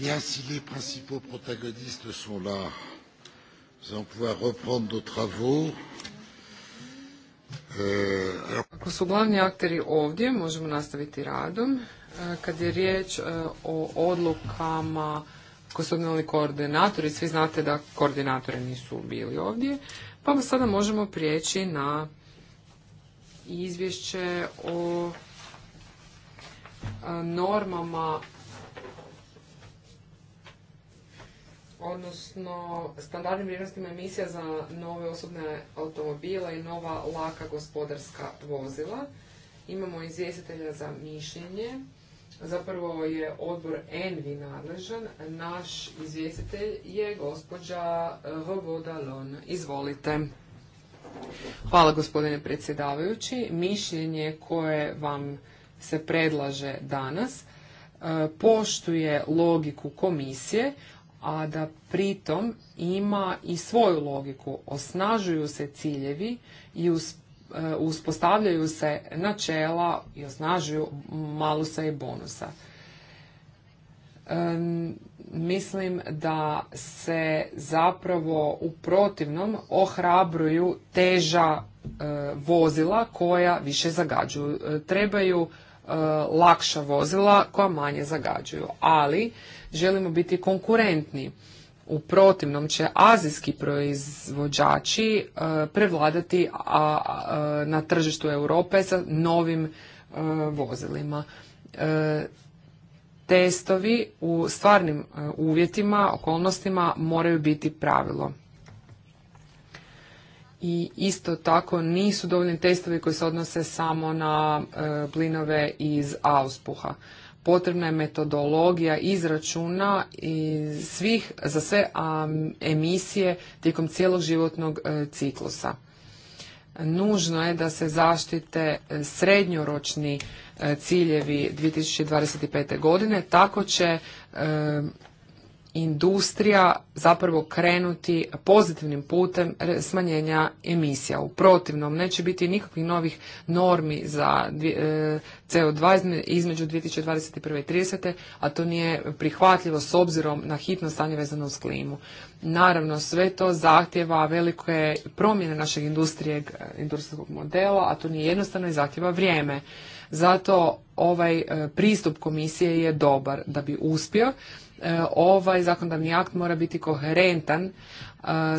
Bien, si les principaux protagonistes sont là, nous allons euh, Ako su glavni akteri ovdje, možemo nastaviti radom. E, kad je riječ e, o odlukama koje su odnijeli koordinatori, svi znate da koordinatori nisu bili ovdje, pa sada možemo prijeći na izvješće o e, normama odnosno standardnim vrijednostima emisija za nove osobne automobile i nova laka gospodarska vozila. Imamo izvjestitelja za mišljenje. Zapravo je odbor Envi nadležan. Naš izvjestitelj je gospođa eh, Vodalon. Izvolite. Hvala gospodine predsjedavajući. Mišljenje koje vam se predlaže danas eh, poštuje logiku komisije, a da pritom ima i svoju logiku. Osnažuju se ciljevi i e, uspostavljaju se načela i osnažuju malusa i bonusa. mislim da se zapravo u protivnom ohrabruju teža e, vozila koja više zagađuju. E, trebaju E, lakša vozila koja manje zagađuju. Ali želimo biti konkurentni. U protivnom će azijski proizvođači e, prevladati na tržištu Europe sa novim e, vozilima. Testovi u stvarnim uvjetima, okolnostima moraju biti pravilo i isto tako nisu dovoljni testovi koji se odnose samo na e, plinove iz auspuha. Potrebna je metodologija izračuna svih, za sve emisije tijekom cijelog životnog e, ciklusa. Nužno je da se zaštite e, srednjoročni ciljevi 2025. godine, tako će industrija zapravo krenuti pozitivnim putem smanjenja emisija. U protivnom neće biti nikakvih novih normi za e, CO2 između 2021. i 2030. a to nije prihvatljivo s obzirom na hitno stanje vezano uz klimu. Naravno, sve to zahtjeva velike promjene našeg industrije, e, industrijskog modela, a to nije jednostavno i zahtjeva vrijeme. Zato ovaj e, pristup komisije je dobar da bi uspio E, ovaj zakonodavni akt mora biti koherentan e,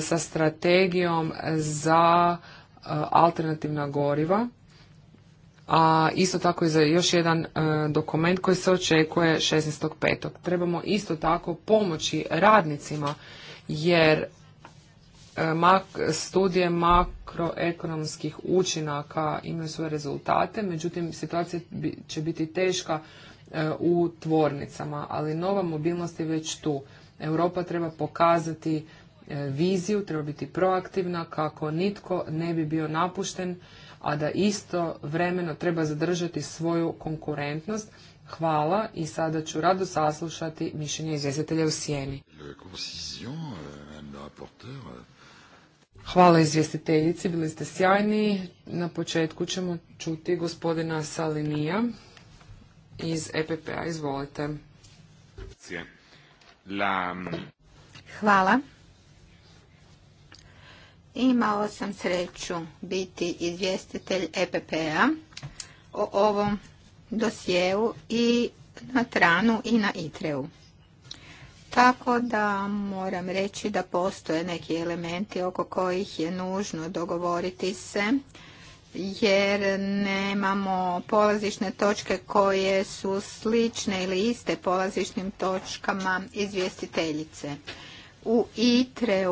sa strategijom za e, alternativna goriva, a isto tako i za još jedan dokument koji se očekuje 16.5. Trebamo isto tako pomoći radnicima jer studije makroekonomskih učinaka imaju svoje rezultate, međutim situacija će biti teška E, u tvornicama, ali nova mobilnost je već tu. Europa treba pokazati e, viziju, treba biti proaktivna kako nitko ne bi bio napušten, a da isto vremeno treba zadržati svoju konkurentnost. Hvala i sada ću rado saslušati mišljenje izvjestitelja u sjeni. Hvala izvjestiteljici, bili ste sjajni. Na početku ćemo čuti gospodina Salinija iz EPP-a. Izvolite. Mm, Hvala. Imao sam sreću biti izvjestitelj EPP-a o ovom dosjeu i na Tranu i na Itreu. Tako da moram reći da postoje neki elementi oko kojih je nužno dogovoriti se jer nemamo polazišne točke koje su slične ili iste polazišnim točkama izvjestiteljice. U itre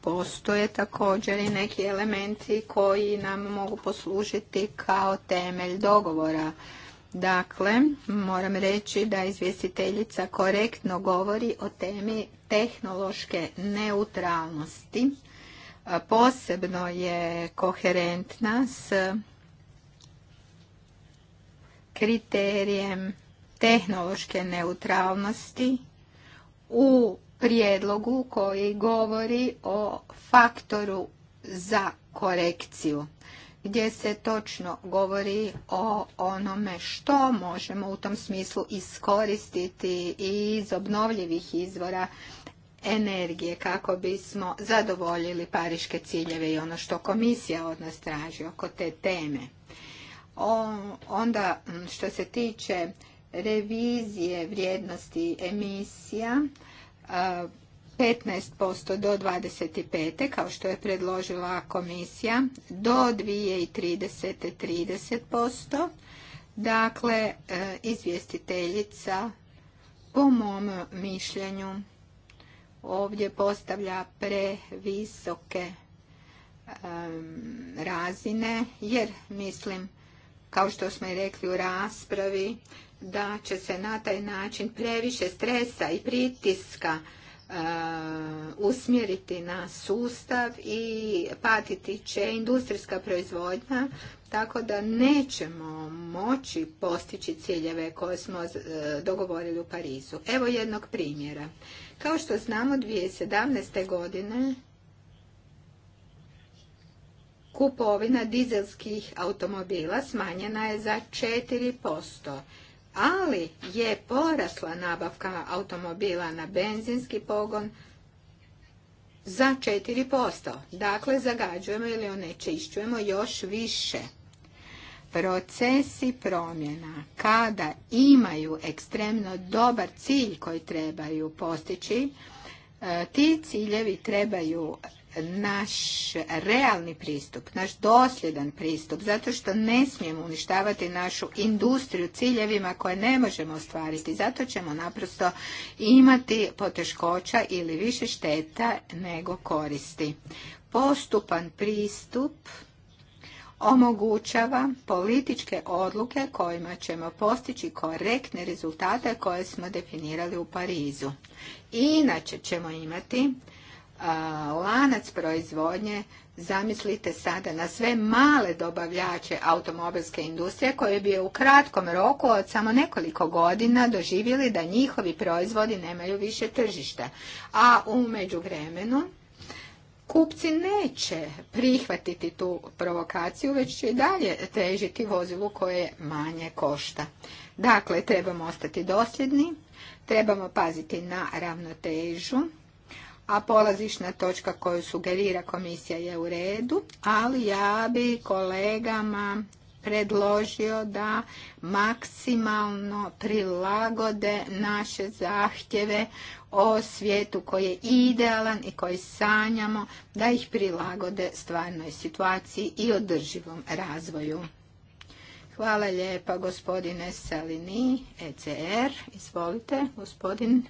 postoje također i neki elementi koji nam mogu poslužiti kao temelj dogovora. Dakle, moram reći da izvjestiteljica korektno govori o temi tehnološke neutralnosti posebno je koherentna s kriterijem tehnološke neutralnosti u prijedlogu koji govori o faktoru za korekciju gdje se točno govori o onome što možemo u tom smislu iskoristiti iz obnovljivih izvora energije kako bismo zadovoljili pariške ciljeve i ono što komisija od nas traži oko te teme. onda što se tiče revizije vrijednosti emisija, 15% do 25. kao što je predložila komisija, do 2030. 30%. Dakle, e, izvjestiteljica po mom mišljenju ovdje postavlja previsoke razine, jer mislim, kao što smo i rekli u raspravi, da će se na taj način previše stresa i pritiska usmjeriti na sustav i patiti će industrijska proizvodnja tako da nećemo moći postići ciljeve koje smo e, dogovorili u Parizu. Evo jednog primjera. Kao što znamo, 2017. godine kupovina dizelskih automobila smanjena je za 4%, ali je porasla nabavka automobila na benzinski pogon za 4%. Dakle, zagađujemo ili onečišćujemo još više procesi promjena kada imaju ekstremno dobar cilj koji trebaju postići, e, ti ciljevi trebaju naš realni pristup, naš dosljedan pristup, zato što ne smijemo uništavati našu industriju ciljevima koje ne možemo ostvariti. Zato ćemo naprosto imati poteškoća ili više šteta nego koristi. Postupan pristup omogućava političke odluke kojima ćemo postići korektne rezultate koje smo definirali u Parizu. Inače ćemo imati lanac proizvodnje zamislite sada na sve male dobavljače automobilske industrije koje bi u kratkom roku od samo nekoliko godina doživjeli da njihovi proizvodi nemaju više tržišta. A u međuvremenu kupci neće prihvatiti tu provokaciju, već će i dalje težiti vozilu koje manje košta. Dakle, trebamo ostati dosljedni, trebamo paziti na ravnotežu, a polazišna točka koju sugerira komisija je u redu, ali ja bi kolegama predložio da maksimalno prilagode naše zahtjeve o svijetu koji je idealan i koji sanjamo, da ih prilagode stvarnoj situaciji i održivom razvoju. Hvala lijepa gospodine Salini, ECR. Izvolite, gospodin.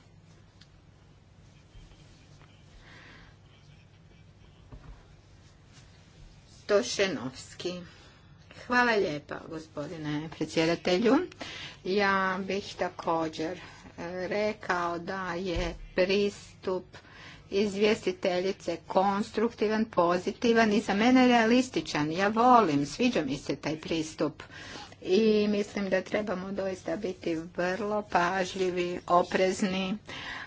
Tošenovski. Hvala lijepa gospodine predsjedatelju. Ja bih također e, rekao da je pristup izvjestiteljice konstruktivan, pozitivan i za mene realističan. Ja volim, sviđa mi se taj pristup i mislim da trebamo doista biti vrlo pažljivi, oprezni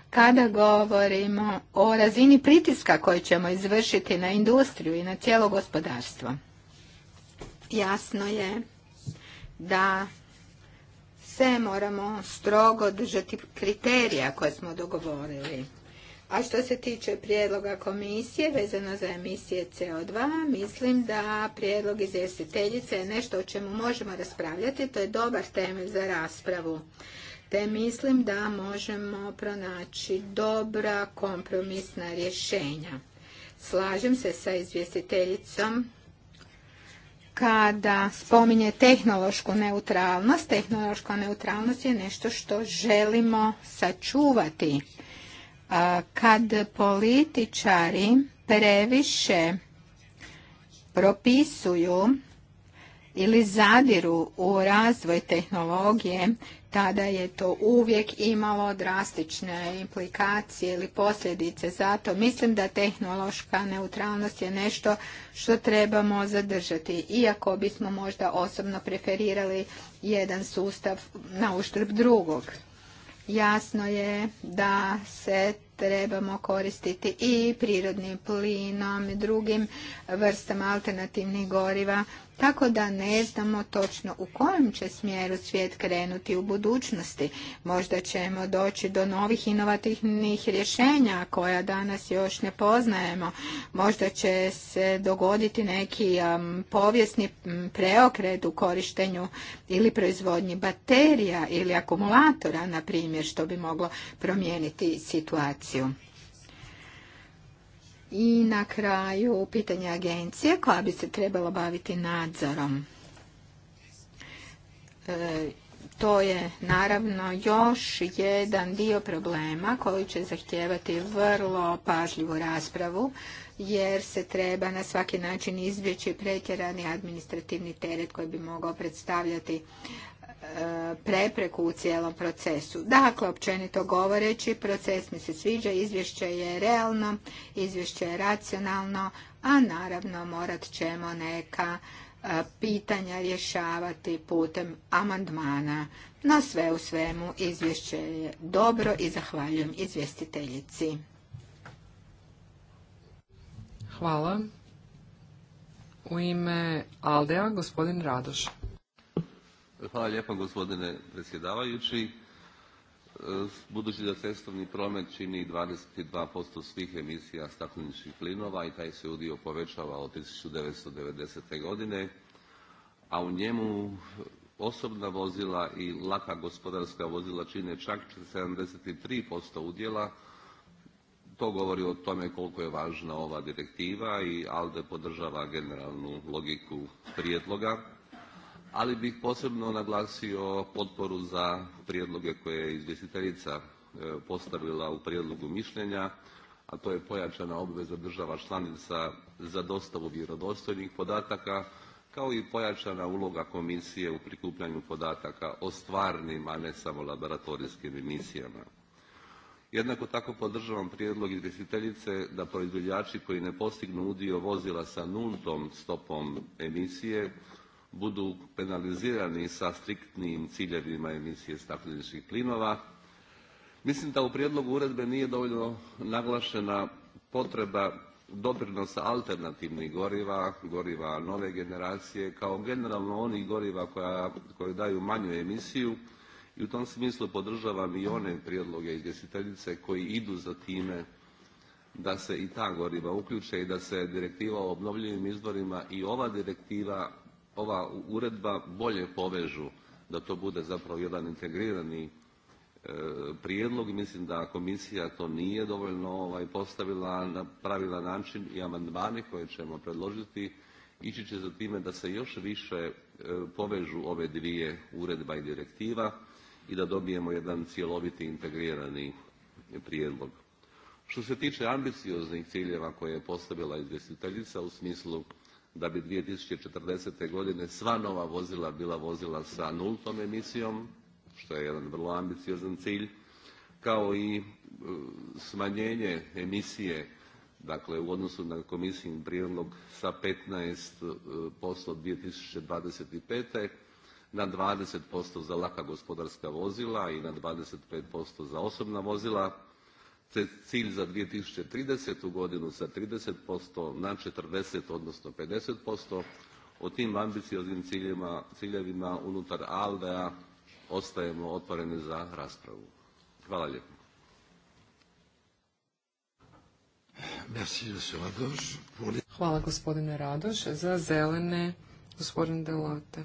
kada govorimo o razini pritiska koji ćemo izvršiti na industriju i na cijelo gospodarstvo jasno je da se moramo strogo držati kriterija koje smo dogovorili. A što se tiče prijedloga komisije vezano za emisije CO2, mislim da prijedlog izvjestiteljice je nešto o čemu možemo raspravljati, to je dobar temelj za raspravu. Te mislim da možemo pronaći dobra kompromisna rješenja. Slažem se sa izvjestiteljicom kada spominje tehnološku neutralnost, tehnološka neutralnost je nešto što želimo sačuvati. Kad političari previše propisuju ili zadiru u razvoj tehnologije, tada je to uvijek imalo drastične implikacije ili posljedice. Zato mislim da tehnološka neutralnost je nešto što trebamo zadržati, iako bismo možda osobno preferirali jedan sustav na uštrb drugog. Jasno je da se trebamo koristiti i prirodnim plinom i drugim vrstama alternativnih goriva tako da ne znamo točno u kojem će smjeru svijet krenuti u budućnosti. Možda ćemo doći do novih inovativnih rješenja koja danas još ne poznajemo. Možda će se dogoditi neki um, povijesni preokret u korištenju ili proizvodnji baterija ili akumulatora, na primjer, što bi moglo promijeniti situaciju. I na kraju pitanje agencije koja bi se trebala baviti nadzorom. E, to je naravno još jedan dio problema koji će zahtijevati vrlo pažljivu raspravu jer se treba na svaki način izbjeći pretjerani administrativni teret koji bi mogao predstavljati prepreku u cijelom procesu. Dakle, općenito govoreći, proces mi se sviđa, izvješće je realno, izvješće je racionalno, a naravno morat ćemo neka e, pitanja rješavati putem amandmana. Na sve u svemu izvješće je dobro i zahvaljujem izvjestiteljici. Hvala. U ime Aldea gospodin Radoš. Hvala lijepa gospodine predsjedavajući. E, budući da cestovni promet čini 22% svih emisija stakleničkih plinova i taj se udio povećava od 1990. godine, a u njemu osobna vozila i laka gospodarska vozila čine čak 73% udjela. To govori o tome koliko je važna ova direktiva i ALDE podržava generalnu logiku prijedloga ali bih posebno naglasio potporu za prijedloge koje je izvjestiteljica e, postavila u prijedlogu mišljenja, a to je pojačana obveza država članica za dostavu vjerodostojnih podataka, kao i pojačana uloga komisije u prikupljanju podataka o stvarnim, a ne samo laboratorijskim emisijama. Jednako tako podržavam prijedlog izvjestiteljice da proizvođači koji ne postignu udio vozila sa nultom stopom emisije budu penalizirani sa striktnim ciljevima emisije stakleničkih plinova. Mislim da u prijedlogu uredbe nije dovoljno naglašena potreba doprinosa alternativnih goriva, goriva nove generacije, kao generalno onih goriva koja, koje daju manju emisiju i u tom smislu podržavam i one prijedloge izvjestiteljice koji idu za time da se i ta goriva uključe i da se direktiva o obnovljivim izvorima i ova direktiva ova uredba bolje povežu da to bude zapravo jedan integrirani e, prijedlog i mislim da komisija to nije dovoljno ovaj, postavila na pravilan način i amandmani koje ćemo predložiti ići će za time da se još više e, povežu ove dvije uredba i direktiva i da dobijemo jedan cjeloviti integrirani prijedlog. Što se tiče ambicioznih ciljeva koje je postavila izvjestiteljica u smislu da bi 2040. godine sva nova vozila bila vozila sa nultom emisijom, što je jedan vrlo ambiciozan cilj, kao i e, smanjenje emisije dakle u odnosu na komisijin prijedlog sa 15% 2025. na 20% za laka gospodarska vozila i na 25% za osobna vozila cilj za 2030. godinu sa 30% na 40, odnosno 50%, o tim ambicioznim ciljevima, ciljevima unutar ALDE-a ostajemo otvoreni za raspravu. Hvala lijepo. Hvala gospodine Radoš. Za zelene, gospodine Delote.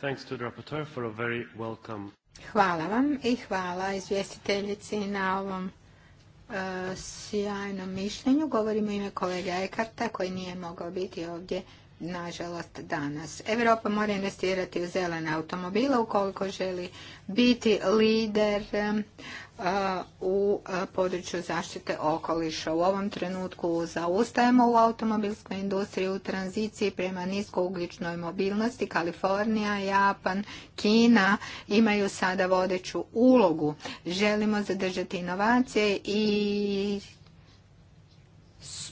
Thanks to the rapporteur for a very welcome Hvala vam i hvala izvjestiteljici na ovom e, sjajnom mišljenju. Govorimo ime kolega Ekarta koji nije mogao biti ovdje nažalost, danas. Europa mora investirati u zelene automobile ukoliko želi biti lider eh, u eh, području zaštite okoliša. U ovom trenutku zaustajemo u automobilskoj industriji u tranziciji prema niskougličnoj mobilnosti. Kalifornija, Japan, Kina imaju sada vodeću ulogu. Želimo zadržati inovacije i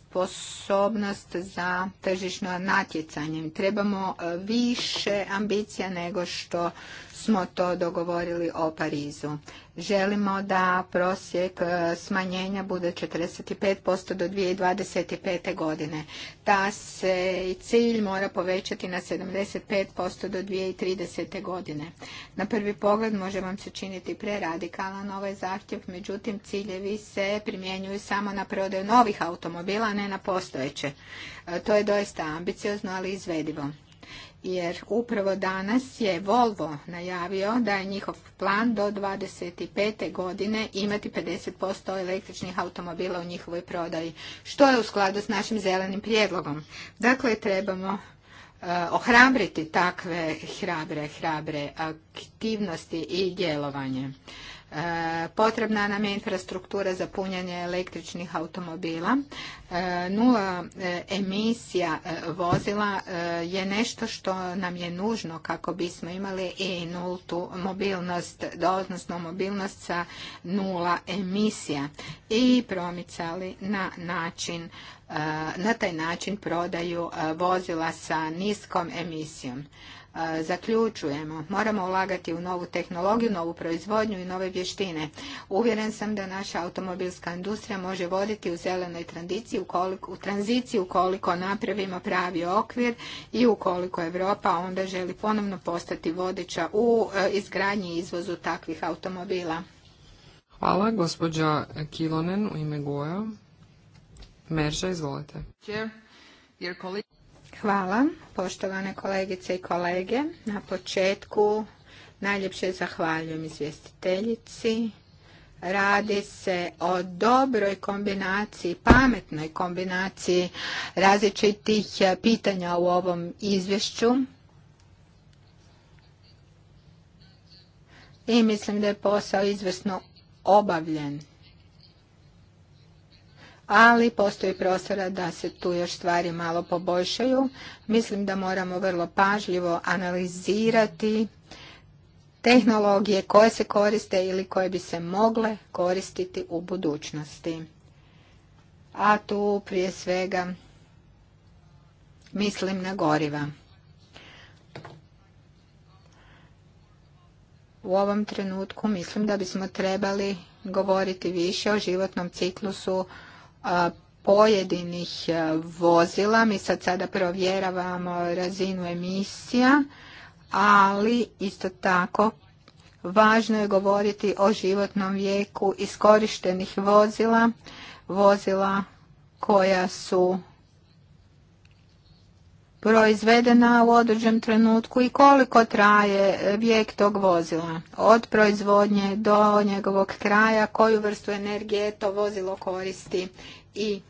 sposobnost za tržišno natjecanje. Trebamo e, više ambicija nego što smo to dogovorili o Parizu. Želimo da prosjek e, smanjenja bude 45% do 2025. godine. Ta se cilj mora povećati na 75% do 2030. godine. Na prvi pogled može vam se činiti preradikalan ovaj zahtjev, međutim ciljevi se primjenjuju samo na prodaju novih automobila, a ne na postojeće. E, to je doista ambiciozno, ali izvedivo jer upravo danas je Volvo najavio da je njihov plan do 25. godine imati 50% električnih automobila u njihovoj prodaji, što je u skladu s našim zelenim prijedlogom. Dakle, trebamo e, ohrabriti takve hrabre, hrabre aktivnosti i djelovanje. E, potrebna nam je infrastruktura za punjanje električnih automobila. E, nula e, emisija vozila je nešto što nam je nužno kako bismo imali i nultu mobilnost, odnosno mobilnost sa nula emisija i promicali na način na taj način prodaju vozila sa niskom emisijom zaključujemo. Moramo ulagati u novu tehnologiju, novu proizvodnju i nove vještine. Uvjeren sam da naša automobilska industrija može voditi u zelenoj tranziciji ukoliko, u tranziciji ukoliko napravimo pravi okvir i ukoliko Europa onda želi ponovno postati vodiča u e, izgradnji i izvozu takvih automobila. Hvala, gospođa Kilonen u ime Goja. Merža, izvolite. Hvala, poštovane kolegice i kolege. Na početku najljepše zahvaljujem izvjestiteljici. Radi se o dobroj kombinaciji, pametnoj kombinaciji različitih pitanja u ovom izvješću. I mislim da je posao izvrsno obavljen ali postoji prostora da se tu još stvari malo poboljšaju. Mislim da moramo vrlo pažljivo analizirati tehnologije koje se koriste ili koje bi se mogle koristiti u budućnosti. A tu prije svega mislim na goriva. U ovom trenutku mislim da bismo trebali govoriti više o životnom ciklusu pojedinih e, vozila. Mi sad sada provjeravamo razinu emisija, ali isto tako važno je govoriti o životnom vijeku iskorištenih vozila, vozila koja su proizvedena u određenom trenutku i koliko traje vijek tog vozila od proizvodnje do njegovog kraja, koju vrstu energije to vozilo koristi i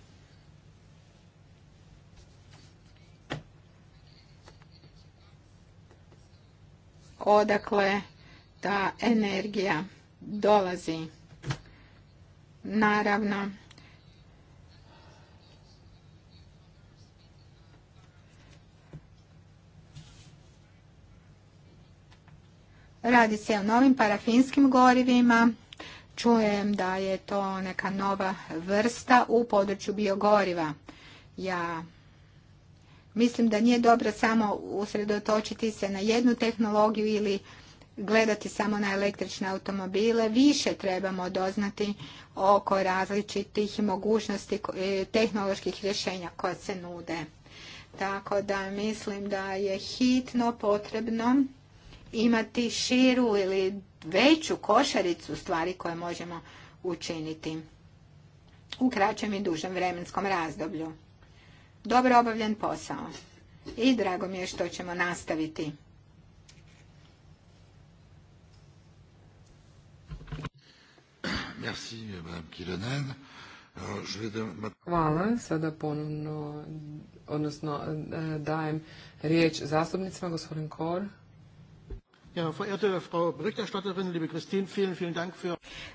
odakle ta energija dolazi. Naravno, Radi se o novim parafinskim gorivima. Čujem da je to neka nova vrsta u području biogoriva. Ja mislim da nije dobro samo usredotočiti se na jednu tehnologiju ili gledati samo na električne automobile. Više trebamo doznati oko različitih mogućnosti e, tehnoloških rješenja koja se nude. Tako da mislim da je hitno potrebno imati širu ili veću košaricu stvari koje možemo učiniti u kraćem i dužem vremenskom razdoblju. Dobro obavljen posao i drago mi je što ćemo nastaviti. Hvala. Sada ponovno, odnosno eh, dajem riječ zastupnicima, gospodin Kor.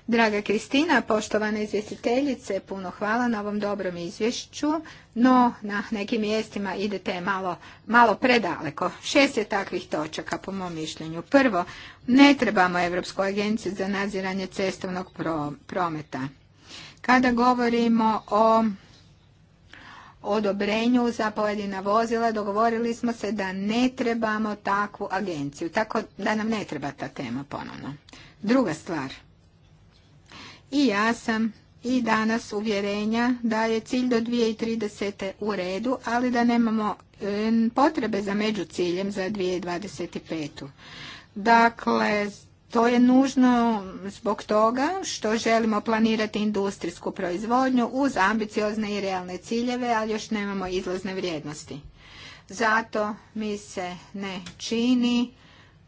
Draga Kristina, poštovana izvjestiteljice, puno hvala na ovom dobrom izvješću, no na nekim mjestima idete malo, malo predaleko. Šest je takvih točaka, po mom mišljenju. Prvo, ne trebamo Europsku agenciju za nadziranje cestovnog prometa. Kada govorimo o odobrenju za pojedina vozila dogovorili smo se da ne trebamo takvu agenciju, tako da nam ne treba ta tema ponovno. Druga stvar, i ja sam i danas uvjerenja da je cilj do 2030. u redu, ali da nemamo potrebe za među ciljem za 2025. Dakle, to je nužno zbog toga što želimo planirati industrijsku proizvodnju uz ambiciozne i realne ciljeve, ali još nemamo izlazne vrijednosti. Zato mi se ne čini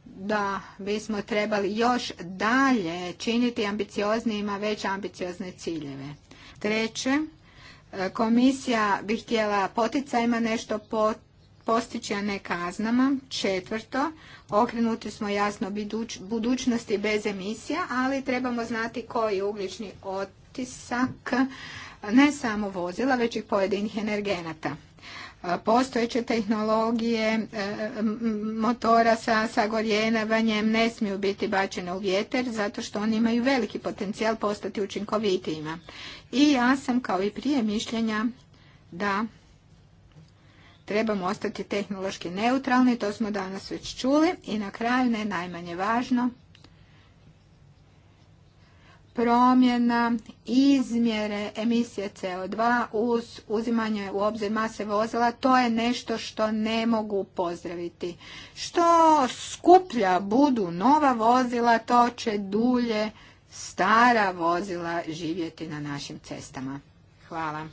da bismo trebali još dalje činiti ambicioznijima već ambiciozne ciljeve. Treće, e, komisija bi htjela poticajima nešto pot postići, a ne kaznama. Četvrto, okrenuti smo jasno budućnosti bez emisija, ali trebamo znati koji je ugljični otisak ne samo vozila, već i pojedinih energenata postojeće tehnologije e, motora sa sagorjenavanjem ne smiju biti bačene u vjetar zato što oni imaju veliki potencijal postati učinkovitijima. I ja sam kao i prije mišljenja da Trebamo ostati tehnološki neutralni, to smo danas već čuli. I na kraju, ne najmanje važno, promjena izmjere emisije CO2 uz uzimanje u obzir mase vozila, to je nešto što ne mogu pozdraviti. Što skuplja budu nova vozila, to će dulje stara vozila živjeti na našim cestama. Hvala.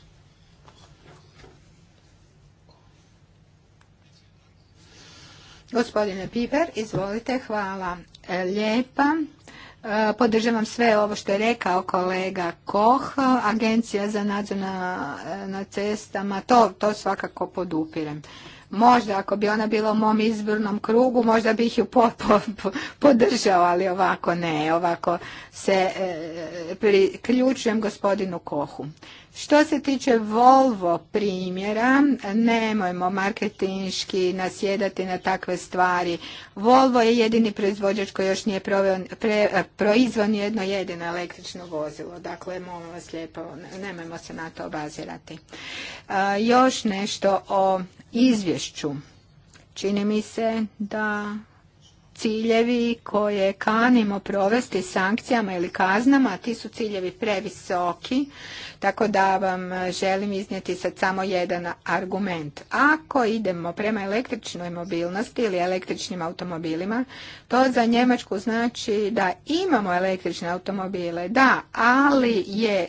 Gospodine Piper, izvolite, hvala e, lijepa. E, podržavam sve ovo što je rekao kolega Koh, Agencija za nadzor na, cestama, to, to svakako podupirem. Možda ako bi ona bila u mom izbornom krugu, možda bih ju po, po, podržao, ali ovako ne, ovako se e, priključujem gospodinu Kohu. Što se tiče Volvo primjera, nemojmo marketinški nasjedati na takve stvari. Volvo je jedini proizvođač koji još nije proizvod jedno jedino električno vozilo. Dakle, molim vas lijepo, nemojmo se na to obazirati. E, još nešto o izvješću. Čini mi se da ciljevi koje kanimo provesti sankcijama ili kaznama, ti su ciljevi previsoki, tako da vam želim iznijeti sad samo jedan argument. Ako idemo prema električnoj mobilnosti ili električnim automobilima, to za Njemačku znači da imamo električne automobile, da, ali je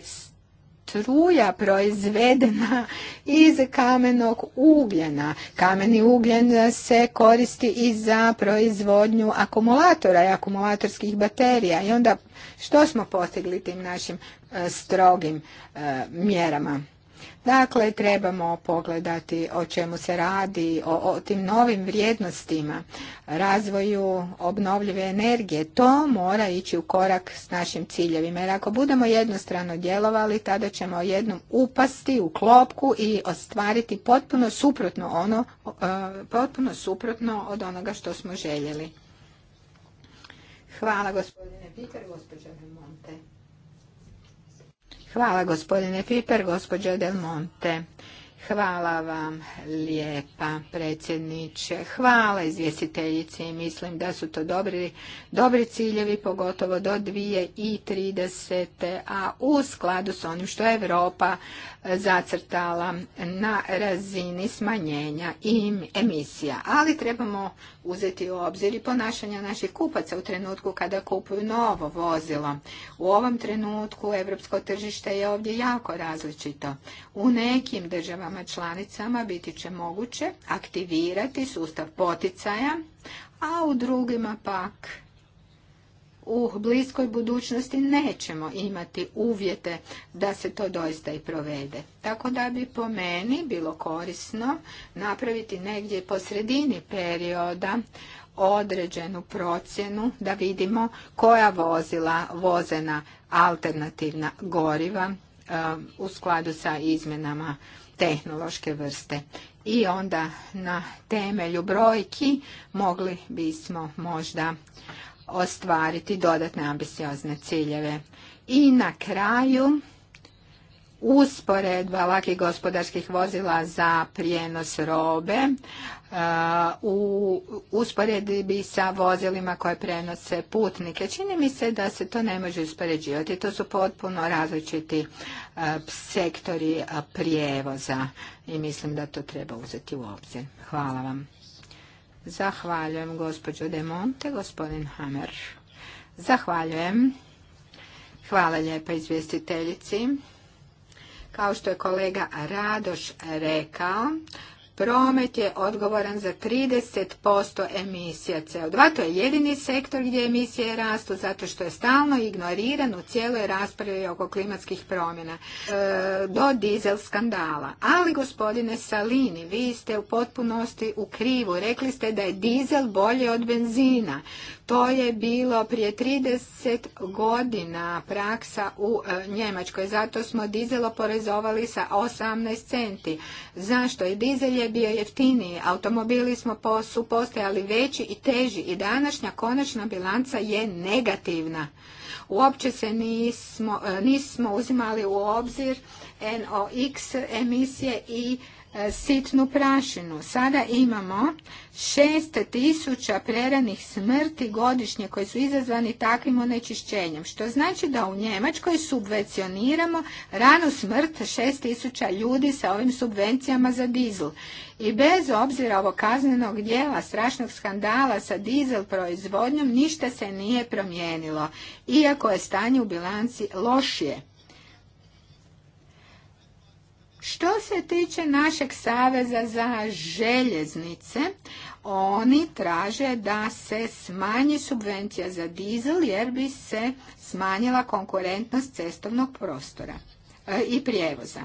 struja proizvedena iz kamenog ugljena. Kameni ugljen se koristi i za proizvodnju akumulatora i akumulatorskih baterija. I onda što smo postigli tim našim e, strogim e, mjerama? Dakle, trebamo pogledati o čemu se radi, o, tim novim vrijednostima, razvoju obnovljive energije. To mora ići u korak s našim ciljevima. Jer ako budemo jednostrano djelovali, tada ćemo jednom upasti u klopku i ostvariti potpuno suprotno ono, e, potpuno suprotno od onoga što smo željeli. Hvala gospodine Peter, gospođa Monte. Hvala gospodine Piper, gospođa Del Monte. Hvala vam lijepa predsjedniče. Hvala izvjestiteljici i mislim da su to dobri, dobri ciljevi, pogotovo do 2030. a u skladu s onim što je Europa e, zacrtala na razini smanjenja i emisija. Ali trebamo uzeti u obzir i ponašanja naših kupaca u trenutku kada kupuju novo vozilo. U ovom trenutku europsko tržište je ovdje jako različito. U nekim državama državama članicama biti će moguće aktivirati sustav poticaja, a u drugima pak u bliskoj budućnosti nećemo imati uvjete da se to doista i provede. Tako da bi po meni bilo korisno napraviti negdje po sredini perioda određenu procjenu da vidimo koja vozila vozena alternativna goriva um, u skladu sa izmjenama tehnološke vrste. I onda na temelju brojki mogli bismo možda ostvariti dodatne ambiciozne ciljeve. I na kraju usporedba lakih gospodarskih vozila za prijenos robe u usporedbi sa vozilima koje prenose putnike. Čini mi se da se to ne može uspoređivati. To su potpuno različiti e, sektori e, prijevoza i mislim da to treba uzeti u obzir. Hvala vam. Zahvaljujem gospođo De Monte, gospodin Hammer. Zahvaljujem. Hvala lijepa izvjestiteljici. Kao što je kolega Radoš rekao, Promet je odgovoran za 30% emisija CO2. To je jedini sektor gdje emisije rastu zato što je stalno ignoriran u cijeloj raspravi oko klimatskih promjena e, do dizel skandala. Ali gospodine Salini, vi ste u potpunosti u krivu. Rekli ste da je dizel bolji od benzina. To je bilo prije 30 godina praksa u e, Njemačkoj. Zato smo dizel oporezovali sa 18 centi. Zašto? je dizel je bio jeftiniji, automobili smo po, su postajali veći i teži i današnja konačna bilanca je negativna. Uopće se nismo, e, nismo uzimali u obzir NOx emisije i E, sitnu prašinu. Sada imamo 6000 preranih smrti godišnje koji su izazvani takvim onečišćenjem, što znači da u Njemačkoj subvencioniramo ranu smrt 6000 ljudi sa ovim subvencijama za dizel. I bez obzira ovog kaznenog dijela, strašnog skandala sa dizel proizvodnjom, ništa se nije promijenilo, iako je stanje u bilanci lošije. Što se tiče našeg saveza za željeznice, oni traže da se smanji subvencija za dizel jer bi se smanjila konkurentnost cestovnog prostora e, i prijevoza.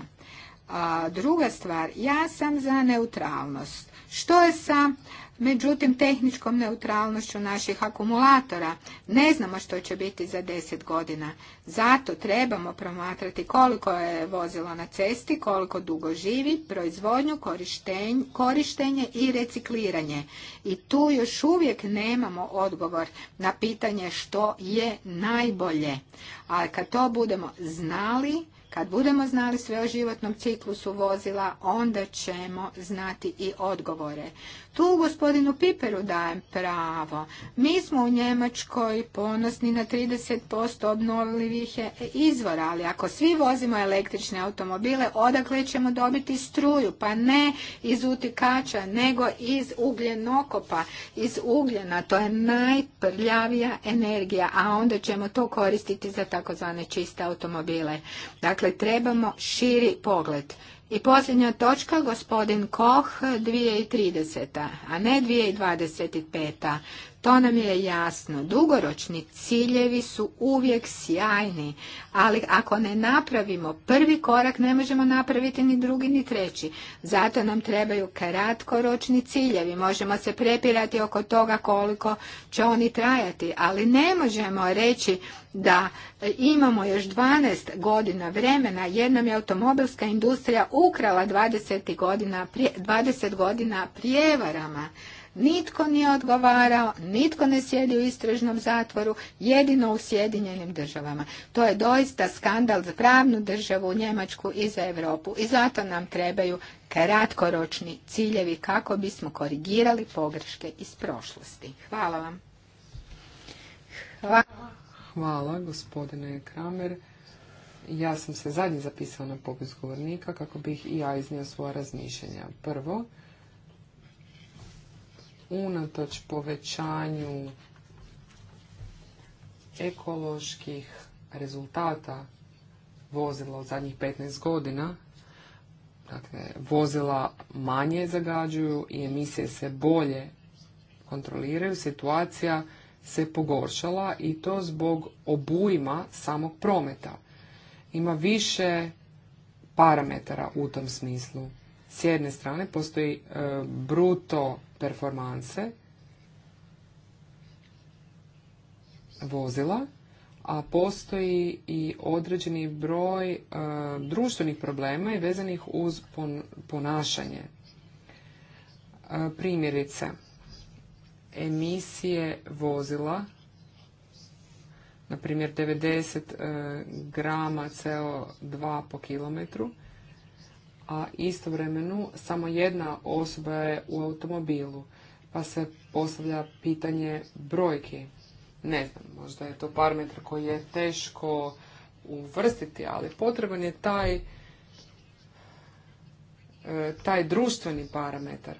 Druga stvar, ja sam za neutralnost. Što je sa međutim tehničkom neutralnošću naših akumulatora. Ne znamo što će biti za 10 godina. Zato trebamo promatrati koliko je vozilo na cesti, koliko dugo živi, proizvodnju, korištenje, i recikliranje. I tu još uvijek nemamo odgovor na pitanje što je najbolje. A kad to budemo znali, kad budemo znali sve o životnom ciklusu vozila, onda ćemo znati i odgovore. Tu gospodinu Piperu dajem pravo. Mi smo u Njemačkoj ponosni na 30% obnovljivih izvora, ali ako svi vozimo električne automobile, odakle ćemo dobiti struju? Pa ne iz utikača, nego iz ugljenokopa, iz ugljena. To je najprljavija energija, a onda ćemo to koristiti za takozvane čiste automobile. Dakle, trebamo širi pogled. I posljednja točka, gospodin Koh, 2030. a ne 2025. To nam je jasno. Dugoročni ciljevi su uvijek sjajni, ali ako ne napravimo prvi korak, ne možemo napraviti ni drugi ni treći. Zato nam trebaju kratkoročni ciljevi. Možemo se prepirati oko toga koliko će oni trajati, ali ne možemo reći da imamo još 12 godina vremena, jednom je automobilska industrija ukrala 20 godina, 20 godina prijevarama. Nitko nije odgovarao, nitko ne sjedi u istražnom zatvoru, jedino u Sjedinjenim državama. To je doista skandal za pravnu državu u Njemačku i za Europu i zato nam trebaju kratkoročni ciljevi kako bismo korigirali pogreške iz prošlosti. Hvala vam. Hvala, Hvala gospodine Kramer. Ja sam se zadnji zapisao na popis govornika kako bih i ja iznio svoja razmišljenja. Prvo, unatoč povećanju ekoloških rezultata vozila od zadnjih 15 godina, dakle, vozila manje zagađuju i emisije se bolje kontroliraju, situacija se pogoršala i to zbog obujma samog prometa. Ima više parametara u tom smislu. S jedne strane postoji e, bruto performanse vozila, a postoji i određeni broj e, društvenih problema i vezanih uz ponašanje. E, primjerice, emisije vozila, na primjer 90 e, grama CO2 po kilometru, a istovremeno samo jedna osoba je u automobilu. Pa se postavlja pitanje brojki. Ne znam, možda je to parametar koji je teško uvrstiti, ali potreban je taj, e, taj društveni parametar.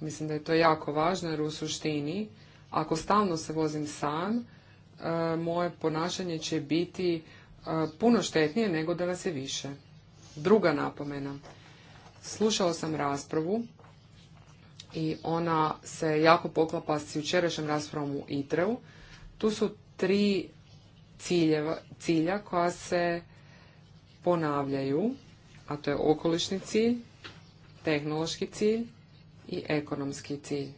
Mislim da je to jako važno jer u suštini ako stalno se vozim sam, e, moje ponašanje će biti e, puno štetnije nego da vas je više. Druga napomena. Slušao sam raspravu i ona se jako poklapa s jučerašnjom raspravom u ITREU. Tu su tri ciljeva, cilja koja se ponavljaju, a to je okolišni cilj, tehnološki cilj i ekonomski cilj.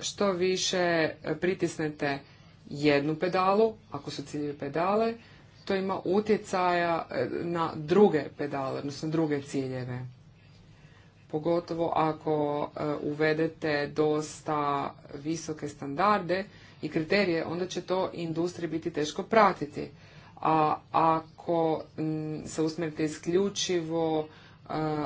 Što više pritisnete jednu pedalu, ako su ciljevi pedale, to ima utjecaja e, na druge pedale, odnosno druge ciljeve. Pogotovo ako e, uvedete dosta visoke standarde i kriterije, onda će to industriji biti teško pratiti. A ako se usmjerite isključivo e,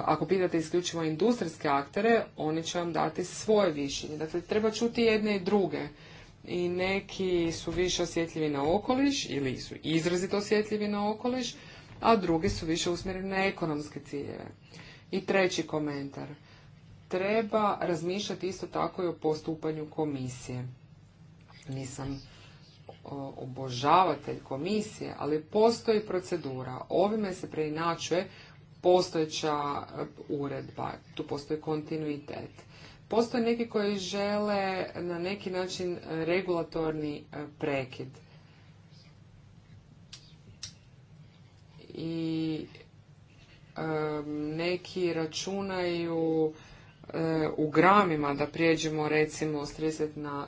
ako pitate isključivo industrijske aktere, oni će vam dati svoje višenje. Dakle, treba čuti jedne i druge i neki su više osjetljivi na okoliš ili su izrazito osjetljivi na okoliš, a drugi su više usmjereni na ekonomske ciljeve. I treći komentar. Treba razmišljati isto tako i o postupanju komisije. Nisam obožavatelj komisije, ali postoji procedura. Ovime se preinačuje postojeća e, uredba. Tu postoji kontinuitet. Postoje neki koji žele na neki način e, regulatorni e, prekid. I e, neki računaju u gramima da prijeđemo recimo s 30 na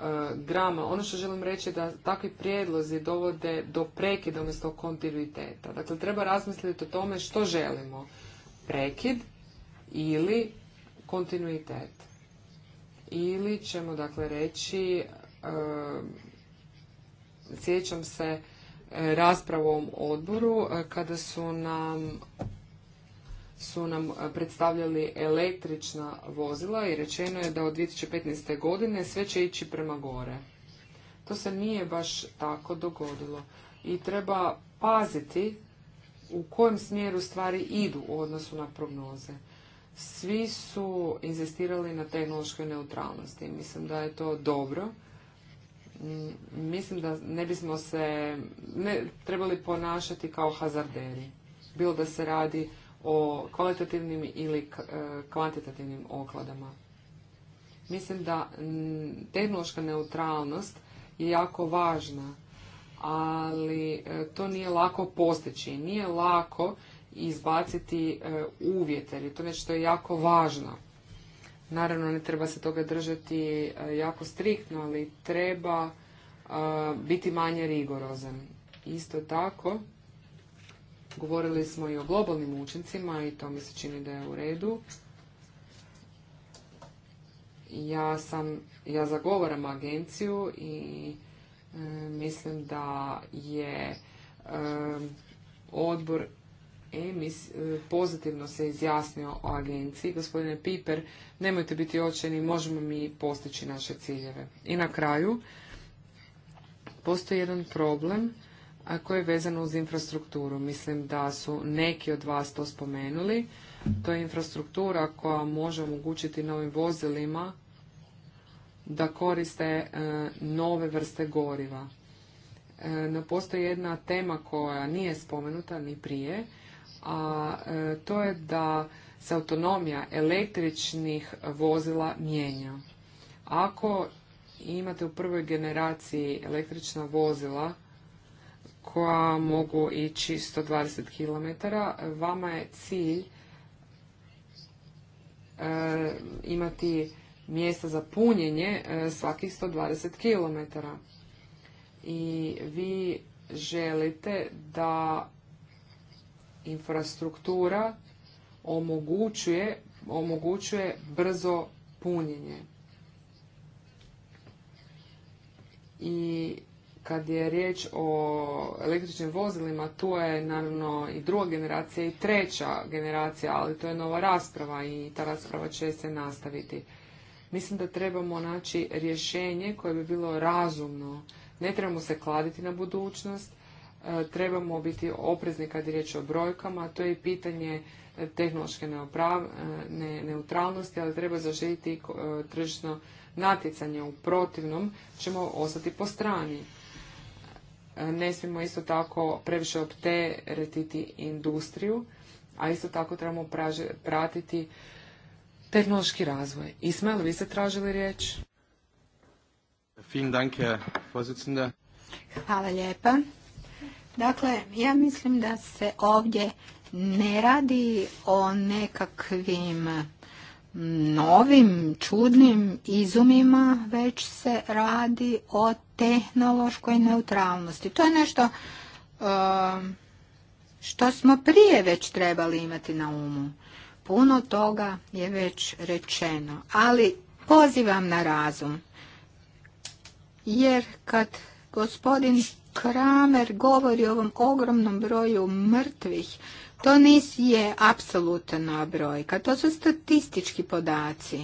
60 grama. Ono što želim reći je da takvi prijedlozi dovode do prekida umjesto kontinuiteta. Dakle, treba razmisliti o tome što želimo. Prekid ili kontinuitet. Ili ćemo dakle reći, um, sjećam se e, raspravom odboru e, kada su nam su nam predstavljali električna vozila i rečeno je da od 2015. godine sve će ići prema gore. To se nije baš tako dogodilo. I treba paziti u kojem smjeru stvari idu u odnosu na prognoze svi su inzistirali na tehnološkoj neutralnosti. Mislim da je to dobro. Mislim da ne bismo se ne, trebali ponašati kao hazarderi. Bilo da se radi o kvalitativnim ili e, kvantitativnim okladama. Mislim da tehnološka neutralnost je jako važna, ali e, to nije lako postići. Nije lako izbaciti e, uvjete, jer je to nešto je jako važno. Naravno, ne treba se toga držati e, jako striktno, ali treba e, biti manje rigorozan. Isto tako, govorili smo i o globalnim učincima i to mi se čini da je u redu. Ja sam, ja zagovaram agenciju i mislim da je odbor Emis e, pozitivno se izjasnio o agenciji. Gospodine Piper, nemojte biti očeni, možemo mi postići naše ciljeve. I na kraju, postoji jedan problem a koji je vezan uz infrastrukturu. Mislim da su neki od vas to spomenuli. To je infrastruktura koja može omogućiti novim vozilima da koriste e, nove vrste goriva. E, no, postoji jedna tema koja nije spomenuta ni prije, a e, to je da se autonomija električnih vozila mijenja. Ako imate u prvoj generaciji električna vozila koja mogu ići 120 km, vama je cilj e, imati mjesta za punjenje e, svakih 120 km. I vi želite da infrastruktura omogućuje, omogućuje brzo punjenje. I kad je riječ o električnim vozilima, tu je naravno i druga generacija i treća generacija, ali to je nova rasprava i ta rasprava će se nastaviti. Mislim da trebamo naći rješenje koje bi bilo razumno. Ne trebamo se kladiti na budućnost, E, trebamo biti oprezni kad je riječ o brojkama, to je pitanje e, tehnološke e, neutralnosti, ali treba zaštiti tržišno natjecanje. U protivnom ćemo ostati po strani. Ne smijemo isto tako previše opteretiti industriju, a isto tako trebamo pratiti tehnološki razvoj. Ismail, vi ste tražili riječ? Hvala lijepa. Dakle, ja mislim da se ovdje ne radi o nekakvim novim čudnim izumima, već se radi o tehnološkoj neutralnosti. To je nešto um, što smo prije već trebali imati na umu. Puno toga je već rečeno, ali pozivam na razum. Jer kad gospodin Kramer govori o ovom ogromnom broju mrtvih. To nis je apsolutna brojka, to su statistički podaci.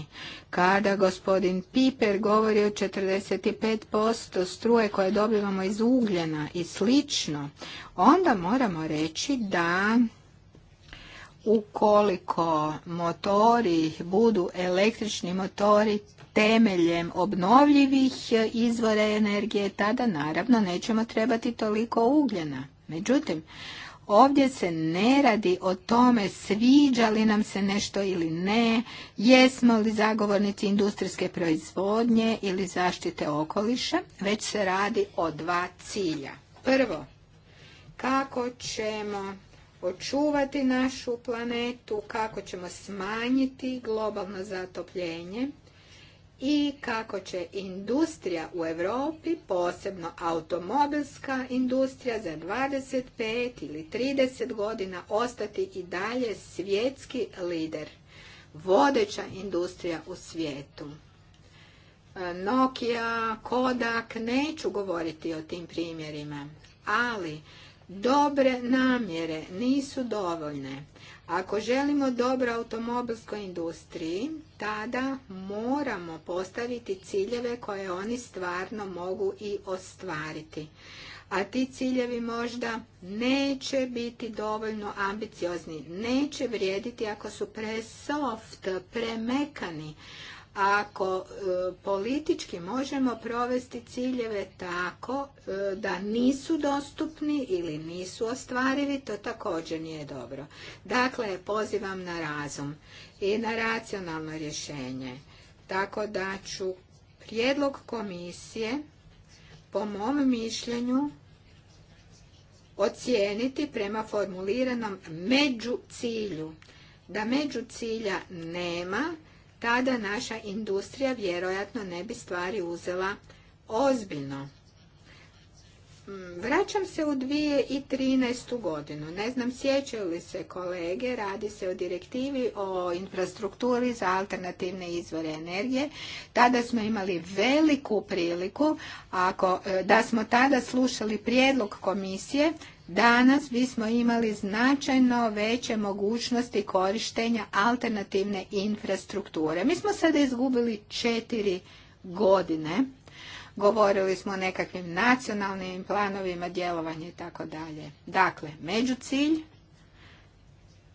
Kada gospodin Piper govori o 45% struje koje dobivamo iz ugljena i slično, onda moramo reći da ukoliko motori budu električni motori temeljem obnovljivih izvora energije, tada naravno nećemo trebati toliko ugljena. Međutim, ovdje se ne radi o tome sviđa li nam se nešto ili ne, jesmo li zagovornici industrijske proizvodnje ili zaštite okoliša, već se radi o dva cilja. Prvo, kako ćemo očuvati našu planetu, kako ćemo smanjiti globalno zatopljenje i kako će industrija u Europi, posebno automobilska industrija za 25 ili 30 godina ostati i dalje svjetski lider, vodeća industrija u svijetu. E, Nokia, Kodak, neću govoriti o tim primjerima, ali Dobre namjere nisu dovoljne. Ako želimo dobro automobilskoj industriji, tada moramo postaviti ciljeve koje oni stvarno mogu i ostvariti. A ti ciljevi možda neće biti dovoljno ambiciozni, neće vrijediti ako su pre pre premekani, ako e, politički možemo provesti ciljeve tako e, da nisu dostupni ili nisu ostvarivi, to također nije dobro. Dakle, pozivam na razum i na racionalno rješenje. Tako da ću prijedlog komisije po mom mišljenju ocijeniti prema formuliranom među cilju. Da među cilja nema, tada naša industrija vjerojatno ne bi stvari uzela ozbiljno. Mm, vraćam se u 2013. godinu. Ne znam sjećaju li se kolege, radi se o direktivi o infrastrukturi za alternativne izvore energije. Tada smo imali veliku priliku, ako, e, da smo tada slušali prijedlog komisije, danas bismo imali značajno veće mogućnosti korištenja alternativne infrastrukture. Mi smo sada izgubili četiri godine. Govorili smo o nekakvim nacionalnim planovima djelovanja i tako dalje. Dakle, među cilj,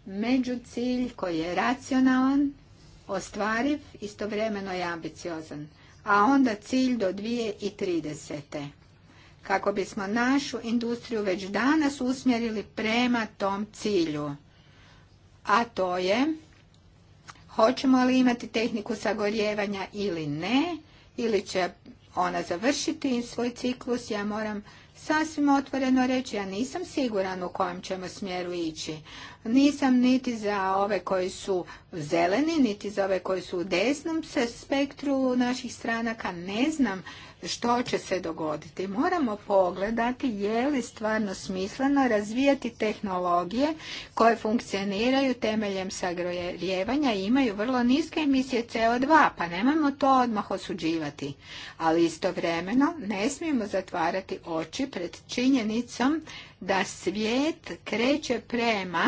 među cilj koji je racionalan, ostvariv, istovremeno je ambiciozan. A onda cilj do 2030 kako bismo našu industriju već danas usmjerili prema tom cilju. A to je hoćemo li imati tehniku sagorjevanja ili ne, ili će ona završiti svoj ciklus, ja moram sasvim otvoreno reći, ja nisam siguran u kojem ćemo smjeru ići. Nisam niti za ove koji su zeleni, niti za ove koji su u desnom spektru naših stranaka. Ne znam što će se dogoditi. Moramo pogledati je li stvarno smisleno razvijati tehnologije koje funkcioniraju temeljem sagrojevanja i imaju vrlo niske emisije CO2, pa nemojmo to odmah osuđivati. Ali istovremeno ne smijemo zatvarati oči pred činjenicom da svijet kreće prema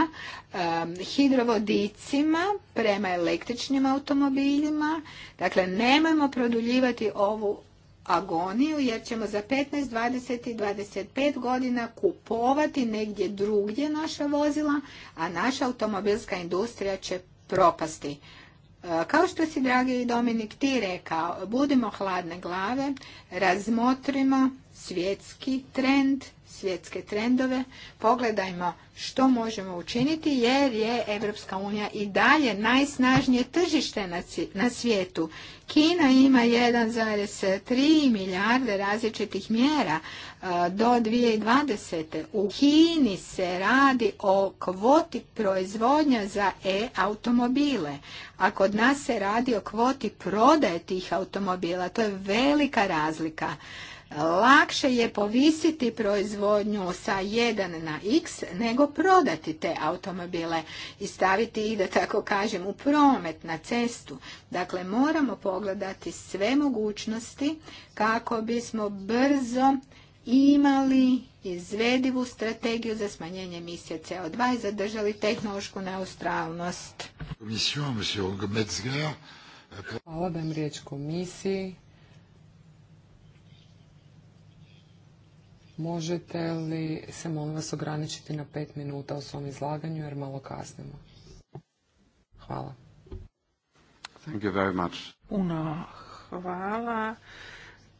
um, hidrovodicima, prema električnim automobilima. Dakle, nemojmo produljivati ovu agoniju jer ćemo za 15, 20 i 25 godina kupovati negdje drugdje naša vozila, a naša automobilska industrija će propasti. E, kao što si, dragi Dominik, ti rekao, budimo hladne glave, razmotrimo svjetski trend – svjetske trendove, pogledajmo što možemo učiniti jer je Evropska unija i dalje najsnažnije tržište na svijetu. Kina ima 1,3 milijarde različitih mjera e, do 2020. U Kini se radi o kvoti proizvodnja za e-automobile, a kod nas se radi o kvoti prodaje tih automobila. To je velika razlika. Lakše je povisiti proizvodnju sa 1 na x nego prodati te automobile i staviti ih, da tako kažem, u promet, na cestu. Dakle, moramo pogledati sve mogućnosti kako bismo brzo imali izvedivu strategiju za smanjenje emisije CO2 i zadržali tehnološku neustralnost. Hvala vam riječ komisiji. Možete li se molim vas ograničiti na pet minuta u svom izlaganju jer malo kasnimo? Hvala. Thank you very much. Puno hvala.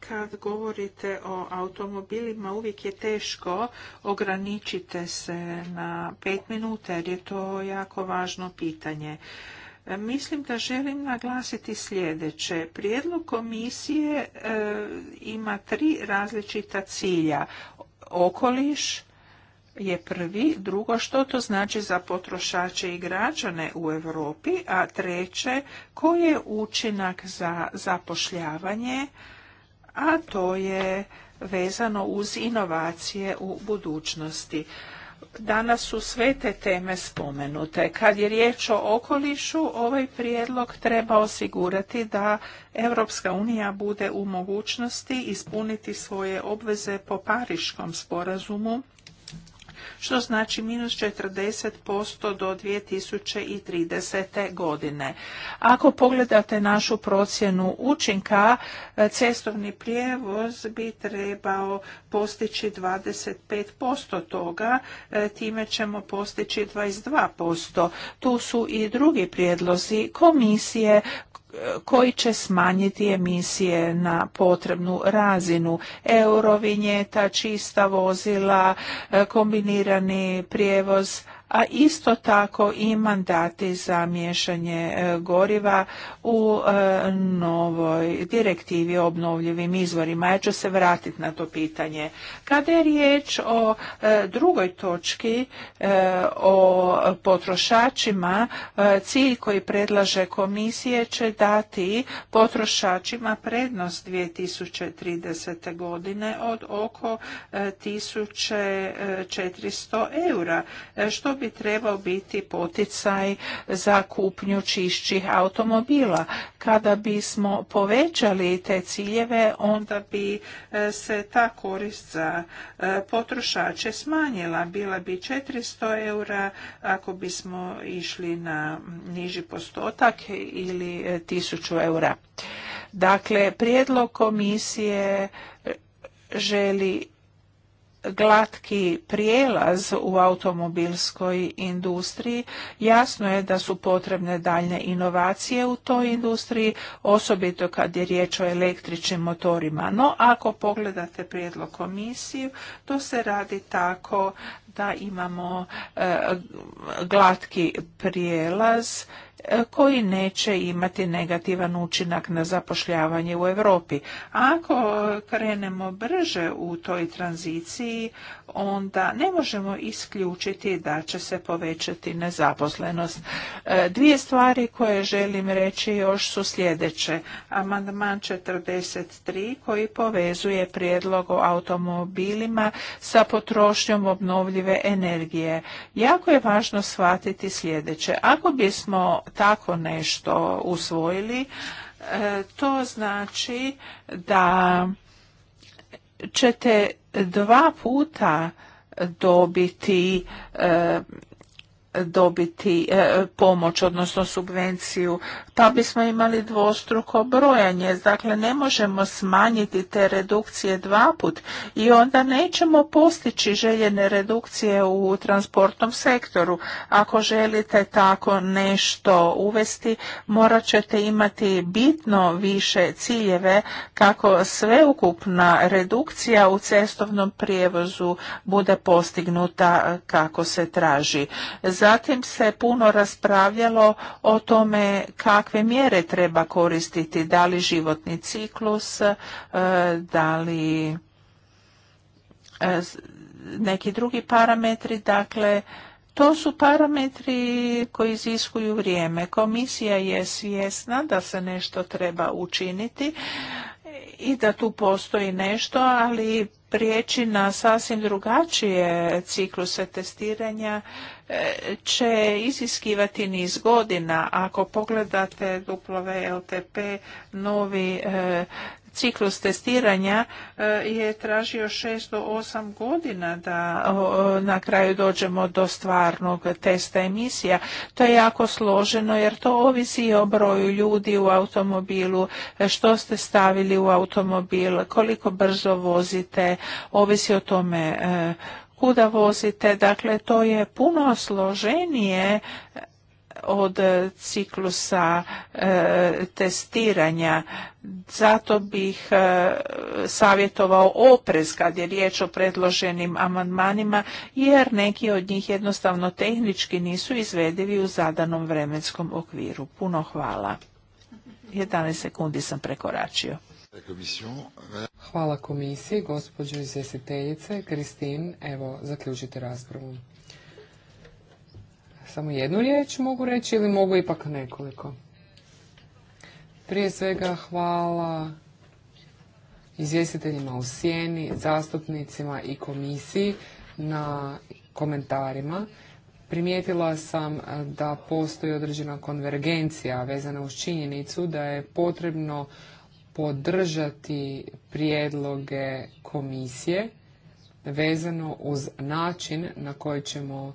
Kad govorite o automobilima uvijek je teško, ograničite se na pet minuta jer je to jako važno pitanje. Mislim da želim naglasiti sljedeće. Prijedlog komisije e, ima tri različita cilja. Okoliš je prvi, drugo što to znači za potrošače i građane u Europi, a treće koji je učinak za zapošljavanje, a to je vezano uz inovacije u budućnosti danas su sve te teme spomenute. Kad je riječ o okolišu, ovaj prijedlog treba osigurati da Europska unija bude u mogućnosti ispuniti svoje obveze po Pariškom sporazumu što znači minus 40% do 2030. godine. Ako pogledate našu procjenu učinka, e, cestovni prijevoz bi trebao postići 25% toga, e, time ćemo postići 22%. Tu su i drugi prijedlozi komisije koji će smanjiti emisije na potrebnu razinu. Eurovinjeta, čista vozila, e, kombinirani prijevoz, a isto tako i mandati za miješanje e, goriva u e, novoj direktivi o obnovljivim izvorima. Ja ću se vratiti na to pitanje. Kada je riječ o e, drugoj točki, o potrošačima, cilj koji predlaže komisije će dati potrošačima prednost 2030. godine od oko 1400 eura, što bi trebao biti poticaj za kupnju čišćih automobila. Kada bismo povećali te ciljeve, onda bi e, se ta korist za e, potrošače smanjila. Bila bi 400 eura ako bismo išli na niži postotak ili 1000 e, eura. Dakle, prijedlog komisije želi glatki prijelaz u automobilskoj industriji, jasno je da su potrebne daljne inovacije u toj industriji, osobito kad je riječ o električnim motorima. No, ako pogledate prijedlog komisiju, to se radi tako da imamo e, glatki prijelaz koji neće imati negativan učinak na zapošljavanje u Europi. Ako krenemo brže u toj tranziciji, onda ne možemo isključiti da će se povećati nezaposlenost. E, dvije stvari koje želim reći još su sljedeće. Amandman 43 koji povezuje prijedlog o automobilima sa potrošnjom obnovljive energije. Jako je važno shvatiti sljedeće. Ako bismo tako nešto usvojili, e, to znači da ćete dva puta dobiti e, dobiti e, pomoć, odnosno subvenciju pa bismo imali dvostruko brojanje. Dakle, ne možemo smanjiti te redukcije dva put i onda nećemo postići željene redukcije u transportnom sektoru. Ako želite tako nešto uvesti, morat ćete imati bitno više ciljeve kako sveukupna redukcija u cestovnom prijevozu bude postignuta kako se traži. Zatim se puno raspravljalo o tome kako kakve mjere treba koristiti, da li životni ciklus, e, da li e, neki drugi parametri, dakle to su parametri koji iziskuju vrijeme. Komisija je svjesna da se nešto treba učiniti i da tu postoji nešto, ali prijeći na sasvim drugačije cikluse testiranja će iziskivati niz godina. Ako pogledate duplove LTP, novi e, ciklus testiranja e, je tražio 6 do 8 godina da na kraju dođemo do stvarnog testa emisija. To je jako složeno jer to ovisi o broju ljudi u automobilu, e, što ste stavili u automobil, koliko brzo vozite, ovisi o tome kuda vozite. Dakle, to je puno složenije od ciklusa e, testiranja. Zato bih e, savjetovao oprez kad je riječ o predloženim amandmanima, jer neki od njih jednostavno tehnički nisu izvedivi u zadanom vremenskom okviru. Puno hvala. 11 sekundi sam prekoračio. Hvala komisiji, gospođo izvjestiteljice. Kristin, evo, zaključite raspravu. Samo jednu riječ mogu reći ili mogu ipak nekoliko. Prije svega hvala izvjestiteljima u sjeni, zastupnicima i komisiji na komentarima. Primijetila sam e, da postoji određena konvergencija vezana uz činjenicu da je potrebno podržati prijedloge komisije vezano uz način na koji ćemo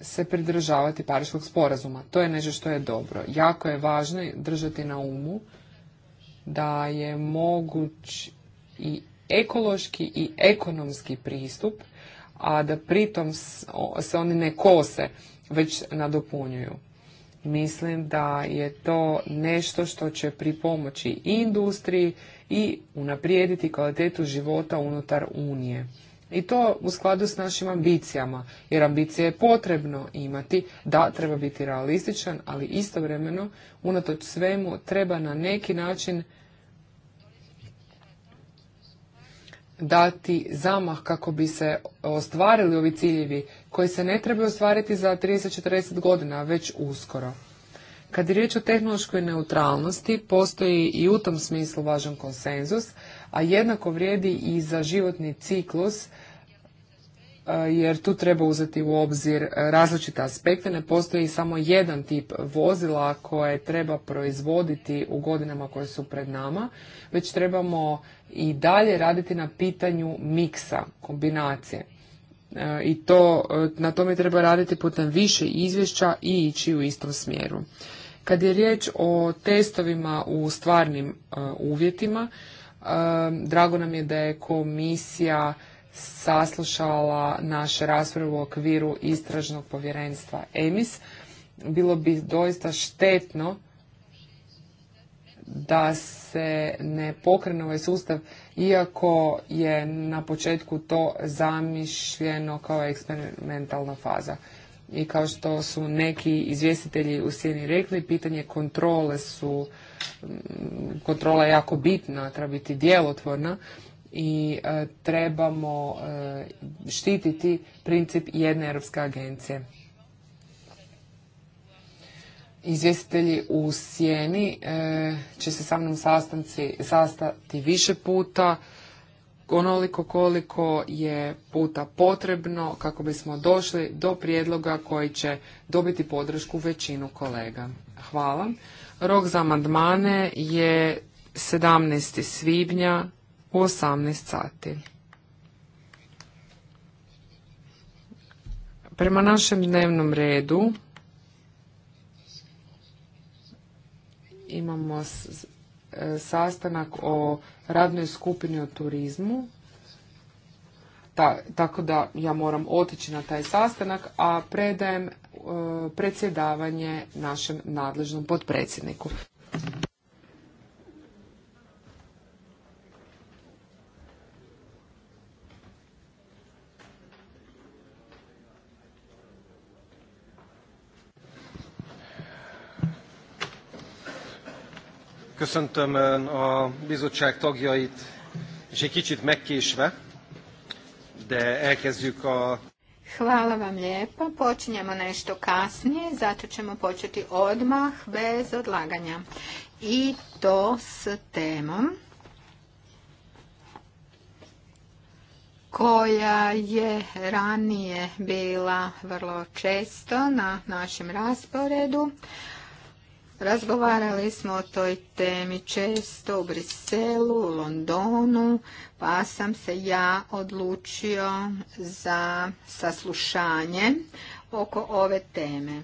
se pridržavati Pariškog sporazuma. To je nešto što je dobro. Jako je važno držati na umu da je moguć i ekološki i ekonomski pristup, a da pritom se oni ne kose, već nadopunjuju. Mislim da je to nešto što će pripomoći i industriji i unaprijediti kvalitetu života unutar Unije. I to u skladu s našim ambicijama, jer ambicije je potrebno imati, da treba biti realističan, ali istovremeno, unatoč svemu, treba na neki način dati zamah kako bi se ostvarili ovi ciljevi koji se ne trebaju ostvariti za 30-40 godina, već uskoro. Kad je riječ o tehnološkoj neutralnosti, postoji i u tom smislu važan konsenzus, a jednako vrijedi i za životni ciklus E, jer tu treba uzeti u obzir e, različite aspekte. Ne postoji samo jedan tip vozila koje treba proizvoditi u godinama koje su pred nama, već trebamo i dalje raditi na pitanju miksa, kombinacije. E, I to, na tome treba raditi putem više izvješća i ići u istom smjeru. Kad je riječ o testovima u stvarnim uvjetima, drago nam je da je komisija saslušala naše rasprave u okviru istražnog povjerenstva EMIS. Bilo bi doista štetno da se ne pokrene ovaj sustav, iako je na početku to zamišljeno kao eksperimentalna faza. I kao što su neki izvjestitelji u sjeni rekli, pitanje kontrole su, kontrola je jako bitna, treba biti djelotvorna, i e, trebamo e, štititi princip jedne europske agencije. Izvjestitelji u sjeni e, će se sa mnom sastanci, sastati više puta, onoliko koliko je puta potrebno kako bismo došli do prijedloga koji će dobiti podršku većinu kolega. Hvala. Rok za amandmane je 17. svibnja u 18 sati. Prema našem dnevnom redu imamo sastanak o radnoj skupini o turizmu. Ta, tako da ja moram otići na taj sastanak, a predajem e, predsjedavanje našem nadležnom potpredsjedniku. Köszöntöm a bizottság tagjait, és egy kicsit megkésve, de elkezdjük a... Hvala vam lijepa. Počinjemo nešto kasnije, zato ćemo početi odmah bez odlaganja. I to s temom koja je ranije bila vrlo često na našem rasporedu, Razgovarali smo o toj temi često u Briselu, u Londonu, pa sam se ja odlučio za saslušanje oko ove teme.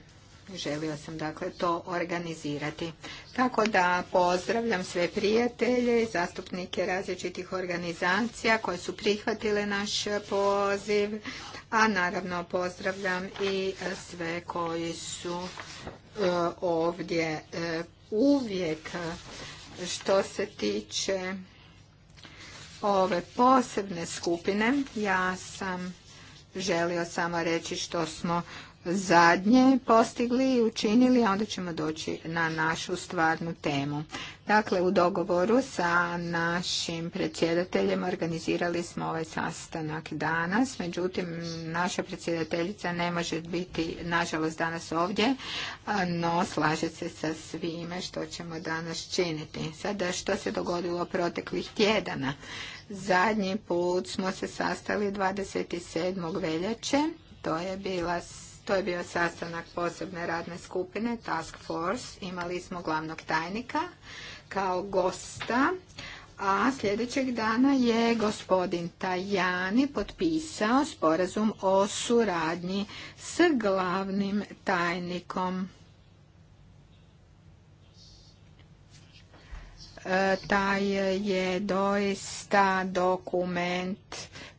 Želio sam dakle to organizirati. Tako da pozdravljam sve prijatelje i zastupnike različitih organizacija koje su prihvatile naš poziv, a naravno pozdravljam i sve koji su E, ovdje e, uvijek što se tiče ove posebne skupine. Ja sam želio samo reći što smo zadnje postigli i učinili, onda ćemo doći na našu stvarnu temu. Dakle, u dogovoru sa našim predsjedateljem organizirali smo ovaj sastanak danas, međutim, naša predsjedateljica ne može biti, nažalost, danas ovdje, no slaže se sa svime što ćemo danas činiti. Sada, što se dogodilo proteklih tjedana? Zadnji put smo se sastali 27. veljače, to je bila to je bio sastanak posebne radne skupine Task Force. Imali smo glavnog tajnika kao gosta. A sljedećeg dana je gospodin Tajani potpisao sporazum o suradnji s glavnim tajnikom. E, taj je doista dokument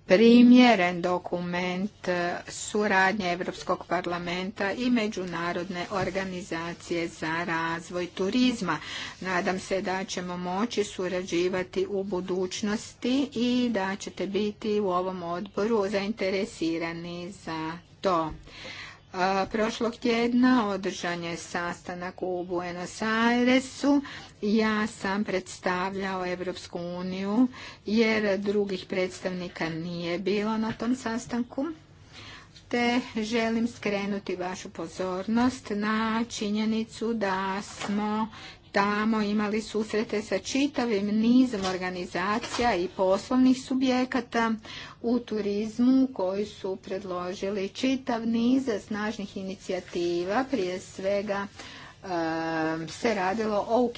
primjeren dokument suradnje Europskog parlamenta i Međunarodne organizacije za razvoj turizma. Nadam se da ćemo moći surađivati u budućnosti i da ćete biti u ovom odboru zainteresirani za to. Prošlog tjedna održan je sastanak u Buenos Airesu. Ja sam predstavljao Evropsku uniju jer drugih predstavnika nije bilo na tom sastanku. Te želim skrenuti vašu pozornost na činjenicu da smo tamo imali susrete sa čitavim nizom organizacija i poslovnih subjekata u turizmu koji su predložili čitav niz snažnih inicijativa, prije svega um, se radilo o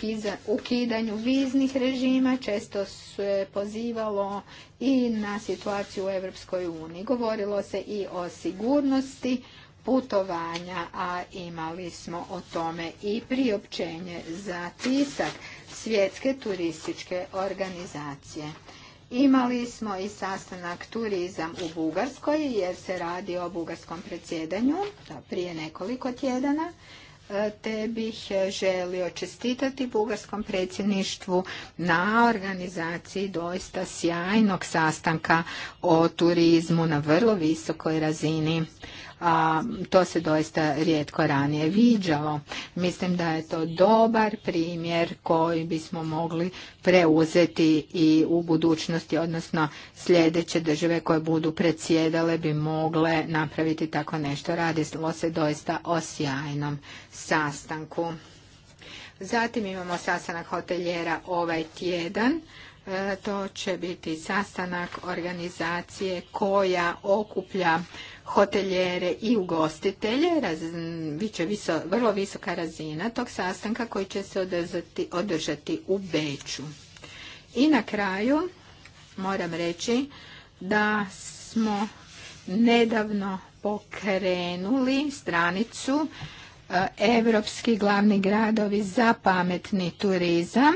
ukidanju viznih režima, često se pozivalo i na situaciju u Europskoj uniji. Govorilo se i o sigurnosti putovanja, a imali smo o tome i priopćenje za tisak Svjetske turističke organizacije. Imali smo i sastanak turizam u Bugarskoj jer se radi o bugarskom predsjedanju prije nekoliko tjedana e, te bih e, želio čestitati bugarskom predsjedništvu na organizaciji doista sjajnog sastanka o turizmu na vrlo visokoj razini a to se doista rijetko ranije viđalo. Mislim da je to dobar primjer koji bismo mogli preuzeti i u budućnosti, odnosno sljedeće države koje budu predsjedale bi mogle napraviti tako nešto. Radilo se doista o sjajnom sastanku. Zatim imamo sastanak hoteljera ovaj tjedan. E, to će biti sastanak organizacije koja okuplja hoteljere i ugostitelje. Biće viso, vrlo visoka razina tog sastanka koji će se održati, održati u Beću. I na kraju moram reći da smo nedavno pokrenuli stranicu e, Evropski glavni gradovi za pametni turizam.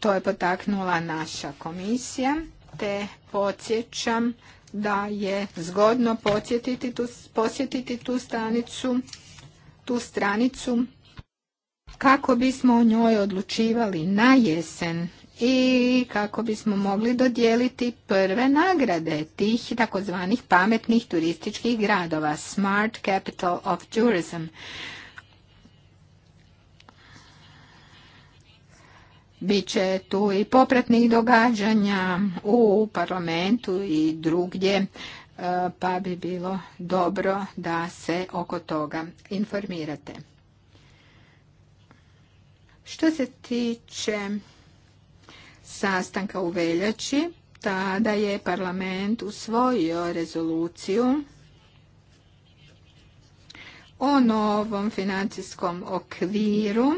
to je potaknula naša komisija, te podsjećam da je zgodno posjetiti tu stranicu tu stranicu kako bismo o njoj odlučivali na jesen i kako bismo mogli dodijeliti prve nagrade tih takozvanih pametnih turističkih gradova Smart Capital of Tourism. Biće tu i popratnih događanja u parlamentu i drugdje, e, pa bi bilo dobro da se oko toga informirate. Što se tiče sastanka u veljači, tada je parlament usvojio rezoluciju o novom financijskom okviru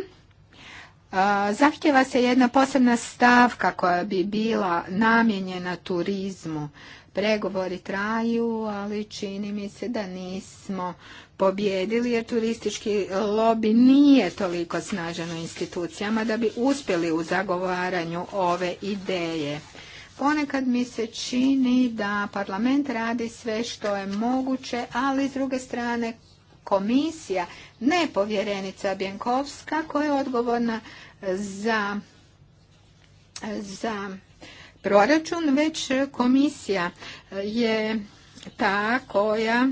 Zahtjeva se jedna posebna stavka koja bi bila namijenjena turizmu. Pregovori traju, ali čini mi se da nismo pobjedili jer turistički lobby nije toliko snažan u institucijama da bi uspjeli u zagovaranju ove ideje. Ponekad mi se čini da parlament radi sve što je moguće, ali s druge strane komisija, ne povjerenica Bjenkovska koja je odgovorna za, za proračun, već komisija je ta koja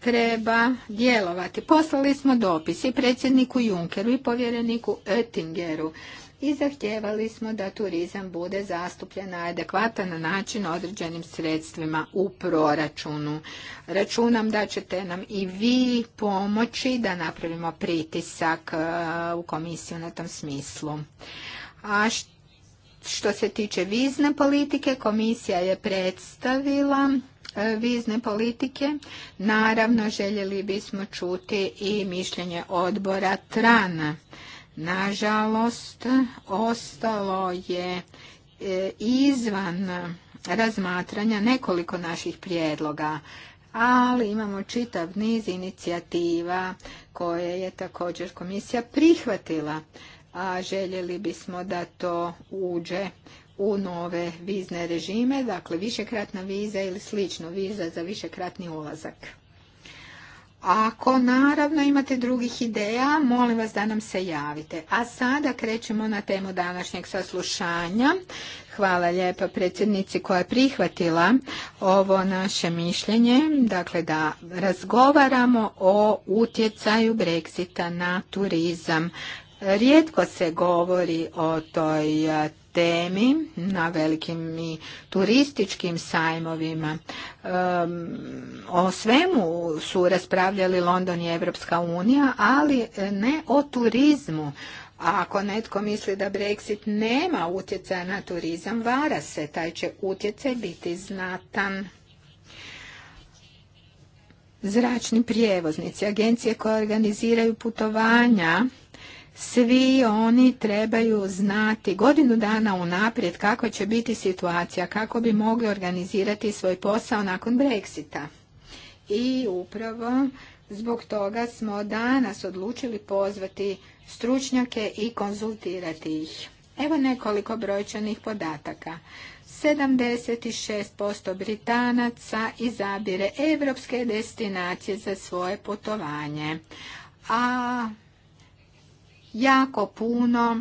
treba djelovati. Poslali smo dopis i predsjedniku Junkeru i povjereniku Oettingeru i zahtjevali smo da turizam bude zastupljen na adekvatan način određenim sredstvima u proračunu. Računam da ćete nam i vi pomoći da napravimo pritisak e, u komisiju na tom smislu. A što se tiče vizne politike, komisija je predstavila e, vizne politike. Naravno, željeli bismo čuti i mišljenje odbora Trana nažalost ostalo je e, izvan razmatranja nekoliko naših prijedloga ali imamo čitav niz inicijativa koje je također komisija prihvatila a željeli bismo da to uđe u nove vizne režime, dakle višekratna viza ili slično viza za višekratni ulazak. Ako naravno imate drugih ideja, molim vas da nam se javite. A sada krećemo na temu današnjeg saslušanja. Hvala lijepa predsjednici koja je prihvatila ovo naše mišljenje, dakle da razgovaramo o utjecaju Brexita na turizam. Rijetko se govori o toj temi na velikim i turističkim sajmovima. O svemu su raspravljali London i Evropska unija, ali e, ne o turizmu. ako netko misli da Brexit nema utjecaja na turizam, vara se. Taj će utjecaj biti znatan. Zračni prijevoznici, agencije koje organiziraju putovanja, svi oni trebaju znati godinu dana unaprijed kakva će biti situacija, kako bi mogli organizirati svoj posao nakon Brexita. I upravo zbog toga smo danas odlučili pozvati stručnjake i konzultirati ih. Evo nekoliko brojčanih podataka. 76% Britanaca izabire evropske destinacije za svoje putovanje, a jako puno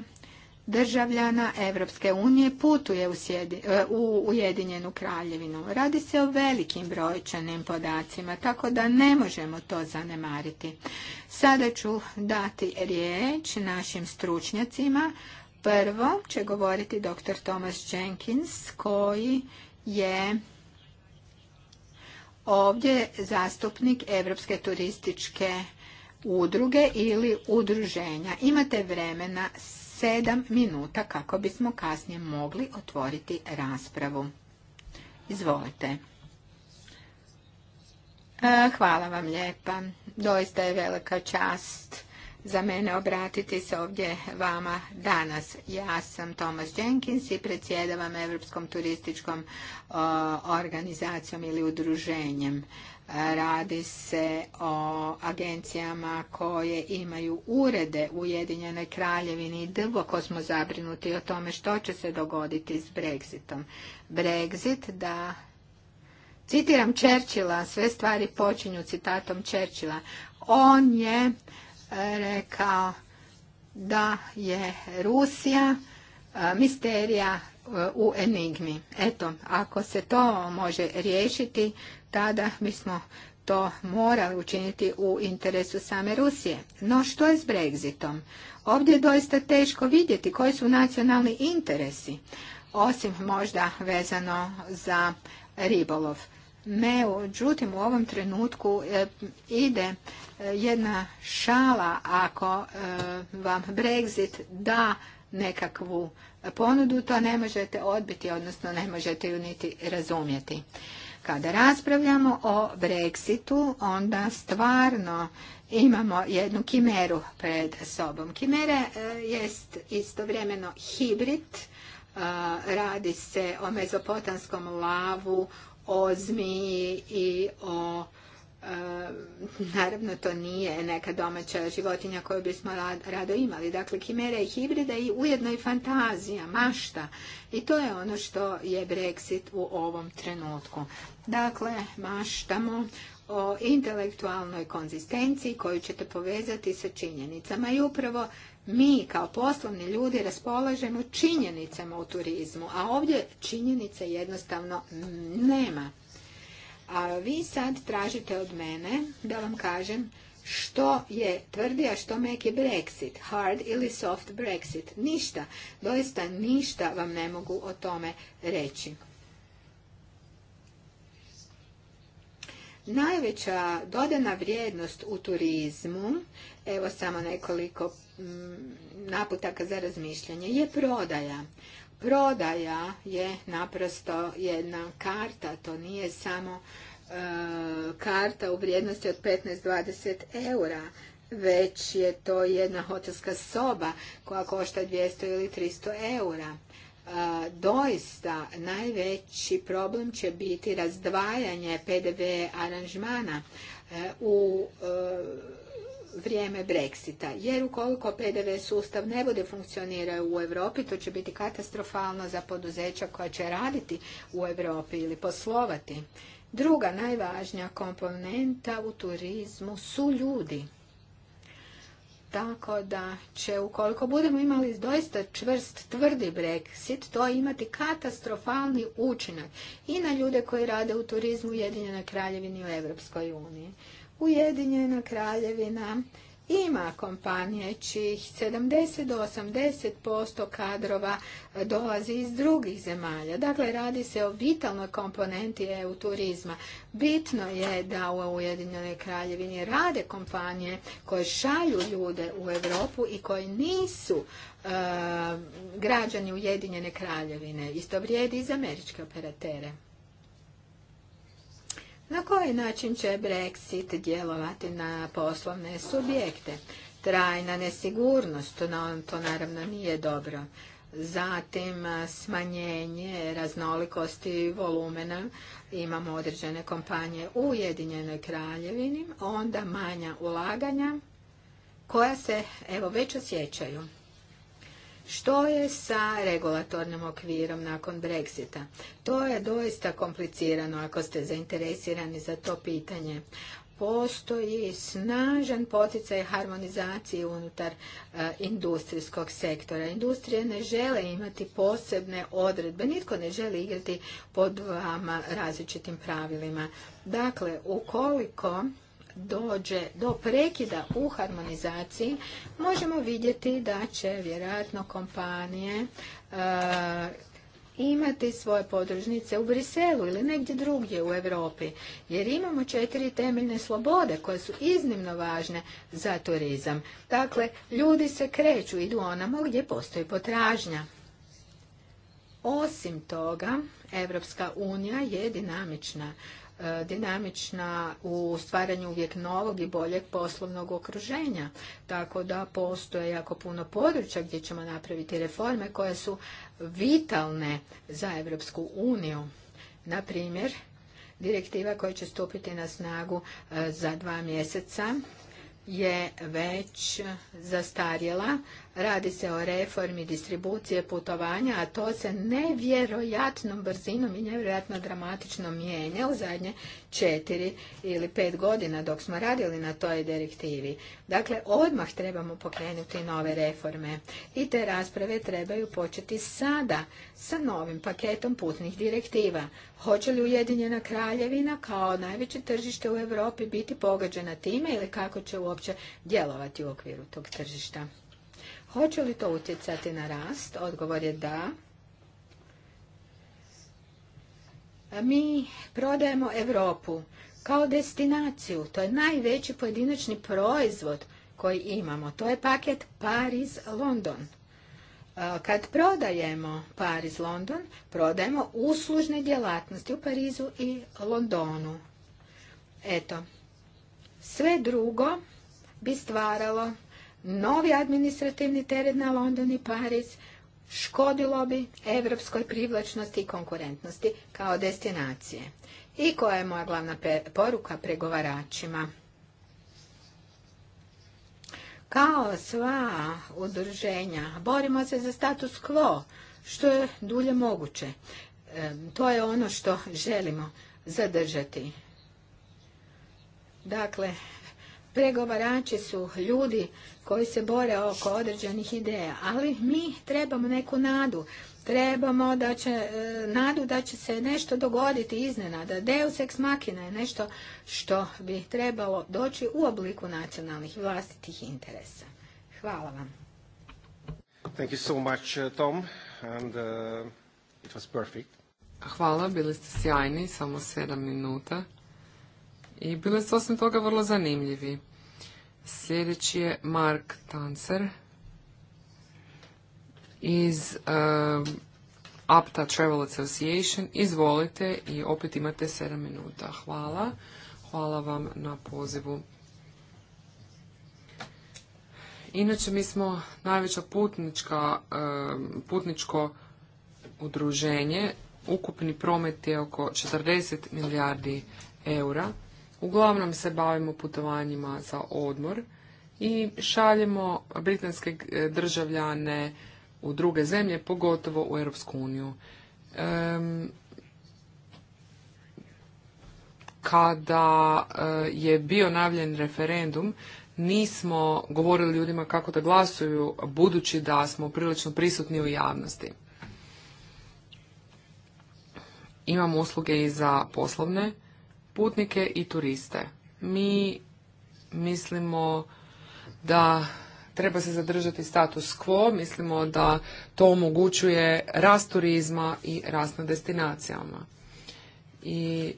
državljana Evropske unije putuje e, u, Ujedinjenu kraljevinu. Radi se o velikim brojčanim podacima, tako da ne možemo to zanemariti. Sada ću dati riječ našim stručnjacima. Prvo će govoriti dr. Thomas Jenkins, koji je ovdje zastupnik Europske turističke udruge ili udruženja. Imate vremena 7 minuta kako bismo kasnije mogli otvoriti raspravu. Izvolite. E, hvala vam lijepa. Doista je velika čast za mene obratiti se ovdje vama danas. Ja sam Thomas Jenkins i predsjedavam Europskom turističkom organizacijom ili udruženjem. Radi se o agencijama koje imaju urede u Ujedinjenoj kraljevini i duboko smo zabrinuti o tome što će se dogoditi s Brexitom. Brexit da Citiram Čerčila, sve stvari počinju citatom Čerčila. On je e, rekao da je Rusija e, misterija e, u enigmi. Eto, ako se to može riješiti, tada smo to morali učiniti u interesu same Rusije. No što je s Brexitom? Ovdje je doista teško vidjeti koji su nacionalni interesi, osim možda vezano za ribolov. Međutim, u ovom trenutku e, ide e, jedna šala ako e, vam Brexit da nekakvu ponudu, to ne možete odbiti, odnosno ne možete ju niti razumjeti. Kada raspravljamo o Brexitu, onda stvarno imamo jednu kimeru pred sobom. Kimera e, jest istovremeno hibrid, e, radi se o mezopotanskom lavu, o zmiji i o E, naravno, to nije neka domaća životinja koju bismo rado imali. Dakle, kimera je hibrida i ujedno i fantazija, mašta. I to je ono što je Brexit u ovom trenutku. Dakle, maštamo o intelektualnoj konzistenciji koju ćete povezati sa činjenicama. I upravo mi kao poslovni ljudi raspolažemo činjenicama u turizmu, a ovdje činjenice jednostavno nema. A vi sad tražite od mene da vam kažem što je tvrdi, a što meki Brexit, hard ili soft Brexit. Ništa, doista ništa vam ne mogu o tome reći. Najveća dodana vrijednost u turizmu, evo samo nekoliko mm, naputaka za razmišljanje, je prodaja prodaja je naprosto jedna karta, to nije samo e, karta u vrijednosti od 15-20 eura, već je to jedna hotelska soba koja košta 200 ili 300 eura. E, doista najveći problem će biti razdvajanje PDV aranžmana e, u vrijeme Brexita. Jer ukoliko PDV sustav ne bude funkcionirao u Europi, to će biti katastrofalno za poduzeća koja će raditi u Europi ili poslovati. Druga najvažnija komponenta u turizmu su ljudi. Tako da će, ukoliko budemo imali doista čvrst, tvrdi Brexit, to imati katastrofalni učinak i na ljude koji rade u turizmu Ujedinjenoj kraljevini u Europskoj uniji. Ujedinjena kraljevina ima kompanije čih 70 do 80% kadrova e, dolazi iz drugih zemalja. Dakle, radi se o vitalnoj komponenti EU turizma. Bitno je da u Ujedinjenoj kraljevini rade kompanije koje šalju ljude u Europu i koje nisu e, građani Ujedinjene kraljevine. Isto vrijedi i za američke operatere. Na koji način će Brexit djelovati na poslovne subjekte? Trajna nesigurnost, no to naravno nije dobro. Zatim smanjenje raznolikosti volumena, imamo određene kompanije u Ujedinjenoj kraljevini, onda manja ulaganja koja se evo već osjećaju. Što je sa regulatornim okvirom nakon Brexita? To je doista komplicirano ako ste zainteresirani za to pitanje postoji snažan poticaj harmonizacije unutar e, industrijskog sektora. Industrije ne žele imati posebne odredbe, nitko ne želi igrati pod vama različitim pravilima. Dakle, ukoliko dođe do prekida u harmonizaciji, možemo vidjeti da će vjerojatno kompanije e, imati svoje podružnice u Briselu ili negdje drugdje u Europi, jer imamo četiri temeljne slobode koje su iznimno važne za turizam. Dakle, ljudi se kreću, idu onamo gdje postoji potražnja. Osim toga, Evropska unija je dinamična E, dinamična u stvaranju uvijek novog i boljeg poslovnog okruženja. Tako da postoje jako puno područja gdje ćemo napraviti reforme koje su vitalne za Europsku uniju. Na primjer, direktiva koja će stupiti na snagu e, za dva mjeseca je već zastarjela. Radi se o reformi distribucije putovanja, a to se nevjerojatnom brzinom i nevjerojatno dramatično mijenja u zadnje četiri ili pet godina dok smo radili na toj direktivi. Dakle, odmah trebamo pokrenuti nove reforme i te rasprave trebaju početi sada sa novim paketom putnih direktiva. Hoće li Ujedinjena kraljevina kao najveće tržište u Europi biti pogađena time ili kako će u uopće djelovati u okviru tog tržišta. Hoće li to utjecati na rast? Odgovor je da. Mi prodajemo Europu kao destinaciju. To je najveći pojedinačni proizvod koji imamo. To je paket paris london Kad prodajemo paris london prodajemo uslužne djelatnosti u Parizu i Londonu. Eto, sve drugo bi stvaralo novi administrativni teret na London i Pariz, škodilo bi evropskoj privlačnosti i konkurentnosti kao destinacije. I koja je moja glavna poruka pregovaračima? Kao sva udruženja, borimo se za status quo, što je dulje moguće. to je ono što želimo zadržati. Dakle, Pregovarači su ljudi koji se bore oko određenih ideja, ali mi trebamo neku nadu. Trebamo da će, e, nadu da će se nešto dogoditi iznenada. Deus ex machina je nešto što bi trebalo doći u obliku nacionalnih vlastitih interesa. Hvala vam. Hvala, bili ste sjajni, samo sedam minuta i bili su osim toga vrlo zanimljivi. Sljedeći je Mark Tancer iz um, APTA Travel Association. Izvolite i opet imate 7 minuta. Hvala. Hvala vam na pozivu. Inače, mi smo najveća putnička, um, putničko udruženje. Ukupni promet je oko 40 milijardi eura Uglavnom se bavimo putovanjima za odmor i šaljemo britanske e, državljane u druge zemlje, pogotovo u Europsku uniju. kada e, je bio navljen referendum, nismo govorili ljudima kako da glasuju, budući da smo prilično prisutni u javnosti. Imamo usluge i za poslovne putnike i turiste. Mi mislimo da treba se zadržati status quo, mislimo da to omogućuje rast turizma i rast na destinacijama. I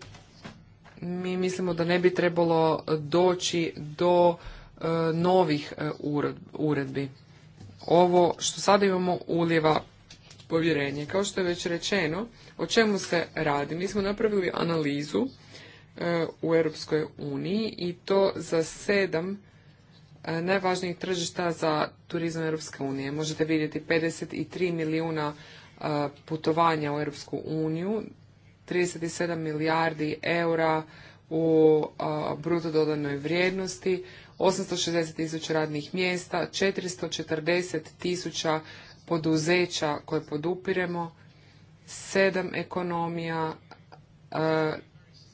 mi mislimo da ne bi trebalo doći do e, novih e, uredbi. Ovo što sada imamo uljeva povjerenje. Kao što je već rečeno, o čemu se radi? Mi smo napravili analizu E, u Europskoj uniji i to za sedam e, najvažnijih tržišta za turizam Europske unije. Možete vidjeti 53 milijuna e, putovanja u Europsku uniju, 37 milijardi eura u bruto dodanoj vrijednosti, 860 tisuća radnih mjesta, 440 tisuća poduzeća koje podupiremo, sedam ekonomija,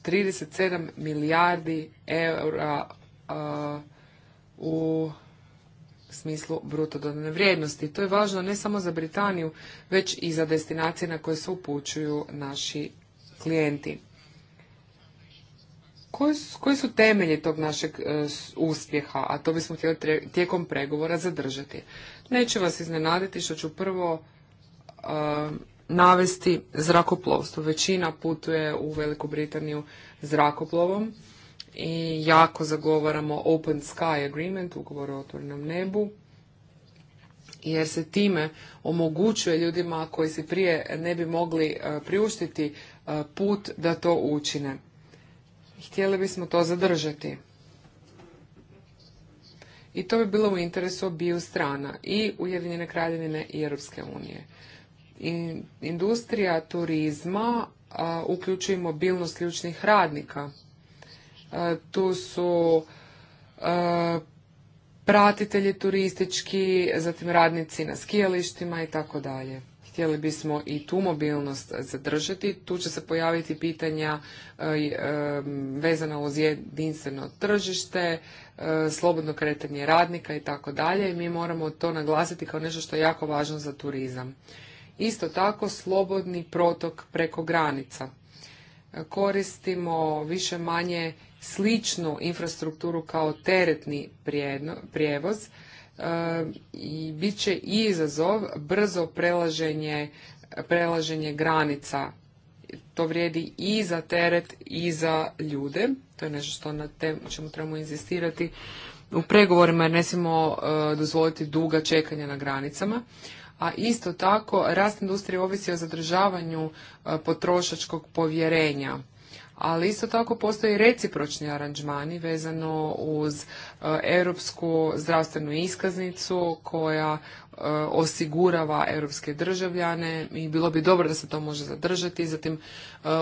37 milijardi eura u smislu dodane vrijednosti. To je važno ne samo za Britaniju, već i za destinacije na koje se upućuju naši klijenti. Koji su, temelji tog našeg e, uspjeha, a to bismo htjeli tijekom pregovora zadržati? Neću vas iznenaditi što ću prvo navesti zrakoplovstvo. Većina putuje u Veliku Britaniju zrakoplovom i jako zagovaramo Open Sky Agreement, ugovor o otvorenom nebu, jer se time omogućuje ljudima koji se prije ne bi mogli e, priuštiti e, put da to učine. Htjeli bismo to zadržati. I to bi bilo u interesu obiju strana, i Ujedinjene kraljevine i Europske unije industrija turizma uključuje mobilnost ključnih radnika. Tu su pratitelji turistički, zatim radnici na skijalištima i tako dalje. Htjeli bismo i tu mobilnost zadržati. Tu će se pojaviti pitanja vezana uz jedinstveno tržište, slobodno kretanje radnika i tako dalje. I mi moramo to naglasiti kao nešto što je jako važno za turizam. Isto tako slobodni protok preko granica. Koristimo više manje sličnu infrastrukturu kao teretni prijevoz e, i bit će izazov brzo prelaženje, prelaženje granica. To vrijedi i za teret i za ljude. To je nešto na tem, čemu trebamo inzistirati u pregovorima jer ne smijemo e, dozvoliti duga čekanja na granicama a isto tako rast industrije ovisi o zadržavanju e, potrošačkog povjerenja. Ali isto tako postoje recipročni aranžmani vezano uz e, europsku zdravstvenu iskaznicu koja e, osigurava europske državljane i bilo bi dobro da se to može zadržati, zatim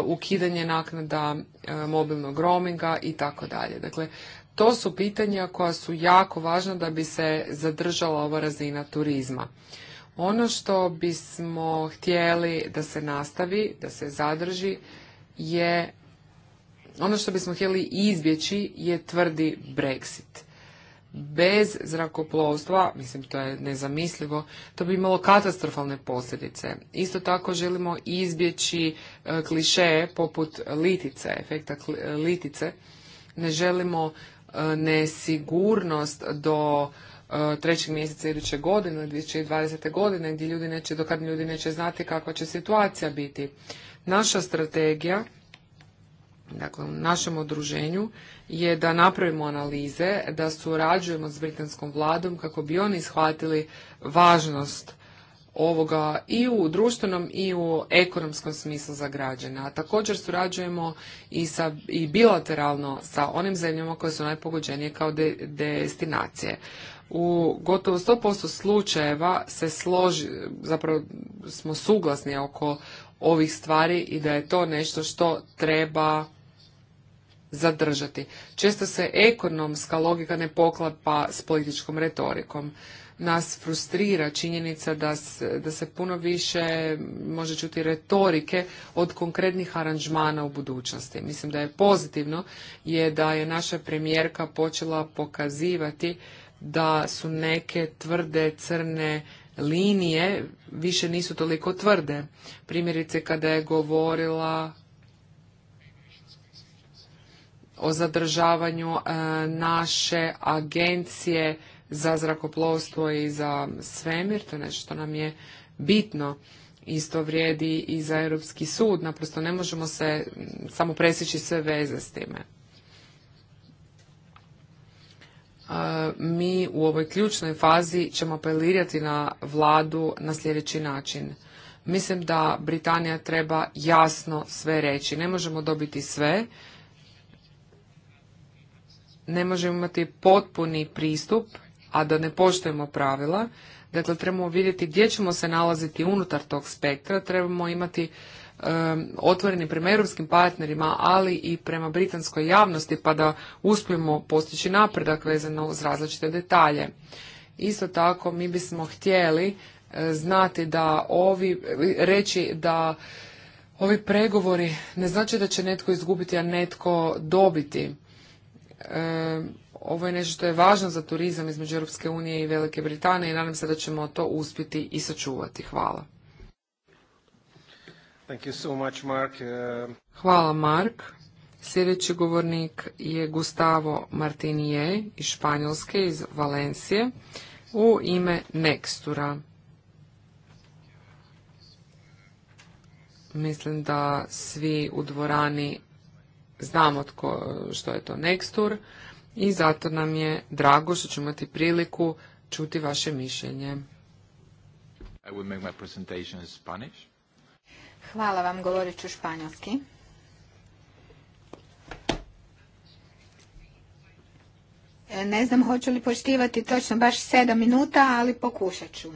ukidanje naknada mobilnog roaminga i tako dalje. Dakle, to su pitanja koja su jako važna da bi se zadržala ova razina turizma. Ono što bismo htjeli da se nastavi, da se zadrži je ono što bismo htjeli izbjeći je tvrdi Brexit. Bez zrakoplovstva, mislim to je nezamislivo, to bi imalo katastrofalne posljedice. Isto tako želimo izbjeći e, kliše poput litice, efekta e, litice. Ne želimo e, nesigurnost do trećeg mjeseca iduće godine, 2020. godine, gdje ljudi neće, dokad ljudi neće znati kakva će situacija biti. Naša strategija, dakle u našem odruženju, je da napravimo analize, da surađujemo s britanskom vladom kako bi oni shvatili važnost ovoga i u društvenom i u ekonomskom smislu za građane. A također surađujemo i, sa, i bilateralno sa onim zemljama koje su najpogođenije kao destinacije. U gotovo 100% slučajeva se složi, zapravo smo suglasni oko ovih stvari i da je to nešto što treba zadržati. Često se ekonomska logika ne poklapa s političkom retorikom. Nas frustrira činjenica da se, da se puno više može čuti retorike od konkretnih aranžmana u budućnosti. Mislim da je pozitivno je da je naša premijerka počela pokazivati da su neke tvrde crne linije više nisu toliko tvrde. Primjerice kada je govorila o zadržavanju e, naše agencije za zrakoplovstvo i za svemir, to je nešto što nam je bitno. Isto vrijedi i za Europski sud, naprosto ne možemo se samo presjeći sve veze s time. E, mi u ovoj ključnoj fazi ćemo apelirati na vladu na sljedeći način. Mislim da Britanija treba jasno sve reći. Ne možemo dobiti sve, ne možemo imati potpuni pristup, a da ne poštujemo pravila. Dakle, trebamo vidjeti gdje ćemo se nalaziti unutar tog spektra, trebamo imati otvoreni prema europskim partnerima, ali i prema britanskoj javnosti pa da uspijemo postići napredak vezano uz različite detalje. Isto tako mi bismo htjeli eh, znati da ovi, reći da ovi pregovori ne znači da će netko izgubiti, a netko dobiti. ovo je nešto što je važno za turizam između Europske unije i Velike Britanije i nadam se da ćemo to uspjeti i sačuvati. Hvala. Thank Mark. Uh, Hvala, Mark. Sljedeći govornik je Gustavo Martinije iz Španjolske, iz Valencije, u ime Nextura. Mislim da svi u dvorani znamo tko, što je to Nextur i zato nam je drago što ćemo imati priliku čuti vaše mišljenje. I would make my presentation in Spanish. Hvala vam, govorit ću španjolski. E, ne znam hoću li poštivati točno baš sedam minuta, ali pokušat ću.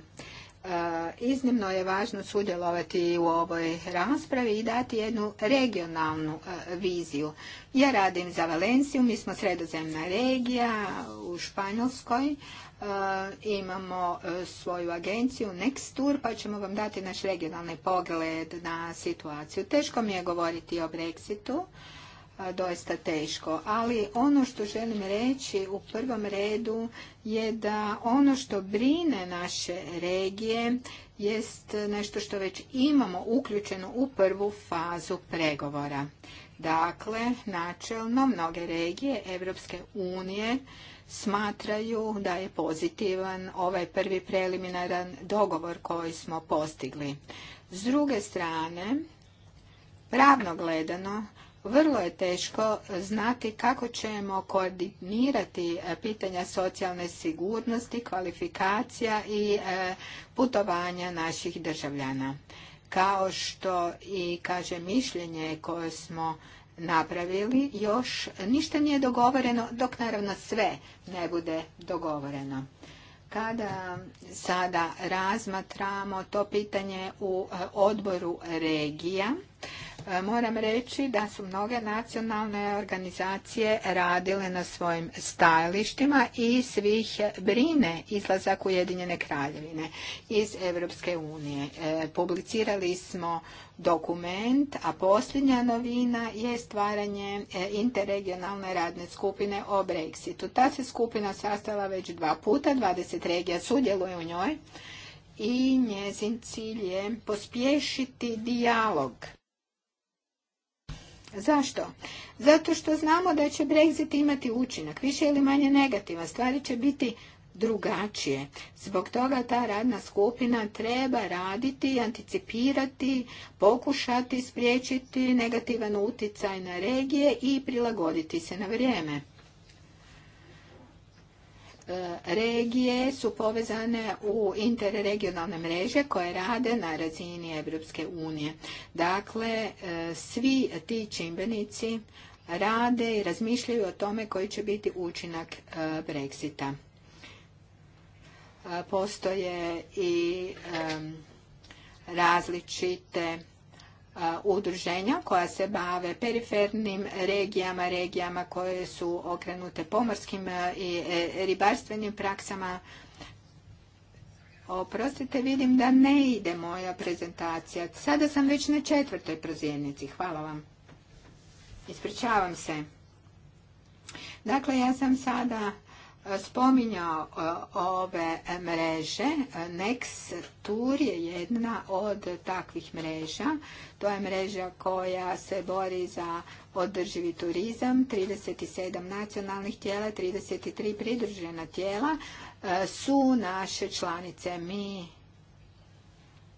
E, iznimno je važno sudjelovati u ovoj raspravi i dati jednu regionalnu e, viziju. Ja radim za Valenciju, mi smo sredozemna regija u Španjolskoj, E, imamo e, svoju agenciju Next Tour pa ćemo vam dati naš regionalni pogled na situaciju. Teško mi je govoriti o Brexitu, e, doista teško, ali ono što želim reći u prvom redu je da ono što brine naše regije jest nešto što već imamo uključeno u prvu fazu pregovora. Dakle, načelno mnoge regije Europske unije smatraju da je pozitivan ovaj prvi preliminaran dogovor koji smo postigli. S druge strane, pravno gledano, vrlo je teško znati kako ćemo koordinirati e, pitanja socijalne sigurnosti, kvalifikacija i e, putovanja naših državljana. Kao što i kaže mišljenje koje smo napravili još. Ništa nije dogovoreno dok naravno sve ne bude dogovoreno. Kada sada razmatramo to pitanje u e, odboru regija, E, moram reći da su mnoge nacionalne organizacije radile na svojim stajalištima i svih brine izlazak Ujedinjene kraljevine iz Europske unije. E, publicirali smo dokument, a posljednja novina je stvaranje e, interregionalne radne skupine o Brexitu. Ta se skupina sastala već dva puta, 20 regija sudjeluje u njoj i njezin cilj je pospješiti dijalog Zašto? Zato što znamo da će Brexit imati učinak, više ili manje negativan, stvari će biti drugačije. Zbog toga ta radna skupina treba raditi, anticipirati, pokušati spriječiti negativan uticaj na regije i prilagoditi se na vrijeme regije su povezane u interregionalne mreže koje rade na razini Evropske unije. Dakle, e, svi ti čimbenici rade i razmišljaju o tome koji će biti učinak e, Brexita. E, postoje i različite udruženja koja se bave perifernim regijama, regijama koje su okrenute pomorskim i e, ribarstvenim praksama. Oprostite, vidim da ne ide moja prezentacija. Sada sam već na četvrtoj prozirnici. Hvala vam. Ispričavam se. Dakle, ja sam sada spominjao e, ove mreže. Nextur je jedna od takvih mreža. To je mreža koja se bori za održivi turizam. 37 nacionalnih tijela, 33 pridružena tijela e, su naše članice. Mi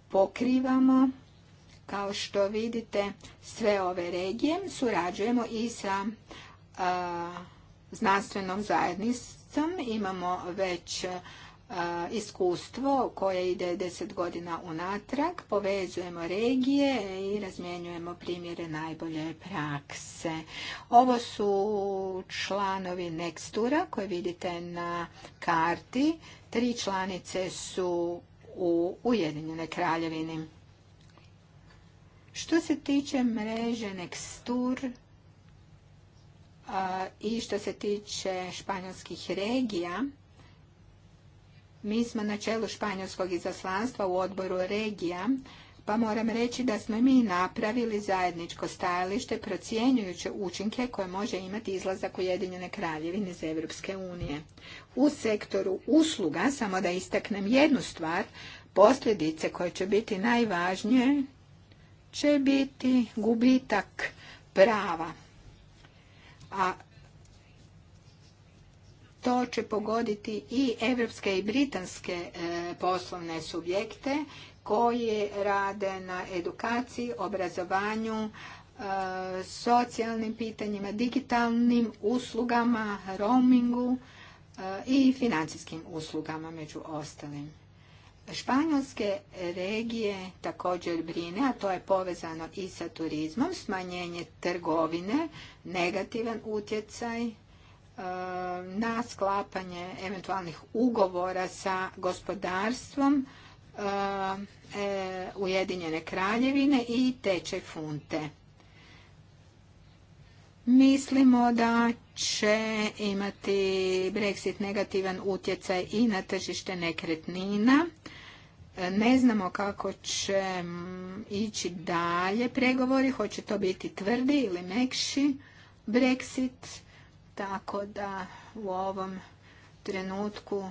pokrivamo kao što vidite sve ove regije surađujemo i sa e, znanstvenom zajednicom. Imamo već e, iskustvo koje ide deset godina unatrag. Povezujemo regije i razmjenjujemo primjere najbolje prakse. Ovo su članovi Nextura koje vidite na karti. Tri članice su u Ujedinjenoj kraljevini. Što se tiče mreže Nextur, i što se tiče španjolskih regija, mi smo na čelu španjolskog izaslanstva u odboru regija, pa moram reći da smo mi napravili zajedničko stajalište procjenjujuće učinke koje može imati izlazak Ujedinjene kraljevine iz Europske unije. U sektoru usluga, samo da istaknem jednu stvar, posljedice koje će biti najvažnije će biti gubitak prava a to će pogoditi i evropske i britanske e, poslovne subjekte koji rade na edukaciji, obrazovanju, e, socijalnim pitanjima, digitalnim uslugama, roamingu e, i financijskim uslugama među ostalim. Španjolske regije također brine, a to je povezano i sa turizmom, smanjenje trgovine, negativan utjecaj e, na sklapanje eventualnih ugovora sa gospodarstvom e, e, Ujedinjene kraljevine i tečaj funte. Mislimo da će imati Brexit negativan utjecaj i na tržište nekretnina. Ne znamo kako će ići dalje pregovori, hoće to biti tvrdi ili mekši Brexit, tako da u ovom trenutku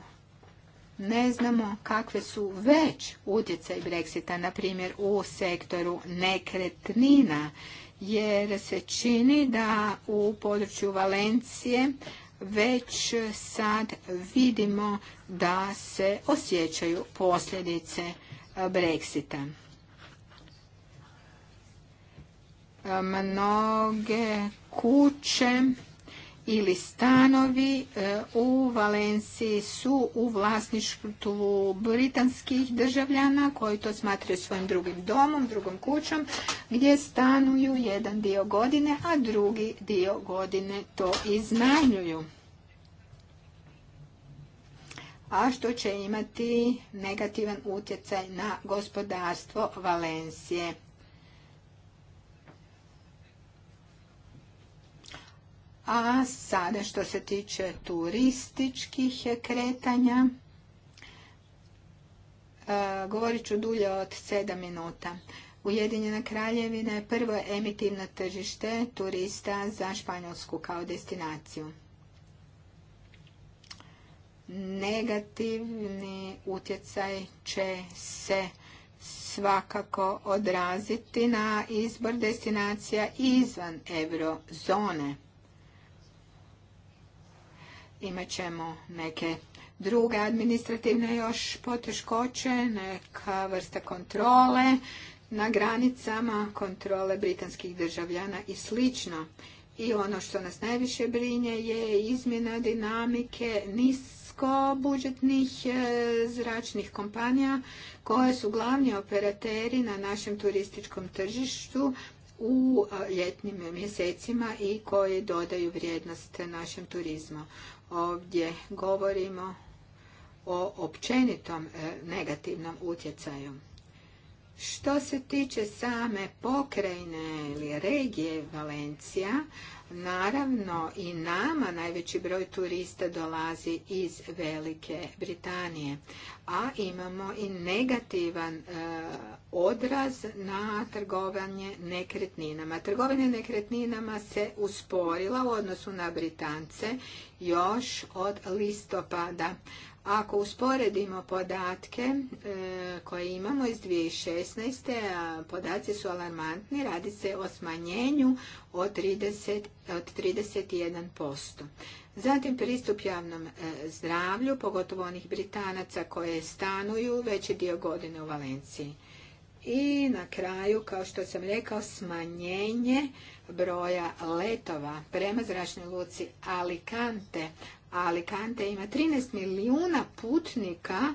ne znamo kakve su već utjecaj Brexita, na primjer u sektoru nekretnina, jer se čini da u području Valencije već sad vidimo da se osjećaju posljedice e, Brexita. E, mnoge kuće ili stanovi e, u Valenciji su u vlasništvu britanskih državljana koji to smatraju svojim drugim domom, drugom kućom gdje stanuju jedan dio godine, a drugi dio godine to iznajmljuju. A što će imati negativan utjecaj na gospodarstvo Valencije. A sada što se tiče turističkih kretanja, e, govorit ću dulje od 7 minuta. Ujedinjena kraljevina je prvo emitivno tržište turista za Španjolsku kao destinaciju. Negativni utjecaj će se svakako odraziti na izbor destinacija izvan eurozone imat ćemo neke druge administrativne još poteškoće, neka vrsta kontrole na granicama, kontrole britanskih državljana i slično. I ono što nas najviše brinje je izmjena dinamike nisko e, zračnih kompanija koje su glavni operateri na našem turističkom tržištu u e, ljetnim mjesecima i koji dodaju vrijednost našem turizmu ovdje govorimo o općenitom e, negativnom utjecaju. Što se tiče same pokrajine ili regije Valencija, naravno i nama najveći broj turista dolazi iz Velike Britanije, a imamo i negativan e, odraz na trgovanje nekretninama. Trgovanje nekretninama se usporila u odnosu na Britance još od listopada. Ako usporedimo podatke e, koje imamo iz 2016. podaci su alarmantni, radi se o smanjenju od, 30, od 31%. Zatim pristup javnom e, zdravlju, pogotovo onih Britanaca koje stanuju veći dio godine u Valenciji. I na kraju, kao što sam rekao, smanjenje broja letova prema zračnoj luci Alicante. Alicante ima 13 milijuna putnika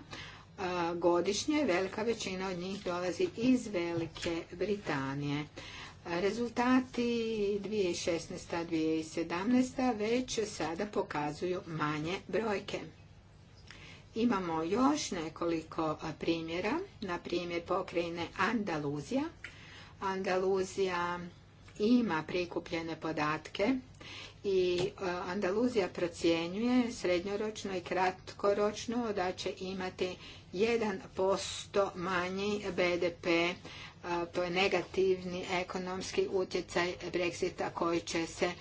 godišnje, velika većina od njih dolazi iz Velike Britanije. Rezultati 2016. 2017. već sada pokazuju manje brojke. Imamo još nekoliko primjera, na primjer pokrajine Andaluzija. Andaluzija ima prikupljene podatke i Andaluzija procjenjuje srednjoročno i kratkoročno da će imati 1% manji BDP, to je negativni ekonomski utjecaj Brexita koji će se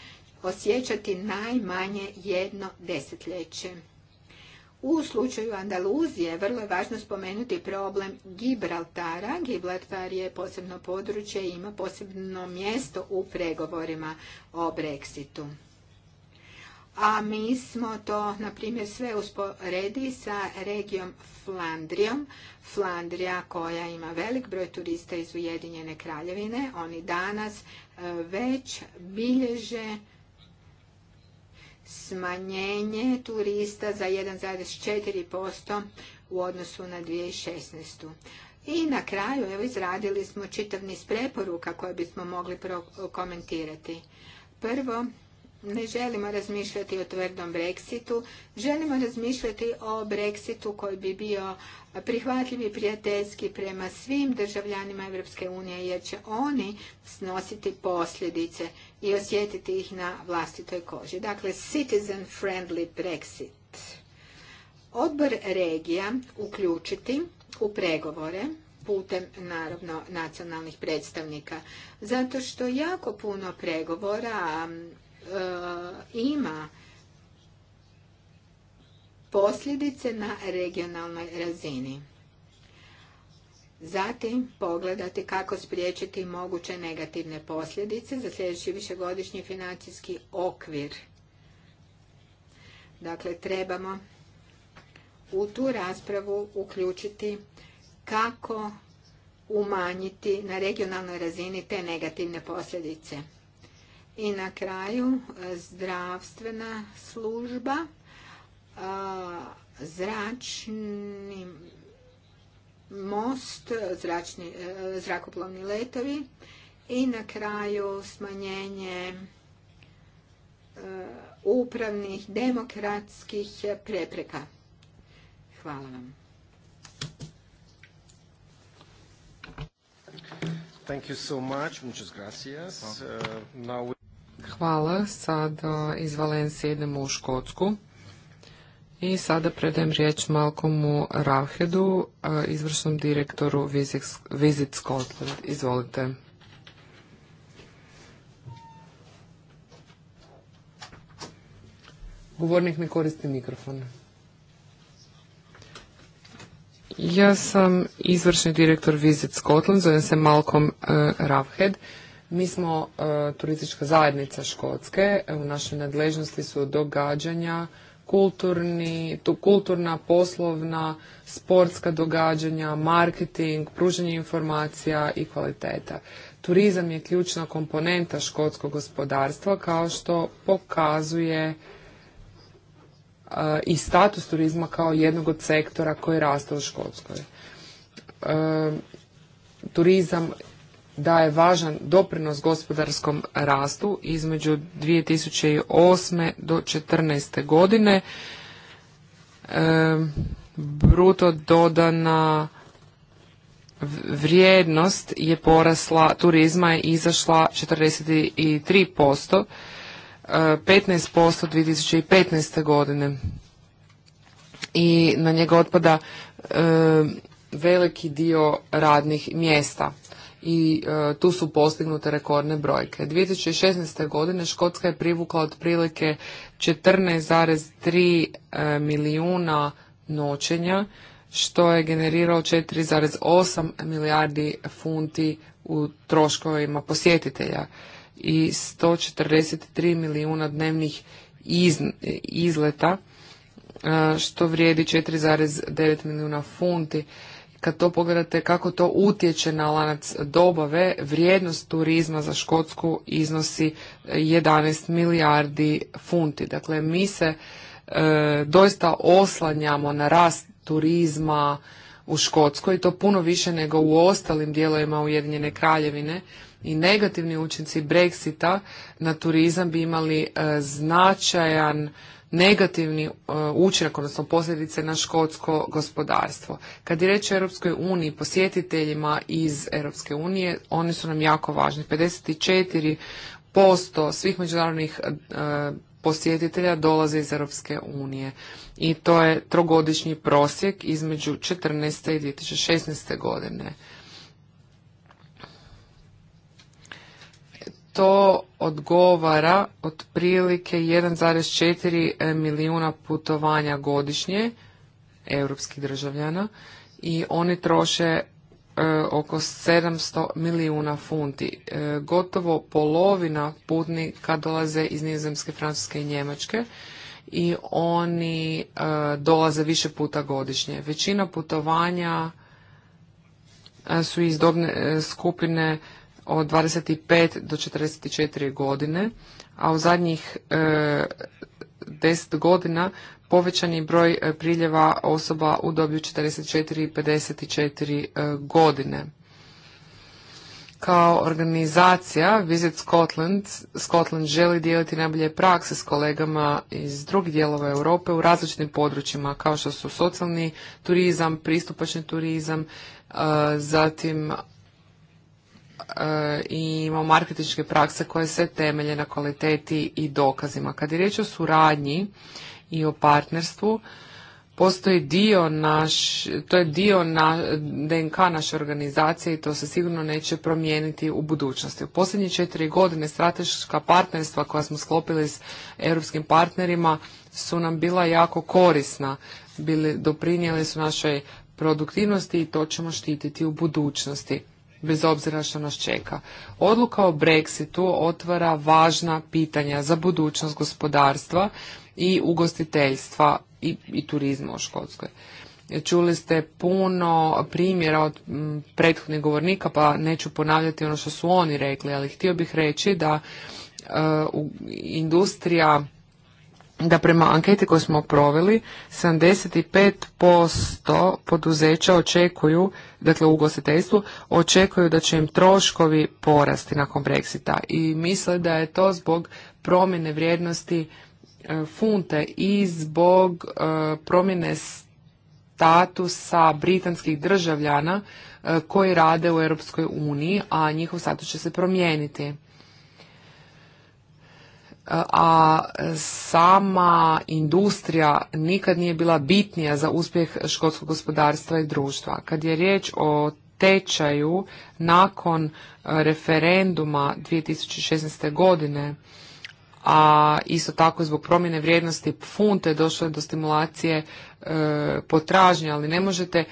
osjećati najmanje jedno desetljeće. U slučaju Andaluzije vrlo je važno spomenuti problem Gibraltara. Gibraltar je posebno područje i ima posebno mjesto u pregovorima o Brexitu. A mi smo to, na primjer, sve usporedi sa regijom Flandrijom. Flandrija koja ima velik broj turista iz Ujedinjene kraljevine. Oni danas e, već bilježe smanjenje turista za 1,4% u odnosu na 2016. I na kraju, evo, izradili smo čitav niz preporuka koje bismo mogli komentirati. Prvo, ne želimo razmišljati o tvrdom Brexitu, želimo razmišljati o Brexitu koji bi bio prihvatljiv i prijateljski prema svim državljanima Europske unije jer će oni snositi posljedice i osjetiti ih na vlastitoj koži. Dakle, citizen friendly Brexit. Odbor regija uključiti u pregovore putem naravno nacionalnih predstavnika. Zato što jako puno pregovora e, ima posljedice na regionalnoj razini. Zatim pogledati kako spriječiti moguće negativne posljedice za sljedeći višegodišnji financijski okvir. Dakle, trebamo u tu raspravu uključiti kako umanjiti na regionalnoj razini te negativne posljedice. I na kraju zdravstvena služba, zračnim most, zračni, e, zrakoplovni letovi i na kraju smanjenje e, upravnih demokratskih prepreka. Hvala vam. Thank you so much. Muchas gracias. Uh, now Hvala. Sada iz Valencije idemo u Škotsku. I sada predajem riječ Malkomu Rahedu, e, izvršnom direktoru Visit Scotland. Izvolite. Govornik ne koristi mikrofon. Ja sam izvršni direktor Visit Scotland, zovem se Malkom e, Ravhed. Mi smo e, turistička zajednica Škotske, u našoj nadležnosti su događanja kulturni, tu kulturna, poslovna, sportska događanja, marketing, pružanje informacija i kvaliteta. Turizam je ključna komponenta škotskog gospodarstva kao što pokazuje e, i status turizma kao jednog od sektora koji raste u Škotskoj. E, turizam daje važan doprinos gospodarskom rastu između 2008. do 2014. godine. bruto dodana vrijednost je porasla, turizma je izašla 43%, 15% 2015. godine. I na njega otpada veliki dio radnih mjesta i e, tu su postignute rekordne brojke. 2016. godine Škotska je privukla otprilike 14,3 e, milijuna noćenja, što je generirao 4,8 milijardi funti u troškovima posjetitelja i 143 milijuna dnevnih izleta, e, što vrijedi 4,9 milijuna funti kad to pogledate kako to utječe na lanac dobave, vrijednost turizma za Škotsku iznosi 11 e, milijardi funti. Dakle, mi se e, doista oslanjamo na rast turizma u Škotskoj, to puno više nego u ostalim dijelovima Ujedinjene kraljevine i negativni učinci Brexita na turizam bi imali e, značajan negativni e, učinak, odnosno posljedice na škotsko gospodarstvo. Kad je reč o Europskoj uniji, posjetiteljima iz Europske unije, oni su nam jako važni. 54% svih međunarodnih e, posjetitelja dolaze iz Europske unije i to je trogodišnji prosjek između 2014. i 2016. godine. to odgovara otprilike 1,4 milijuna putovanja godišnje europskih državljana i oni troše e, oko 700 milijuna funti. E, gotovo polovina putnika dolaze iz Nizozemske, Francuske i Njemačke i oni e, dolaze više puta godišnje. Većina putovanja su iz dobne skupine od 25 do 44 godine, a u zadnjih 10 e, godina povećan je broj e, priljeva osoba u dobi 44 i 54 e, godine. Kao organizacija Visit Scotland, Scotland želi dijeliti najbolje prakse s kolegama iz drugih dijelova Europe u različitim područjima kao što su socijalni turizam, pristupačni turizam, zatim E, i imamo marketinške prakse koje se temelje na kvaliteti i dokazima. Kad je riječ o suradnji i o partnerstvu, postoji dio naš, to je dio na, DNK naše organizacije i to se sigurno neće promijeniti u budućnosti. U posljednje četiri godine strateška partnerstva koja smo sklopili s europskim partnerima su nam bila jako korisna, bili, doprinijeli su našoj produktivnosti i to ćemo štititi u budućnosti bez obzira što nas čeka. Odluka o Brexitu otvara važna pitanja za budućnost gospodarstva i ugostiteljstva i, turizma u Škotskoj. Čuli ste puno primjera od prethodnih govornika, pa neću ponavljati ono što su oni rekli, ali htio bih reći da e, industrija da prema anketi koju smo proveli 75% poduzeća očekuju, dakle u ugostiteljstvu, očekuju da će im troškovi porasti nakon Brexita i misle da je to zbog promjene vrijednosti e, funte i zbog e, promjene statusa britanskih državljana e, koji rade u Europskoj uniji, a njihov status će se promijeniti a sama industrija nikad nije bila bitnija za uspjeh škotskog gospodarstva i društva. Kad je riječ o tečaju nakon referenduma 2016. godine a isto tako zbog promjene vrijednosti funte došlo do stimulacije e, potražnje, ali ne možete e,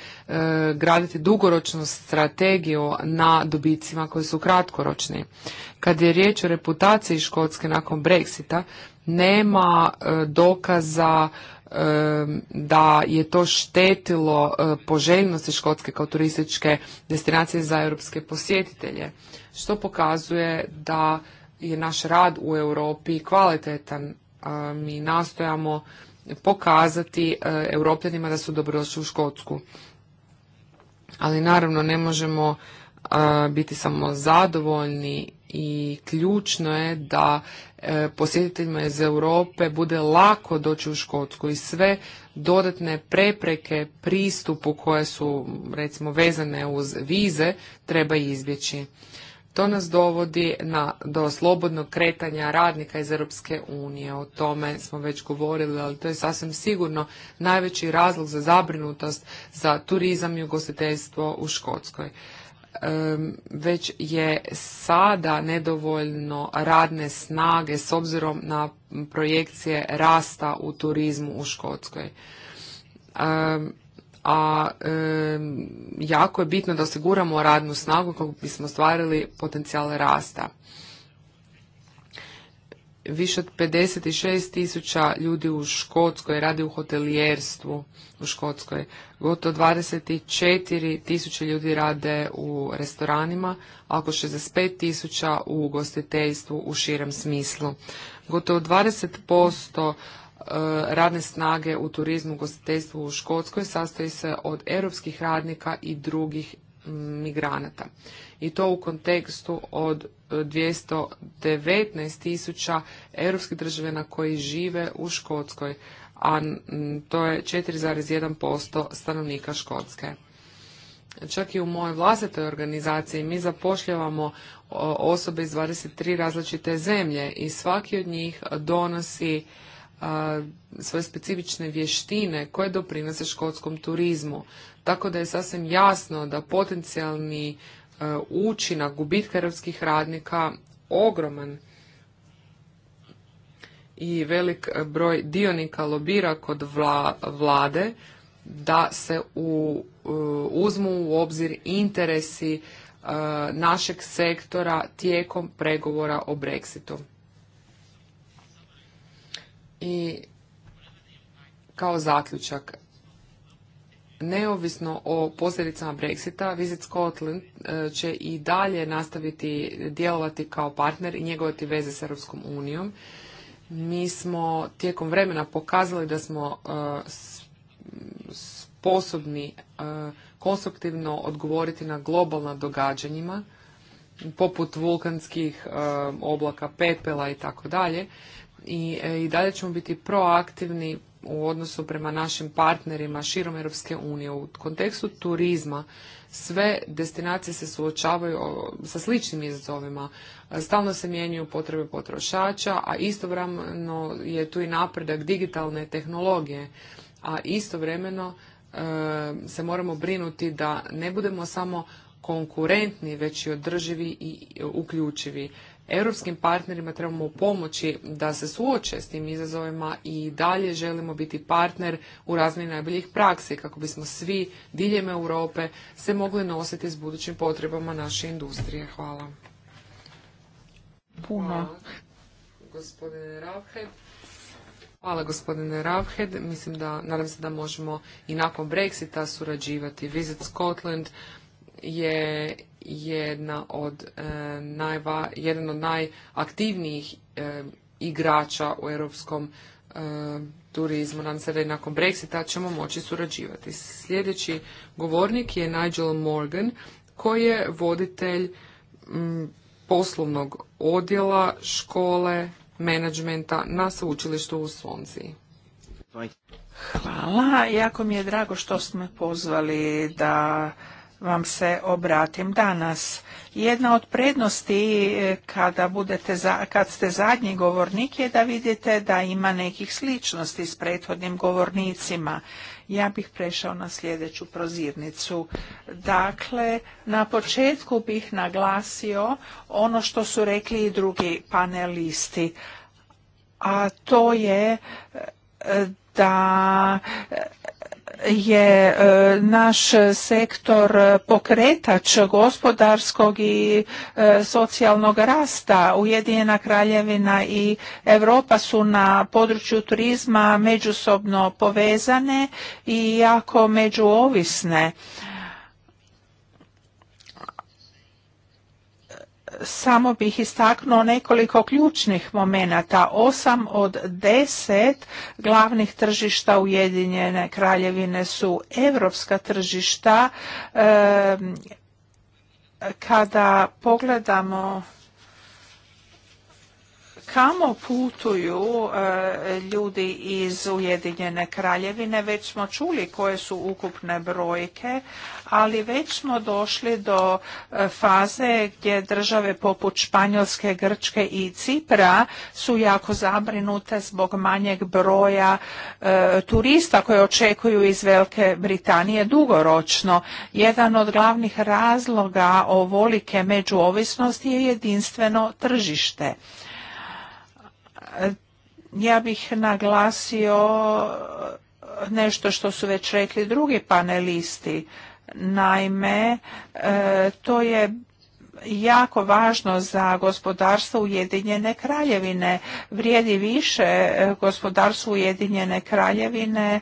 graditi dugoročnu strategiju na dobicima koji su kratkoročni. Kad je riječ o reputaciji Škotske nakon Brexita, nema e, dokaza da je to štetilo poželjnosti Škotske kao turističke destinacije za europske posjetitelje, što pokazuje da je naš rad u Europi kvalitetan. Mi nastojamo pokazati e, europljanima da su dobrodošli u Škotsku. Ali naravno ne možemo e, biti samo zadovoljni i ključno je da e, posjetiteljima iz Europe bude lako doći u Škotsku i sve dodatne prepreke pristupu koje su recimo vezane uz vize treba izbjeći. To nas dovodi na, do slobodnog kretanja radnika iz Europske unije. O tome smo već govorili, ali to je sasvim sigurno najveći razlog za zabrinutost za turizam i ugostiteljstvo u Škotskoj. Um, već je sada nedovoljno radne snage s obzirom na projekcije rasta u turizmu u Škotskoj. Um, a jako je bitno da osiguramo radnu snagu kako bismo stvarili potencijale rasta. Više od 56 tisuća ljudi u Škotskoj radi u hotelijerstvu u Škotskoj. Gotovo 24 tisuće ljudi rade u restoranima, a oko 65 tisuća u ugostiteljstvu u širem smislu. Gotovo 20% E, radne snage u turizmu, gostiteljstvu u Škotskoj sastoji se od europskih radnika i drugih migranata. I to u kontekstu od 219 e, tisuća europskih državljana koji žive u Škotskoj, a to je 4,1% stanovnika Škotske. Čak i u mojoj vlastitoj organizaciji mi zapošljavamo e, osobe iz 23 različite zemlje i svaki od njih donosi svoje specifične vještine koje doprinose škotskom turizmu. Tako da je sasvim jasno da potencijalni e, učinak gubitka europskih radnika ogroman i velik broj dionika lobira kod vlade da se u, e, uzmu u obzir interesi e, našeg sektora tijekom pregovora o Brexitu. I kao zaključak, neovisno o posljedicama Brexita, Visit Scotland e, će i dalje nastaviti djelovati kao partner i njegovati veze s Europskom unijom. Mi smo tijekom vremena pokazali da smo e, sposobni e, konstruktivno odgovoriti na globalna događanjima poput vulkanskih oblaka, pepela i tako dalje i, e, i dalje ćemo biti proaktivni u odnosu prema našim partnerima širom Europske unije. U kontekstu turizma sve destinacije se suočavaju sa sličnim izazovima. Stalno se mijenjaju potrebe potrošača, a istovremeno je tu i napredak digitalne tehnologije, a istovremeno e, se moramo brinuti da ne budemo samo konkurentni, već i održivi i uključivi. Europskim partnerima trebamo pomoći da se suoče s tim izazovima i dalje želimo biti partner u razmjeni najboljih praksi kako bismo svi diljem Europe se mogli nositi s budućim potrebama naše industrije. Hvala. Puno. Gospodine Ravhed. Hvala gospodine Ravhed. Mislim da, nadam se da možemo i nakon Brexita surađivati. Visit Scotland je jedna od, e, najva, jedan od najaktivnijih e, igrača u europskom e, turizmu. Nam se da i nakon Brexita ćemo moći surađivati. Sljedeći govornik je Nigel Morgan koji je voditelj poslovnog odjela škole menadžmenta na sveučilištu u Svonci. Hvala, jako mi je drago što ste me pozvali da vam se obratim danas. Jedna od prednosti e, kada, budete za, kad ste zadnji govornik je da vidite da ima nekih sličnosti s prethodnim govornicima. Ja bih prešao na sljedeću prozirnicu. Dakle, na početku bih naglasio ono što su rekli i drugi panelisti, a to je e, da je e, naš sektor pokretač gospodarskog i e, socijalnog rasta. Ujedinjena Kraljevina i Europa su na području turizma međusobno povezane i jako međuovisne. samo bih istaknuo nekoliko ključnih momenata. Osam od deset glavnih tržišta Ujedinjene kraljevine su europska tržišta. Kada pogledamo kamo putuju e, ljudi iz Ujedinjene kraljevine, već smo čuli koje su ukupne brojke, ali već smo došli do e, faze gdje države poput Španjolske, Grčke i Cipra su jako zabrinute zbog manjeg broja e, turista koje očekuju iz Velike Britanije dugoročno. Jedan od glavnih razloga ovolike međuovisnosti je jedinstveno tržište. Ja bih naglasio nešto što su već rekli drugi panelisti. Naime, e, to je jako važno za gospodarstvo Ujedinjene kraljevine. Vrijedi više gospodarstvo Ujedinjene kraljevine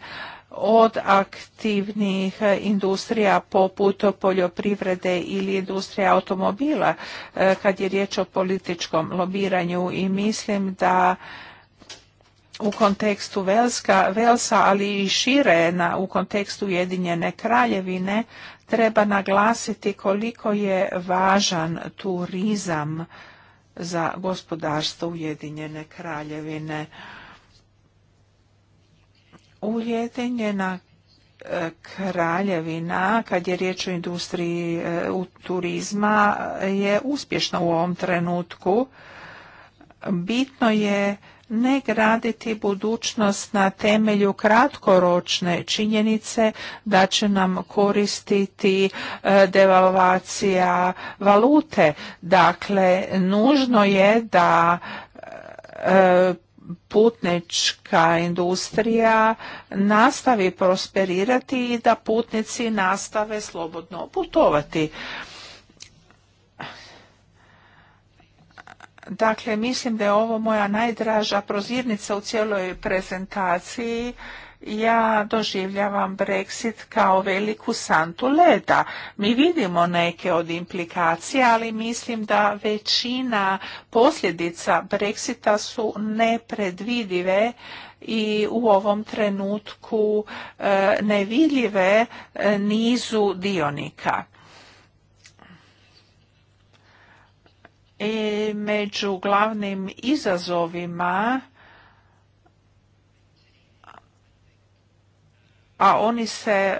od aktivnih industrija poput poljoprivrede ili industrija automobila e, kad je riječ o političkom lobiranju i mislim da u kontekstu Velska, Velsa, ali i šire u kontekstu Ujedinjene kraljevine, treba naglasiti koliko je važan turizam za gospodarstvo Ujedinjene kraljevine. Ujedinjena e, kraljevina kad je riječ o industriji e, u turizma je uspješna u ovom trenutku. Bitno je ne graditi budućnost na temelju kratkoročne činjenice da će nam koristiti e, devalvacija valute. Dakle, nužno je da putnička industrija nastavi prosperirati i da putnici nastave slobodno putovati. Dakle, mislim da je ovo moja najdraža prozirnica u cijeloj prezentaciji ja doživljavam Brexit kao veliku santu leda. Mi vidimo neke od implikacija, ali mislim da većina posljedica Brexita su nepredvidive i u ovom trenutku e, nevidljive e, nizu dionika. I među glavnim izazovima a oni se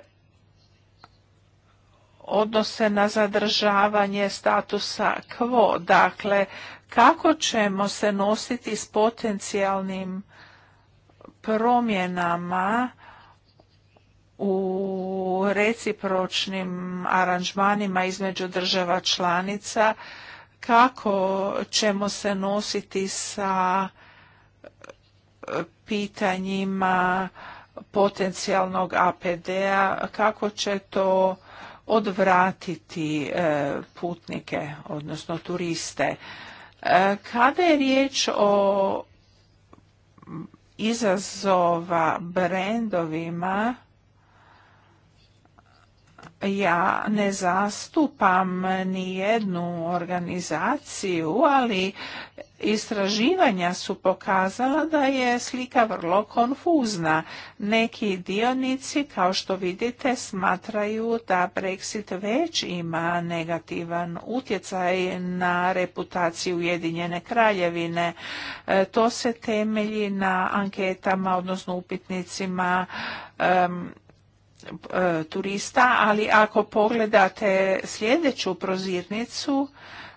odnose na zadržavanje statusa quo. Dakle, kako ćemo se nositi s potencijalnim promjenama u recipročnim aranžmanima između država članica, kako ćemo se nositi sa pitanjima potencijalnog APD-a, kako će to odvratiti e, putnike, odnosno turiste. E, kada je riječ o izazova brendovima, ja ne zastupam ni jednu organizaciju, ali Istraživanja su pokazala da je slika vrlo konfuzna. Neki dionici, kao što vidite, smatraju da Brexit već ima negativan utjecaj na reputaciju Ujedinjene kraljevine. E, to se temelji na anketama, odnosno upitnicima e, turista, ali ako pogledate sljedeću prozirnicu,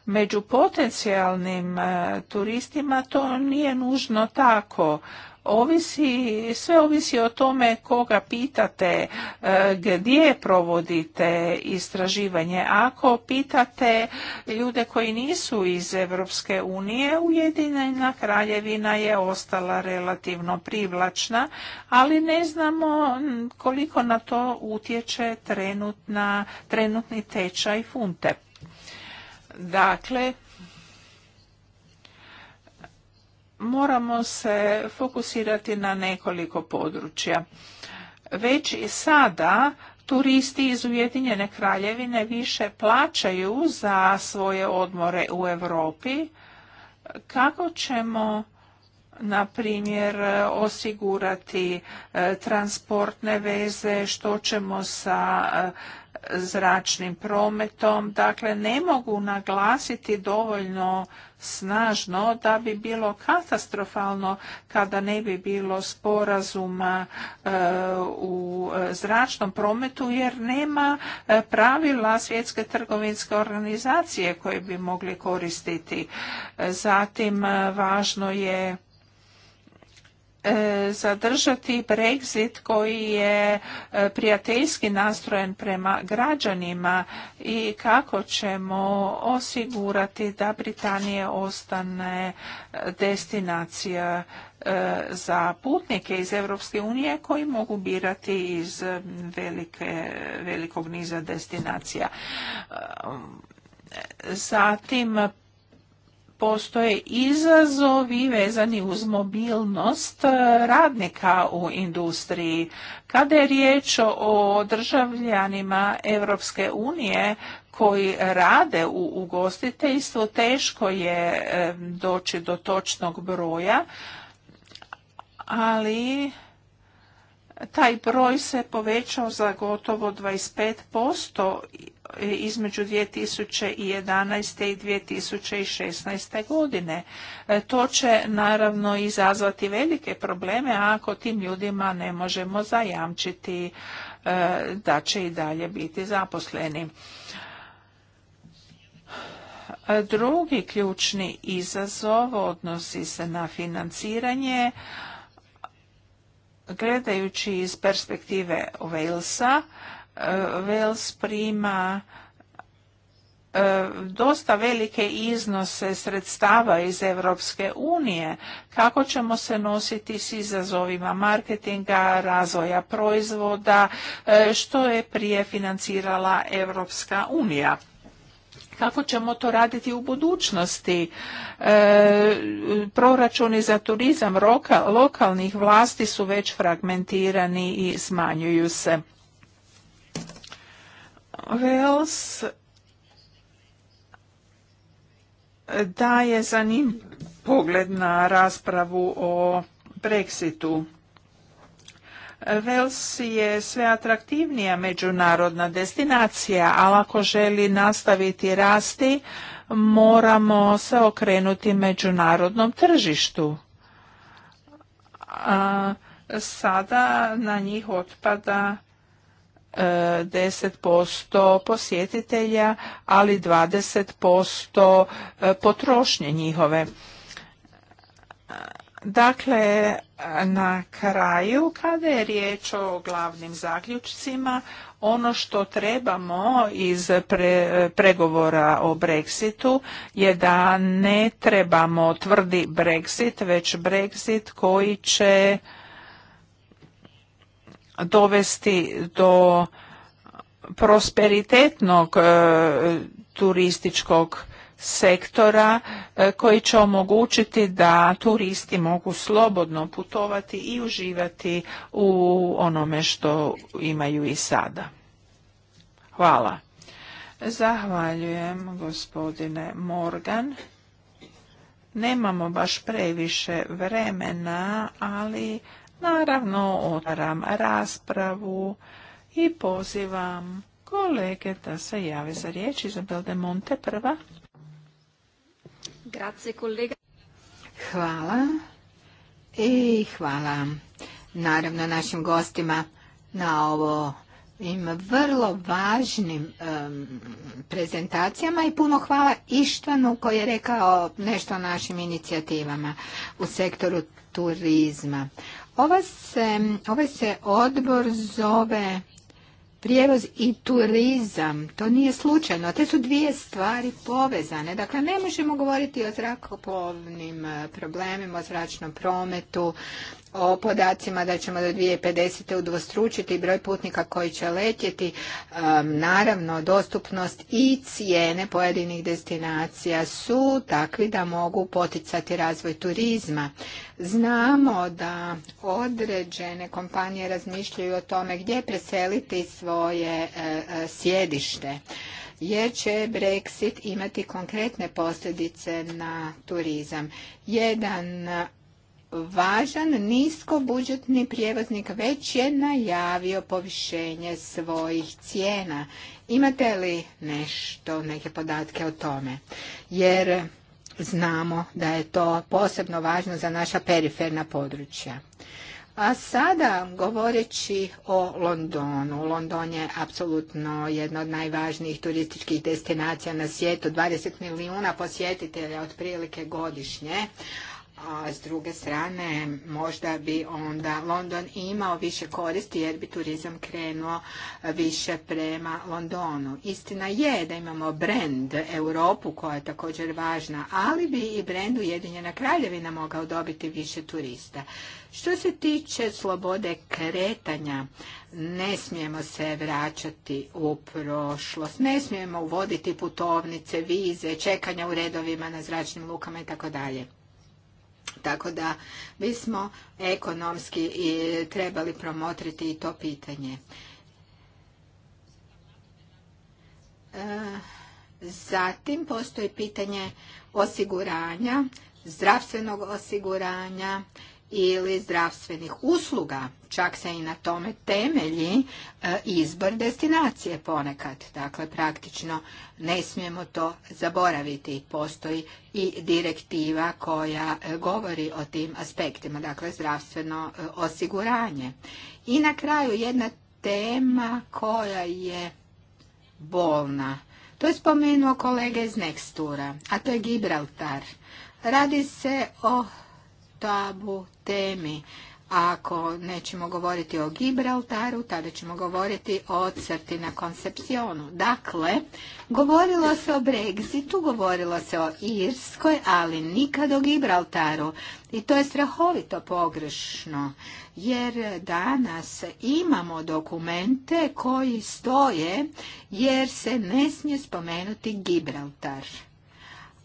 među potencijalnim e, turistima to nije nužno tako ovisi sve ovisi o tome koga pitate e, gdje provodite istraživanje ako pitate ljude koji nisu iz Europske unije Ujedinjena kraljevina je ostala relativno privlačna ali ne znamo koliko na to utječe trenutna trenutni tečaj funte Dakle, moramo se fokusirati na nekoliko područja. Već i sada turisti iz Ujedinjene kraljevine više plaćaju za svoje odmore u Europi. Kako ćemo na primjer osigurati e, transportne veze, što ćemo sa e, zračnim prometom. Dakle, ne mogu naglasiti dovoljno snažno da bi bilo katastrofalno kada ne bi bilo sporazuma e, u e, zračnom prometu jer nema e, pravila svjetske trgovinske organizacije koje bi mogli koristiti. Zatim, važno je E, zadržati Brexit koji je e, prijateljski nastrojen prema građanima i kako ćemo osigurati da Britanije ostane e, destinacija za putnike iz Europske unije koji mogu birati iz velike, velikog niza destinacija. Zatim postoje izazovi vezani uz mobilnost e, radnika u industriji. Kada je riječ o državljanima Europske unije koji rade u ugostiteljstvu, teško je e, doći do točnog broja, ali taj broj se povećao za gotovo 25% između 2011. i 2016. godine. E, to će naravno izazvati velike probleme ako tim ljudima ne možemo zajamčiti e, da će i dalje biti zaposleni. E, drugi ključni izazov odnosi se na financiranje, Gledajući iz perspektive Walesa, e, Wales prima e, dosta velike iznose sredstava iz Europske unije. Kako ćemo se nositi s izazovima marketinga, razvoja proizvoda, e, što je prije financirala Europska unija? kako ćemo to raditi u budućnosti. E, proračuni za turizam roka, lokalnih vlasti su već fragmentirani i smanjuju se. Wales daje zanim pogled na raspravu o Brexitu. Vels je sve atraktivnija međunarodna destinacija, ali ako želi nastaviti rasti, moramo se okrenuti međunarodnom tržištu. A sada na njih otpada 10% e, posjetitelja, ali 20% e, potrošnje njihove Dakle, na kraju, kada je riječ o glavnim zaključcima, ono što trebamo iz pregovora o Brexitu je da ne trebamo tvrdi Brexit, već Brexit koji će dovesti do prosperitetnog e, turističkog sektora e, koji će omogućiti da turisti mogu slobodno putovati i uživati u onome što imaju i sada. Hvala. Zahvaljujem gospodine Morgan. Nemamo baš previše vremena, ali naravno otvaram raspravu i pozivam kolege da se jave za riječ. Izabel de Monte prva. Grazie, kolega. Hvala i hvala naravno našim gostima na ovo im vrlo važnim prezentacijama i puno hvala Ištvanu koji je rekao nešto o našim inicijativama u sektoru turizma. se, ovaj se odbor zove prijevoz i turizam. To nije slučajno. Te su dvije stvari povezane. Dakle, ne možemo govoriti o zrakoplovnim eh, problemima, o zračnom prometu, o podacima da ćemo do 2050. udvostručiti broj putnika koji će letjeti. Um, naravno, dostupnost i cijene pojedinih destinacija su takvi da mogu poticati razvoj turizma. Znamo da određene kompanije razmišljaju o tome gdje preseliti svoje e, e, sjedište jer će Brexit imati konkretne posljedice na turizam. Jedan važan niskobudžetni prijevoznik već je najavio povišenje svojih cijena. Imate li nešto, neke podatke o tome? Jer znamo da je to posebno važno za naša periferna područja. A sada, govoreći o Londonu, London je apsolutno jedna od najvažnijih turističkih destinacija na svijetu, 20 milijuna posjetitelja otprilike godišnje, a s druge strane možda bi onda London imao više koristi jer bi turizam krenuo više prema Londonu. Istina je da imamo brand Europu koja je također važna, ali bi i brand Ujedinjena Kraljevina mogao dobiti više turista. Što se tiče slobode kretanja, ne smijemo se vraćati u prošlost, ne smijemo uvoditi putovnice, vize, čekanja u redovima na zračnim lukama i tako dalje. Tako da bismo ekonomski i trebali promotriti i to pitanje. E, zatim postoji pitanje osiguranja, zdravstvenog osiguranja, ili zdravstvenih usluga, čak se i na tome temelji e, izbor destinacije ponekad. Dakle, praktično ne smijemo to zaboraviti. Postoji i direktiva koja e, govori o tim aspektima, dakle zdravstveno e, osiguranje. I na kraju jedna tema koja je bolna. To je spomenuo kolega iz Nextura, a to je Gibraltar. Radi se o tabu temi. Ako nećemo govoriti o Gibraltaru, tada ćemo govoriti o crti na koncepcionu. Dakle, govorilo se o Brexitu, govorilo se o Irskoj, ali nikad o Gibraltaru. I to je strahovito pogrešno, jer danas imamo dokumente koji stoje jer se ne smije spomenuti Gibraltar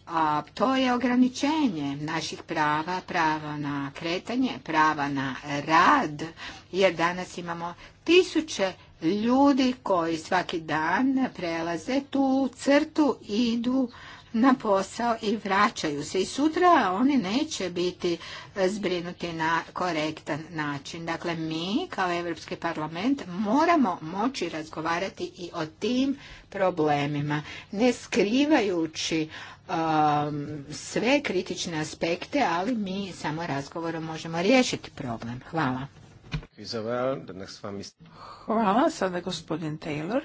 a to je ograničenje naših prava, prava na kretanje, prava na rad, jer danas imamo tisuće ljudi koji svaki dan prelaze tu crtu, i idu na posao i vraćaju se. I sutra oni neće biti e, zbrinuti na korektan način. Dakle, mi kao Europski parlament moramo moći razgovarati i o tim problemima, ne skrivajući um, sve kritične aspekte, ali mi samo razgovorom možemo riješiti problem. Hvala. Hvala. Sada gospodin Taylor.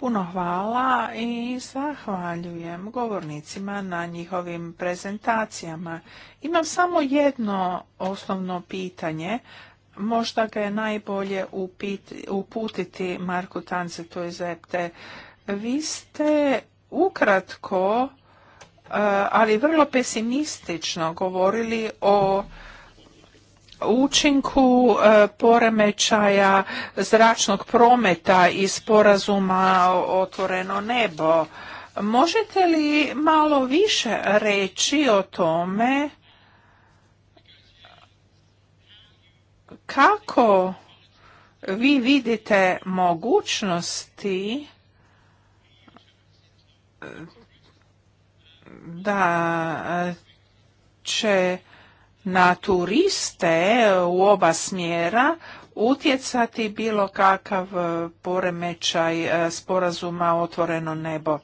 Puno hvala i zahvaljujem govornicima na njihovim prezentacijama. Imam samo jedno osnovno pitanje, možda ga je najbolje uputiti Marku Tancetu iz Epte. Vi ste ukratko, eh, ali vrlo pesimistično govorili o učinku e, poremećaja zračnog prometa i sporazuma Otvoreno nebo. Možete li malo više reći o tome kako vi vidite mogućnosti da će na turiste u oba smjera utjecati bilo kakav e, poremećaj e, sporazuma otvoreno nebo.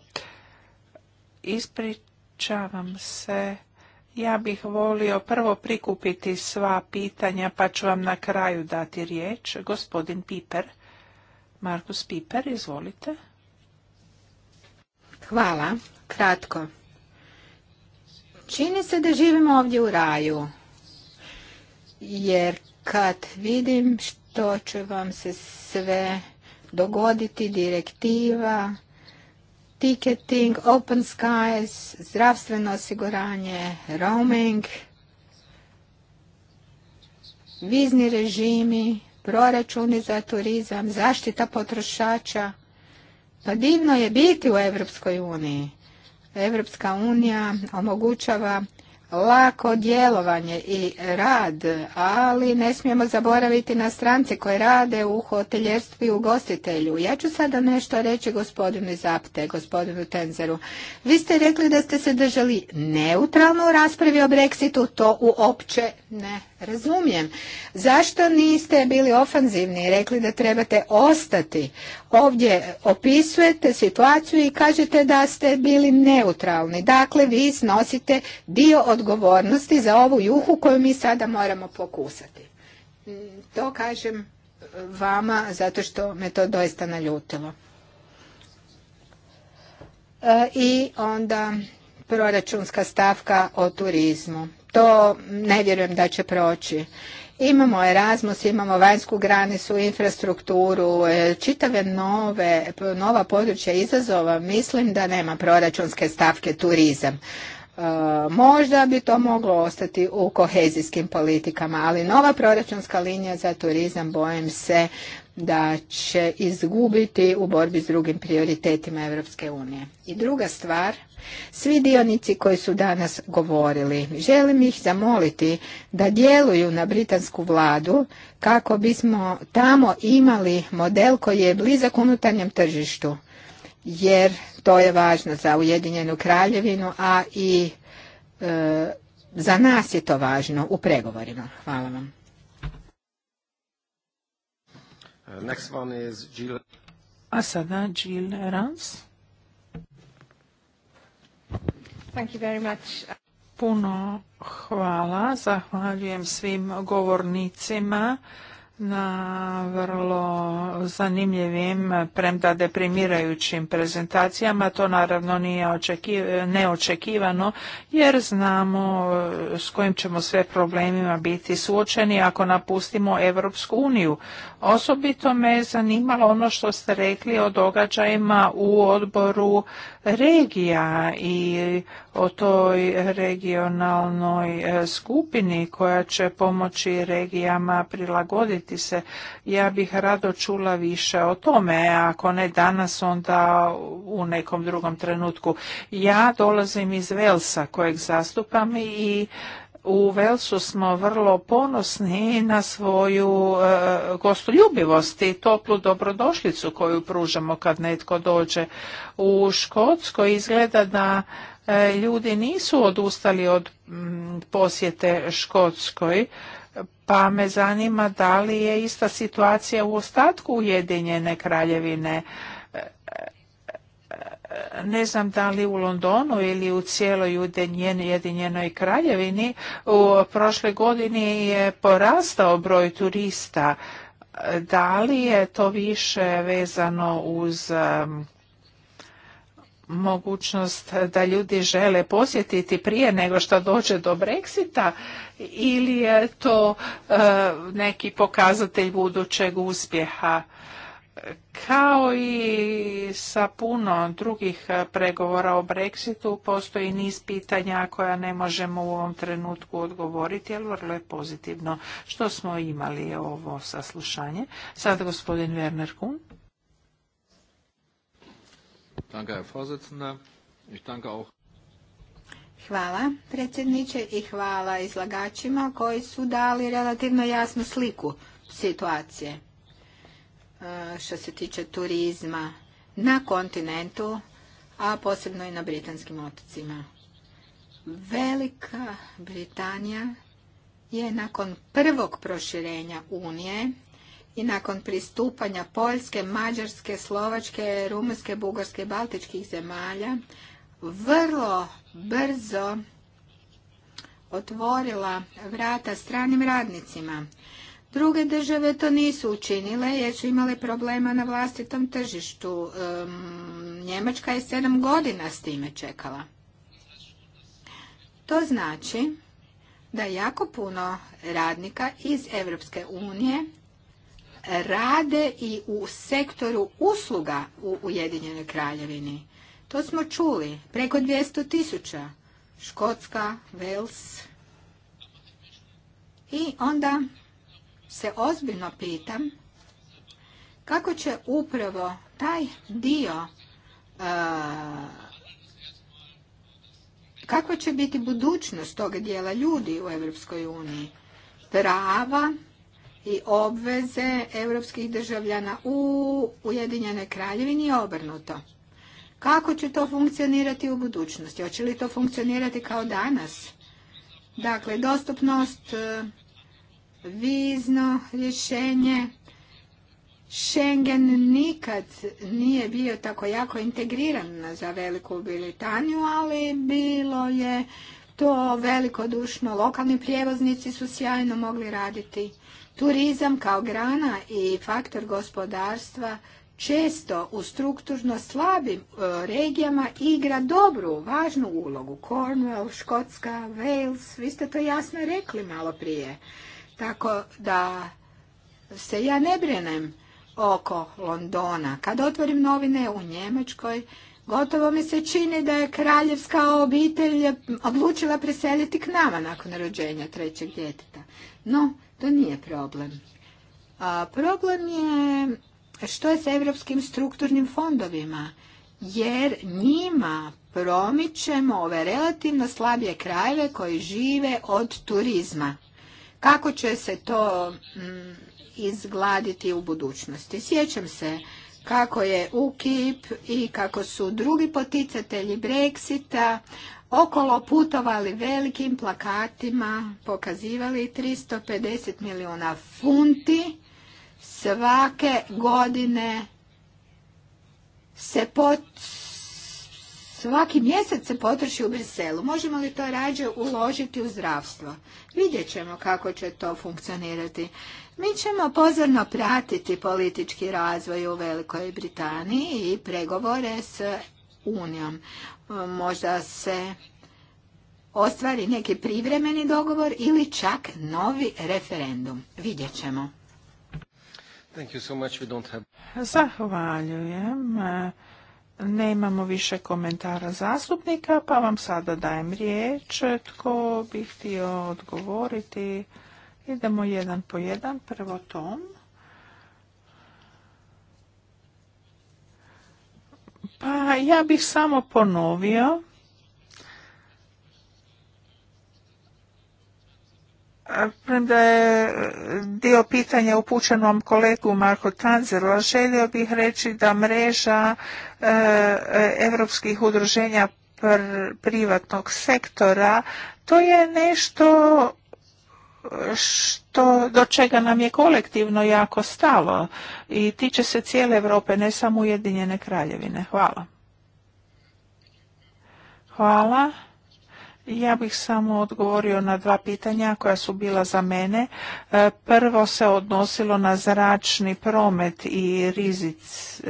Ispričavam se. Ja bih volio prvo prikupiti sva pitanja, pa ću vam na kraju dati riječ. Gospodin Piper, Markus Piper, izvolite. Hvala, kratko. Čini se da živimo ovdje u raju jer kad vidim što će vam se sve dogoditi, direktiva, ticketing, open skies, zdravstveno osiguranje, roaming, vizni režimi, proračuni za turizam, zaštita potrošača. Pa divno je biti u Europskoj uniji. Evropska unija omogućava lako djelovanje i rad, ali ne smijemo zaboraviti na strance koje rade u hoteljerstvu i ugostitelju. Ja ću sada nešto reći gospodinu Zapte, gospodinu Tenzeru. Vi ste rekli da ste se držali neutralno u raspravi o Brexitu, to uopće ne razumijem. Zašto niste bili ofanzivni i rekli da trebate ostati? Ovdje opisujete situaciju i kažete da ste bili neutralni. Dakle, vi snosite dio odgovornosti za ovu juhu koju mi sada moramo pokusati. To kažem vama zato što me to doista naljutilo. E, I onda proračunska stavka o turizmu to ne vjerujem da će proći. Imamo Erasmus, imamo vanjsku granicu, infrastrukturu, e, čitave nove, nova područja izazova. Mislim da nema proračunske stavke turizam. E, možda bi to moglo ostati u kohezijskim politikama, ali nova proračunska linija za turizam, bojim se da će izgubiti u borbi s drugim prioritetima Europske unije. I druga stvar, svi dionici koji su danas govorili, želim ih zamoliti da djeluju na britansku vladu kako bismo tamo imali model koji je blizak unutarnjem tržištu, jer to je važno za Ujedinjenu kraljevinu, a i e, za nas je to važno u pregovorima. Hvala vam. Uh, next one is Jill. A sada Jill Rans. Thank you very much. Puno hvala. Zahvaljujem svim govornicima na vrlo zanimljivim, premda deprimirajućim prezentacijama. To naravno nije neočekivano jer znamo e, s kojim ćemo sve problemima biti suočeni ako napustimo Europsku uniju. Osobito me je zanimalo ono što ste rekli o događajima u odboru regija i o toj regionalnoj e, skupini koja će pomoći regijama prilagoditi se. Ja bih rado čula više o tome, ako ne danas onda u nekom drugom trenutku. Ja dolazim iz Velsa kojeg zastupam i u Velsu smo vrlo ponosni na svoju e, gostoljubivost i toplu dobrodošlicu koju pružamo kad netko dođe u Škotskoj. Izgleda da e, ljudi nisu odustali od posjete Škotskoj, pa me zanima da li je ista situacija u ostatku Ujedinjene kraljevine ne znam da li u Londonu ili u cijeloj Ujedinjenoj kraljevini, u prošle godini je porastao broj turista. Da li je to više vezano uz mogućnost da ljudi žele posjetiti prije nego što dođe do Brexita ili je to eh, neki pokazatelj budućeg uspjeha? Kao i sa puno drugih pregovora o Brexitu, postoji niz pitanja koja ne možemo u ovom trenutku odgovoriti, ali vrlo je pozitivno što smo imali ovo saslušanje. Sad gospodin Werner Kuhn. Hvala predsjedniče i hvala izlagačima koji su dali relativno jasnu sliku situacije što se tiče turizma na kontinentu, a posebno i na britanskim otocima. Velika Britanija je nakon prvog proširenja Unije i nakon pristupanja Poljske, Mađarske, Slovačke, Rumunske, Bugarske i Baltičkih zemalja vrlo brzo otvorila vrata stranim radnicima Druge države to nisu učinile jer su imale problema na vlastitom tržištu. Njemačka je sedam godina s time čekala. To znači da jako puno radnika iz Europske unije rade i u sektoru usluga u Ujedinjenoj kraljevini. To smo čuli, preko 200 tisuća. Škotska, vels I onda se ozbiljno pitam kako će upravo taj dio e, kako će biti budućnost tog dijela ljudi u Europskoj uniji prava i obveze europskih državljana u Ujedinjenoj kraljevini i obrnuto. Kako će to funkcionirati u budućnosti? Hoće li to funkcionirati kao danas? Dakle, dostupnost vizno rješenje. Schengen nikad nije bio tako jako integriran za Veliku Britaniju, ali bilo je to velikodušno. Lokalni prijevoznici su sjajno mogli raditi. Turizam kao grana i faktor gospodarstva često u strukturno slabim e, regijama igra dobru, važnu ulogu. Cornwall, Škotska, Wales, vi ste to jasno rekli malo prije. Tako da se ja ne brinem oko Londona. Kad otvorim novine u Njemačkoj, gotovo mi se čini da je kraljevska obitelj odlučila preseliti k nama nakon rođenja trećeg djeteta. No, to nije problem. A, problem je što je sa europskim strukturnim fondovima, jer njima promičemo ove relativno slabije krajeve koji žive od turizma. Kako će se to mm, izgladiti u budućnosti? Sjećam se kako je UKIP i kako su drugi poticatelji Brexita okolo putovali velikim plakatima, pokazivali 350 milijuna funti svake godine se pot svaki mjesec se potroši u Briselu. Možemo li to rađe uložiti u zdravstvo? Vidjet ćemo kako će to funkcionirati. Mi ćemo pozorno pratiti politički razvoj u Velikoj Britaniji i pregovore s Unijom. Možda se ostvari neki privremeni dogovor ili čak novi referendum. Vidjet ćemo. Thank you so much. We don't have... Zahvaljujem. Nemamo više komentara zastupnika, pa vam sada dajem riječ. Tko bi htio odgovoriti? Idemo jedan po jedan. Prvo tom. Pa ja bih samo ponovio Premda je dio pitanja upućenom kolegu Marko Tanzeru, želio bih reći da mreža europskih udruženja privatnog sektora, to je nešto što, do čega nam je kolektivno jako stalo i tiče se cijele Europe, ne samo Ujedinjene kraljevine. Hvala. Hvala. Ja bih samo odgovorio na dva pitanja koja su bila za mene. E, prvo se odnosilo na zračni promet i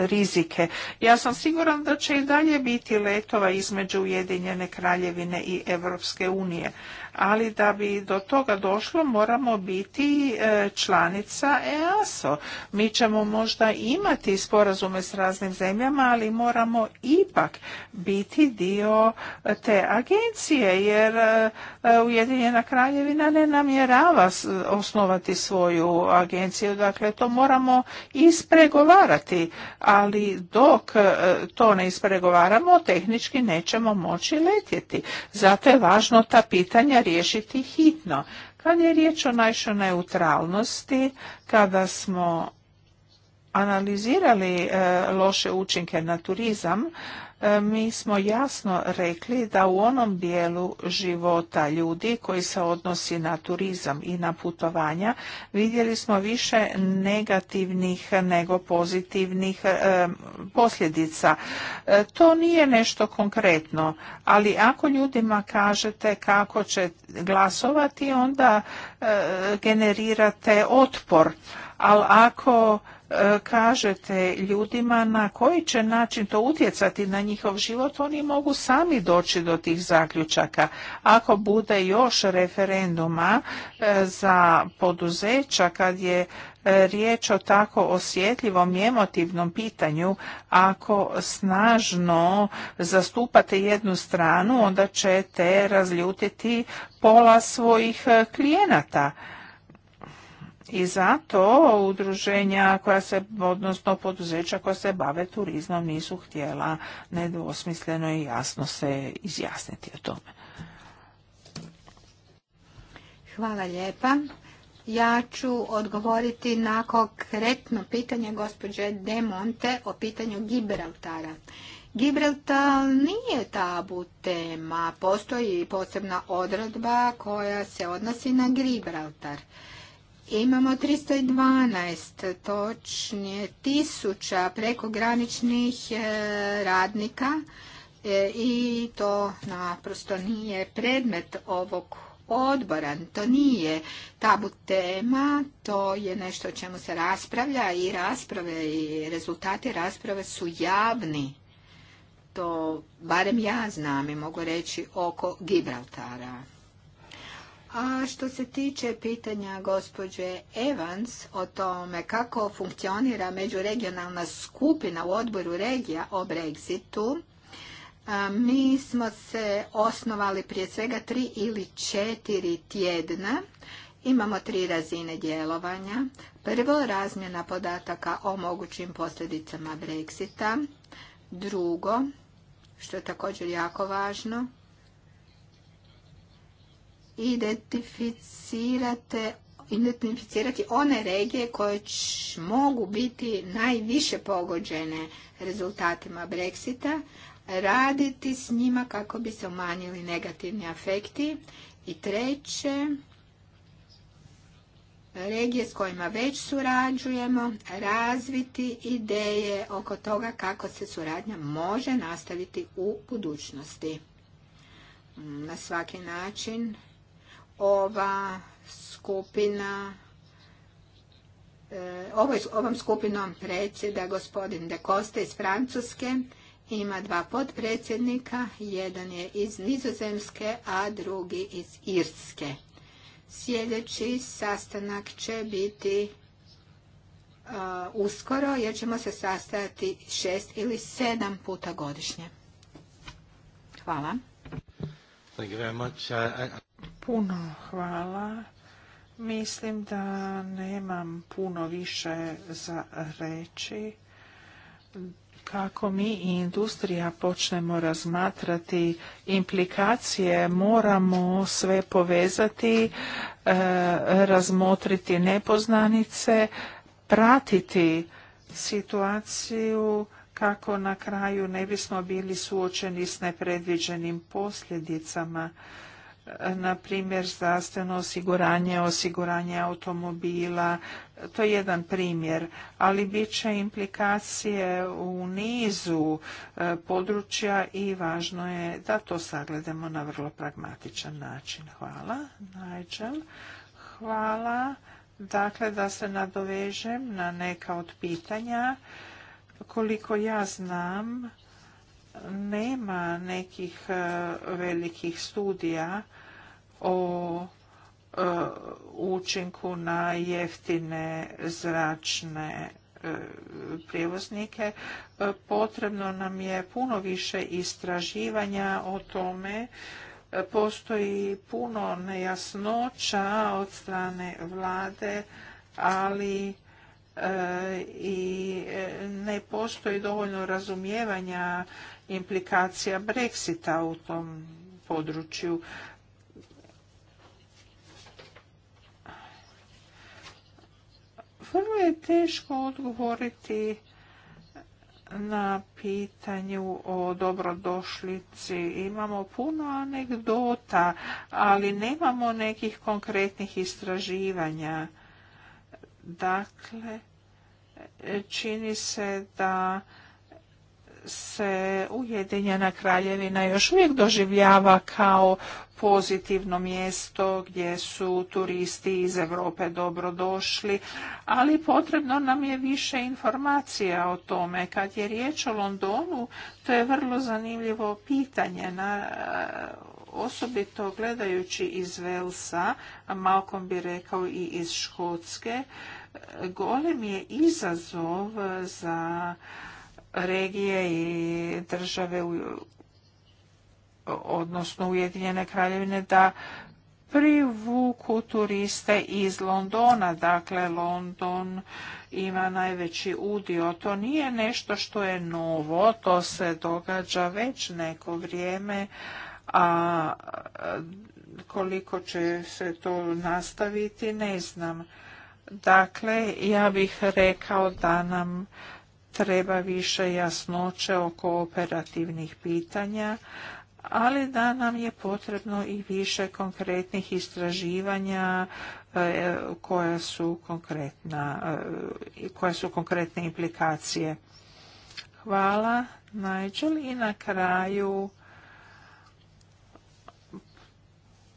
rizike. Ja sam siguran da će i dalje biti letova između Ujedinjene kraljevine i Europske unije ali da bi do toga došlo moramo biti e, članica EASO. Mi ćemo možda imati sporazume s raznim zemljama, ali moramo ipak biti dio te agencije, jer e, Ujedinjena kraljevina ne namjerava osnovati svoju agenciju, dakle to moramo ispregovarati, ali dok e, to ne ispregovaramo, tehnički nećemo moći letjeti. Zato je važno ta pitanja riješiti hitno. Kad je riječ o našoj neutralnosti, kada smo analizirali e, loše učinke na turizam, E, mi smo jasno rekli da u onom dijelu života ljudi koji se odnosi na turizam i na putovanja vidjeli smo više negativnih nego pozitivnih e, posljedica. E, to nije nešto konkretno, ali ako ljudima kažete kako će glasovati onda generirate otpor. Ali ako E, kažete ljudima na koji će način to utjecati na njihov život, oni mogu sami doći do tih zaključaka. Ako bude još referenduma e, za poduzeća kad je e, riječ o tako osjetljivom i emotivnom pitanju, ako snažno zastupate jednu stranu, onda ćete razljutiti pola svojih klijenata i zato udruženja koja se, odnosno poduzeća koja se bave turizmom nisu htjela nedvosmisleno i jasno se izjasniti o tome. Hvala lijepa. Ja ću odgovoriti na konkretno pitanje gospođe De Monte o pitanju Gibraltara. Gibraltar nije tabu tema, postoji posebna odredba koja se odnosi na Gibraltar. Imamo 312, točnije tisuća prekograničnih e, radnika e, i to naprosto nije predmet ovog odbora. To nije tabu tema, to je nešto o čemu se raspravlja i rasprave i rezultati rasprave su javni. To barem ja znam i mogu reći oko Gibraltara. A što se tiče pitanja gospođe Evans o tome kako funkcionira međuregionalna skupina u odboru regija o Brexitu, mi smo se osnovali prije svega tri ili četiri tjedna. Imamo tri razine djelovanja. Prvo, razmjena podataka o mogućim posljedicama Brexita. Drugo, što je također jako važno, identificirate identificirati one regije koje mogu biti najviše pogođene rezultatima Brexita, raditi s njima kako bi se umanjili negativni afekti i treće, regije s kojima već surađujemo, razviti ideje oko toga kako se suradnja može nastaviti u budućnosti. Na svaki način ova skupina e, ovom skupinom predsjeda gospodin De Costa iz Francuske ima dva podpredsjednika, jedan je iz Nizozemske, a drugi iz Irske. Sljedeći sastanak će biti e, uskoro jer ćemo se sastajati šest ili sedam puta godišnje. Hvala. Puno hvala. Mislim da nemam puno više za reći. Kako mi i industrija počnemo razmatrati implikacije, moramo sve povezati, e, razmotriti nepoznanice, pratiti situaciju kako na kraju ne bismo bili suočeni s nepredviđenim posljedicama na primjer zdravstveno osiguranje, osiguranje automobila, to je jedan primjer, ali bit će implikacije u nizu e, područja i važno je da to sagledamo na vrlo pragmatičan način. Hvala, Nigel. Hvala. Dakle, da se nadovežem na neka od pitanja. Koliko ja znam, nema nekih e, velikih studija o e, učinku na jeftine zračne e, prijevoznike. Potrebno nam je puno više istraživanja o tome. Postoji puno nejasnoća od strane vlade, ali i ne postoji dovoljno razumijevanja implikacija Brexita u tom području. Vrlo je teško odgovoriti na pitanju o dobrodošlici. Imamo puno anegdota, ali nemamo nekih konkretnih istraživanja. Dakle, čini se da se Ujedinjena kraljevina još uvijek doživljava kao pozitivno mjesto gdje su turisti iz Europe dobro došli, ali potrebno nam je više informacija o tome. Kad je riječ o Londonu, to je vrlo zanimljivo pitanje. Na, osobito gledajući iz Velsa, a Malkom bi rekao i iz Škotske, golem je izazov za regije i države odnosno Ujedinjene kraljevine da privuku turiste iz Londona. Dakle, London ima najveći udio. To nije nešto što je novo, to se događa već neko vrijeme, a koliko će se to nastaviti ne znam. Dakle, ja bih rekao da nam treba više jasnoće oko operativnih pitanja, ali da nam je potrebno i više konkretnih istraživanja e, koja su e, su konkretne implikacije. Hvala, Nigel. I na kraju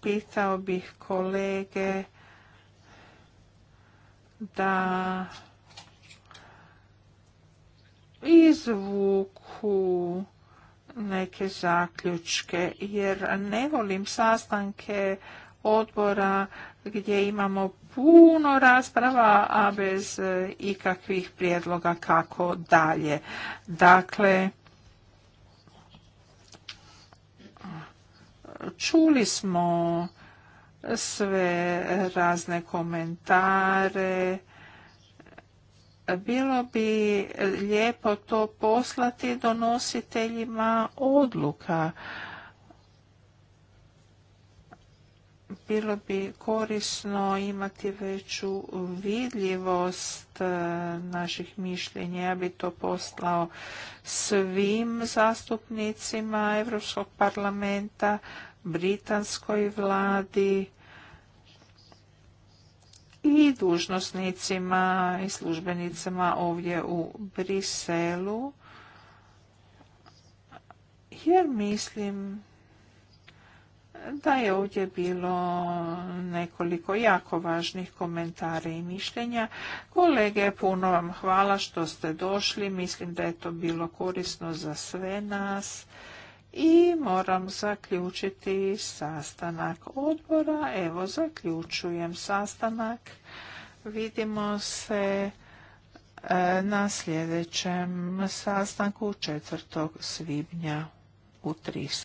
pitao bih kolege da izvuku neke zaključke jer ne volim sastanke odbora gdje imamo puno rasprava, a bez ikakvih prijedloga kako dalje. Dakle, čuli smo sve razne komentare, bilo bi lijepo to poslati donositeljima odluka. Bilo bi korisno imati veću vidljivost e, naših mišljenja. Ja bi to poslao svim zastupnicima Europskog parlamenta, britanskoj vladi, i dužnosnicima i službenicama ovdje u Briselu jer mislim da je ovdje bilo nekoliko jako važnih komentara i mišljenja. Kolege, puno vam hvala što ste došli. Mislim da je to bilo korisno za sve nas i moram zaključiti sastanak odbora. Evo, zaključujem sastanak. Vidimo se e, na sljedećem sastanku 4. svibnja u 3.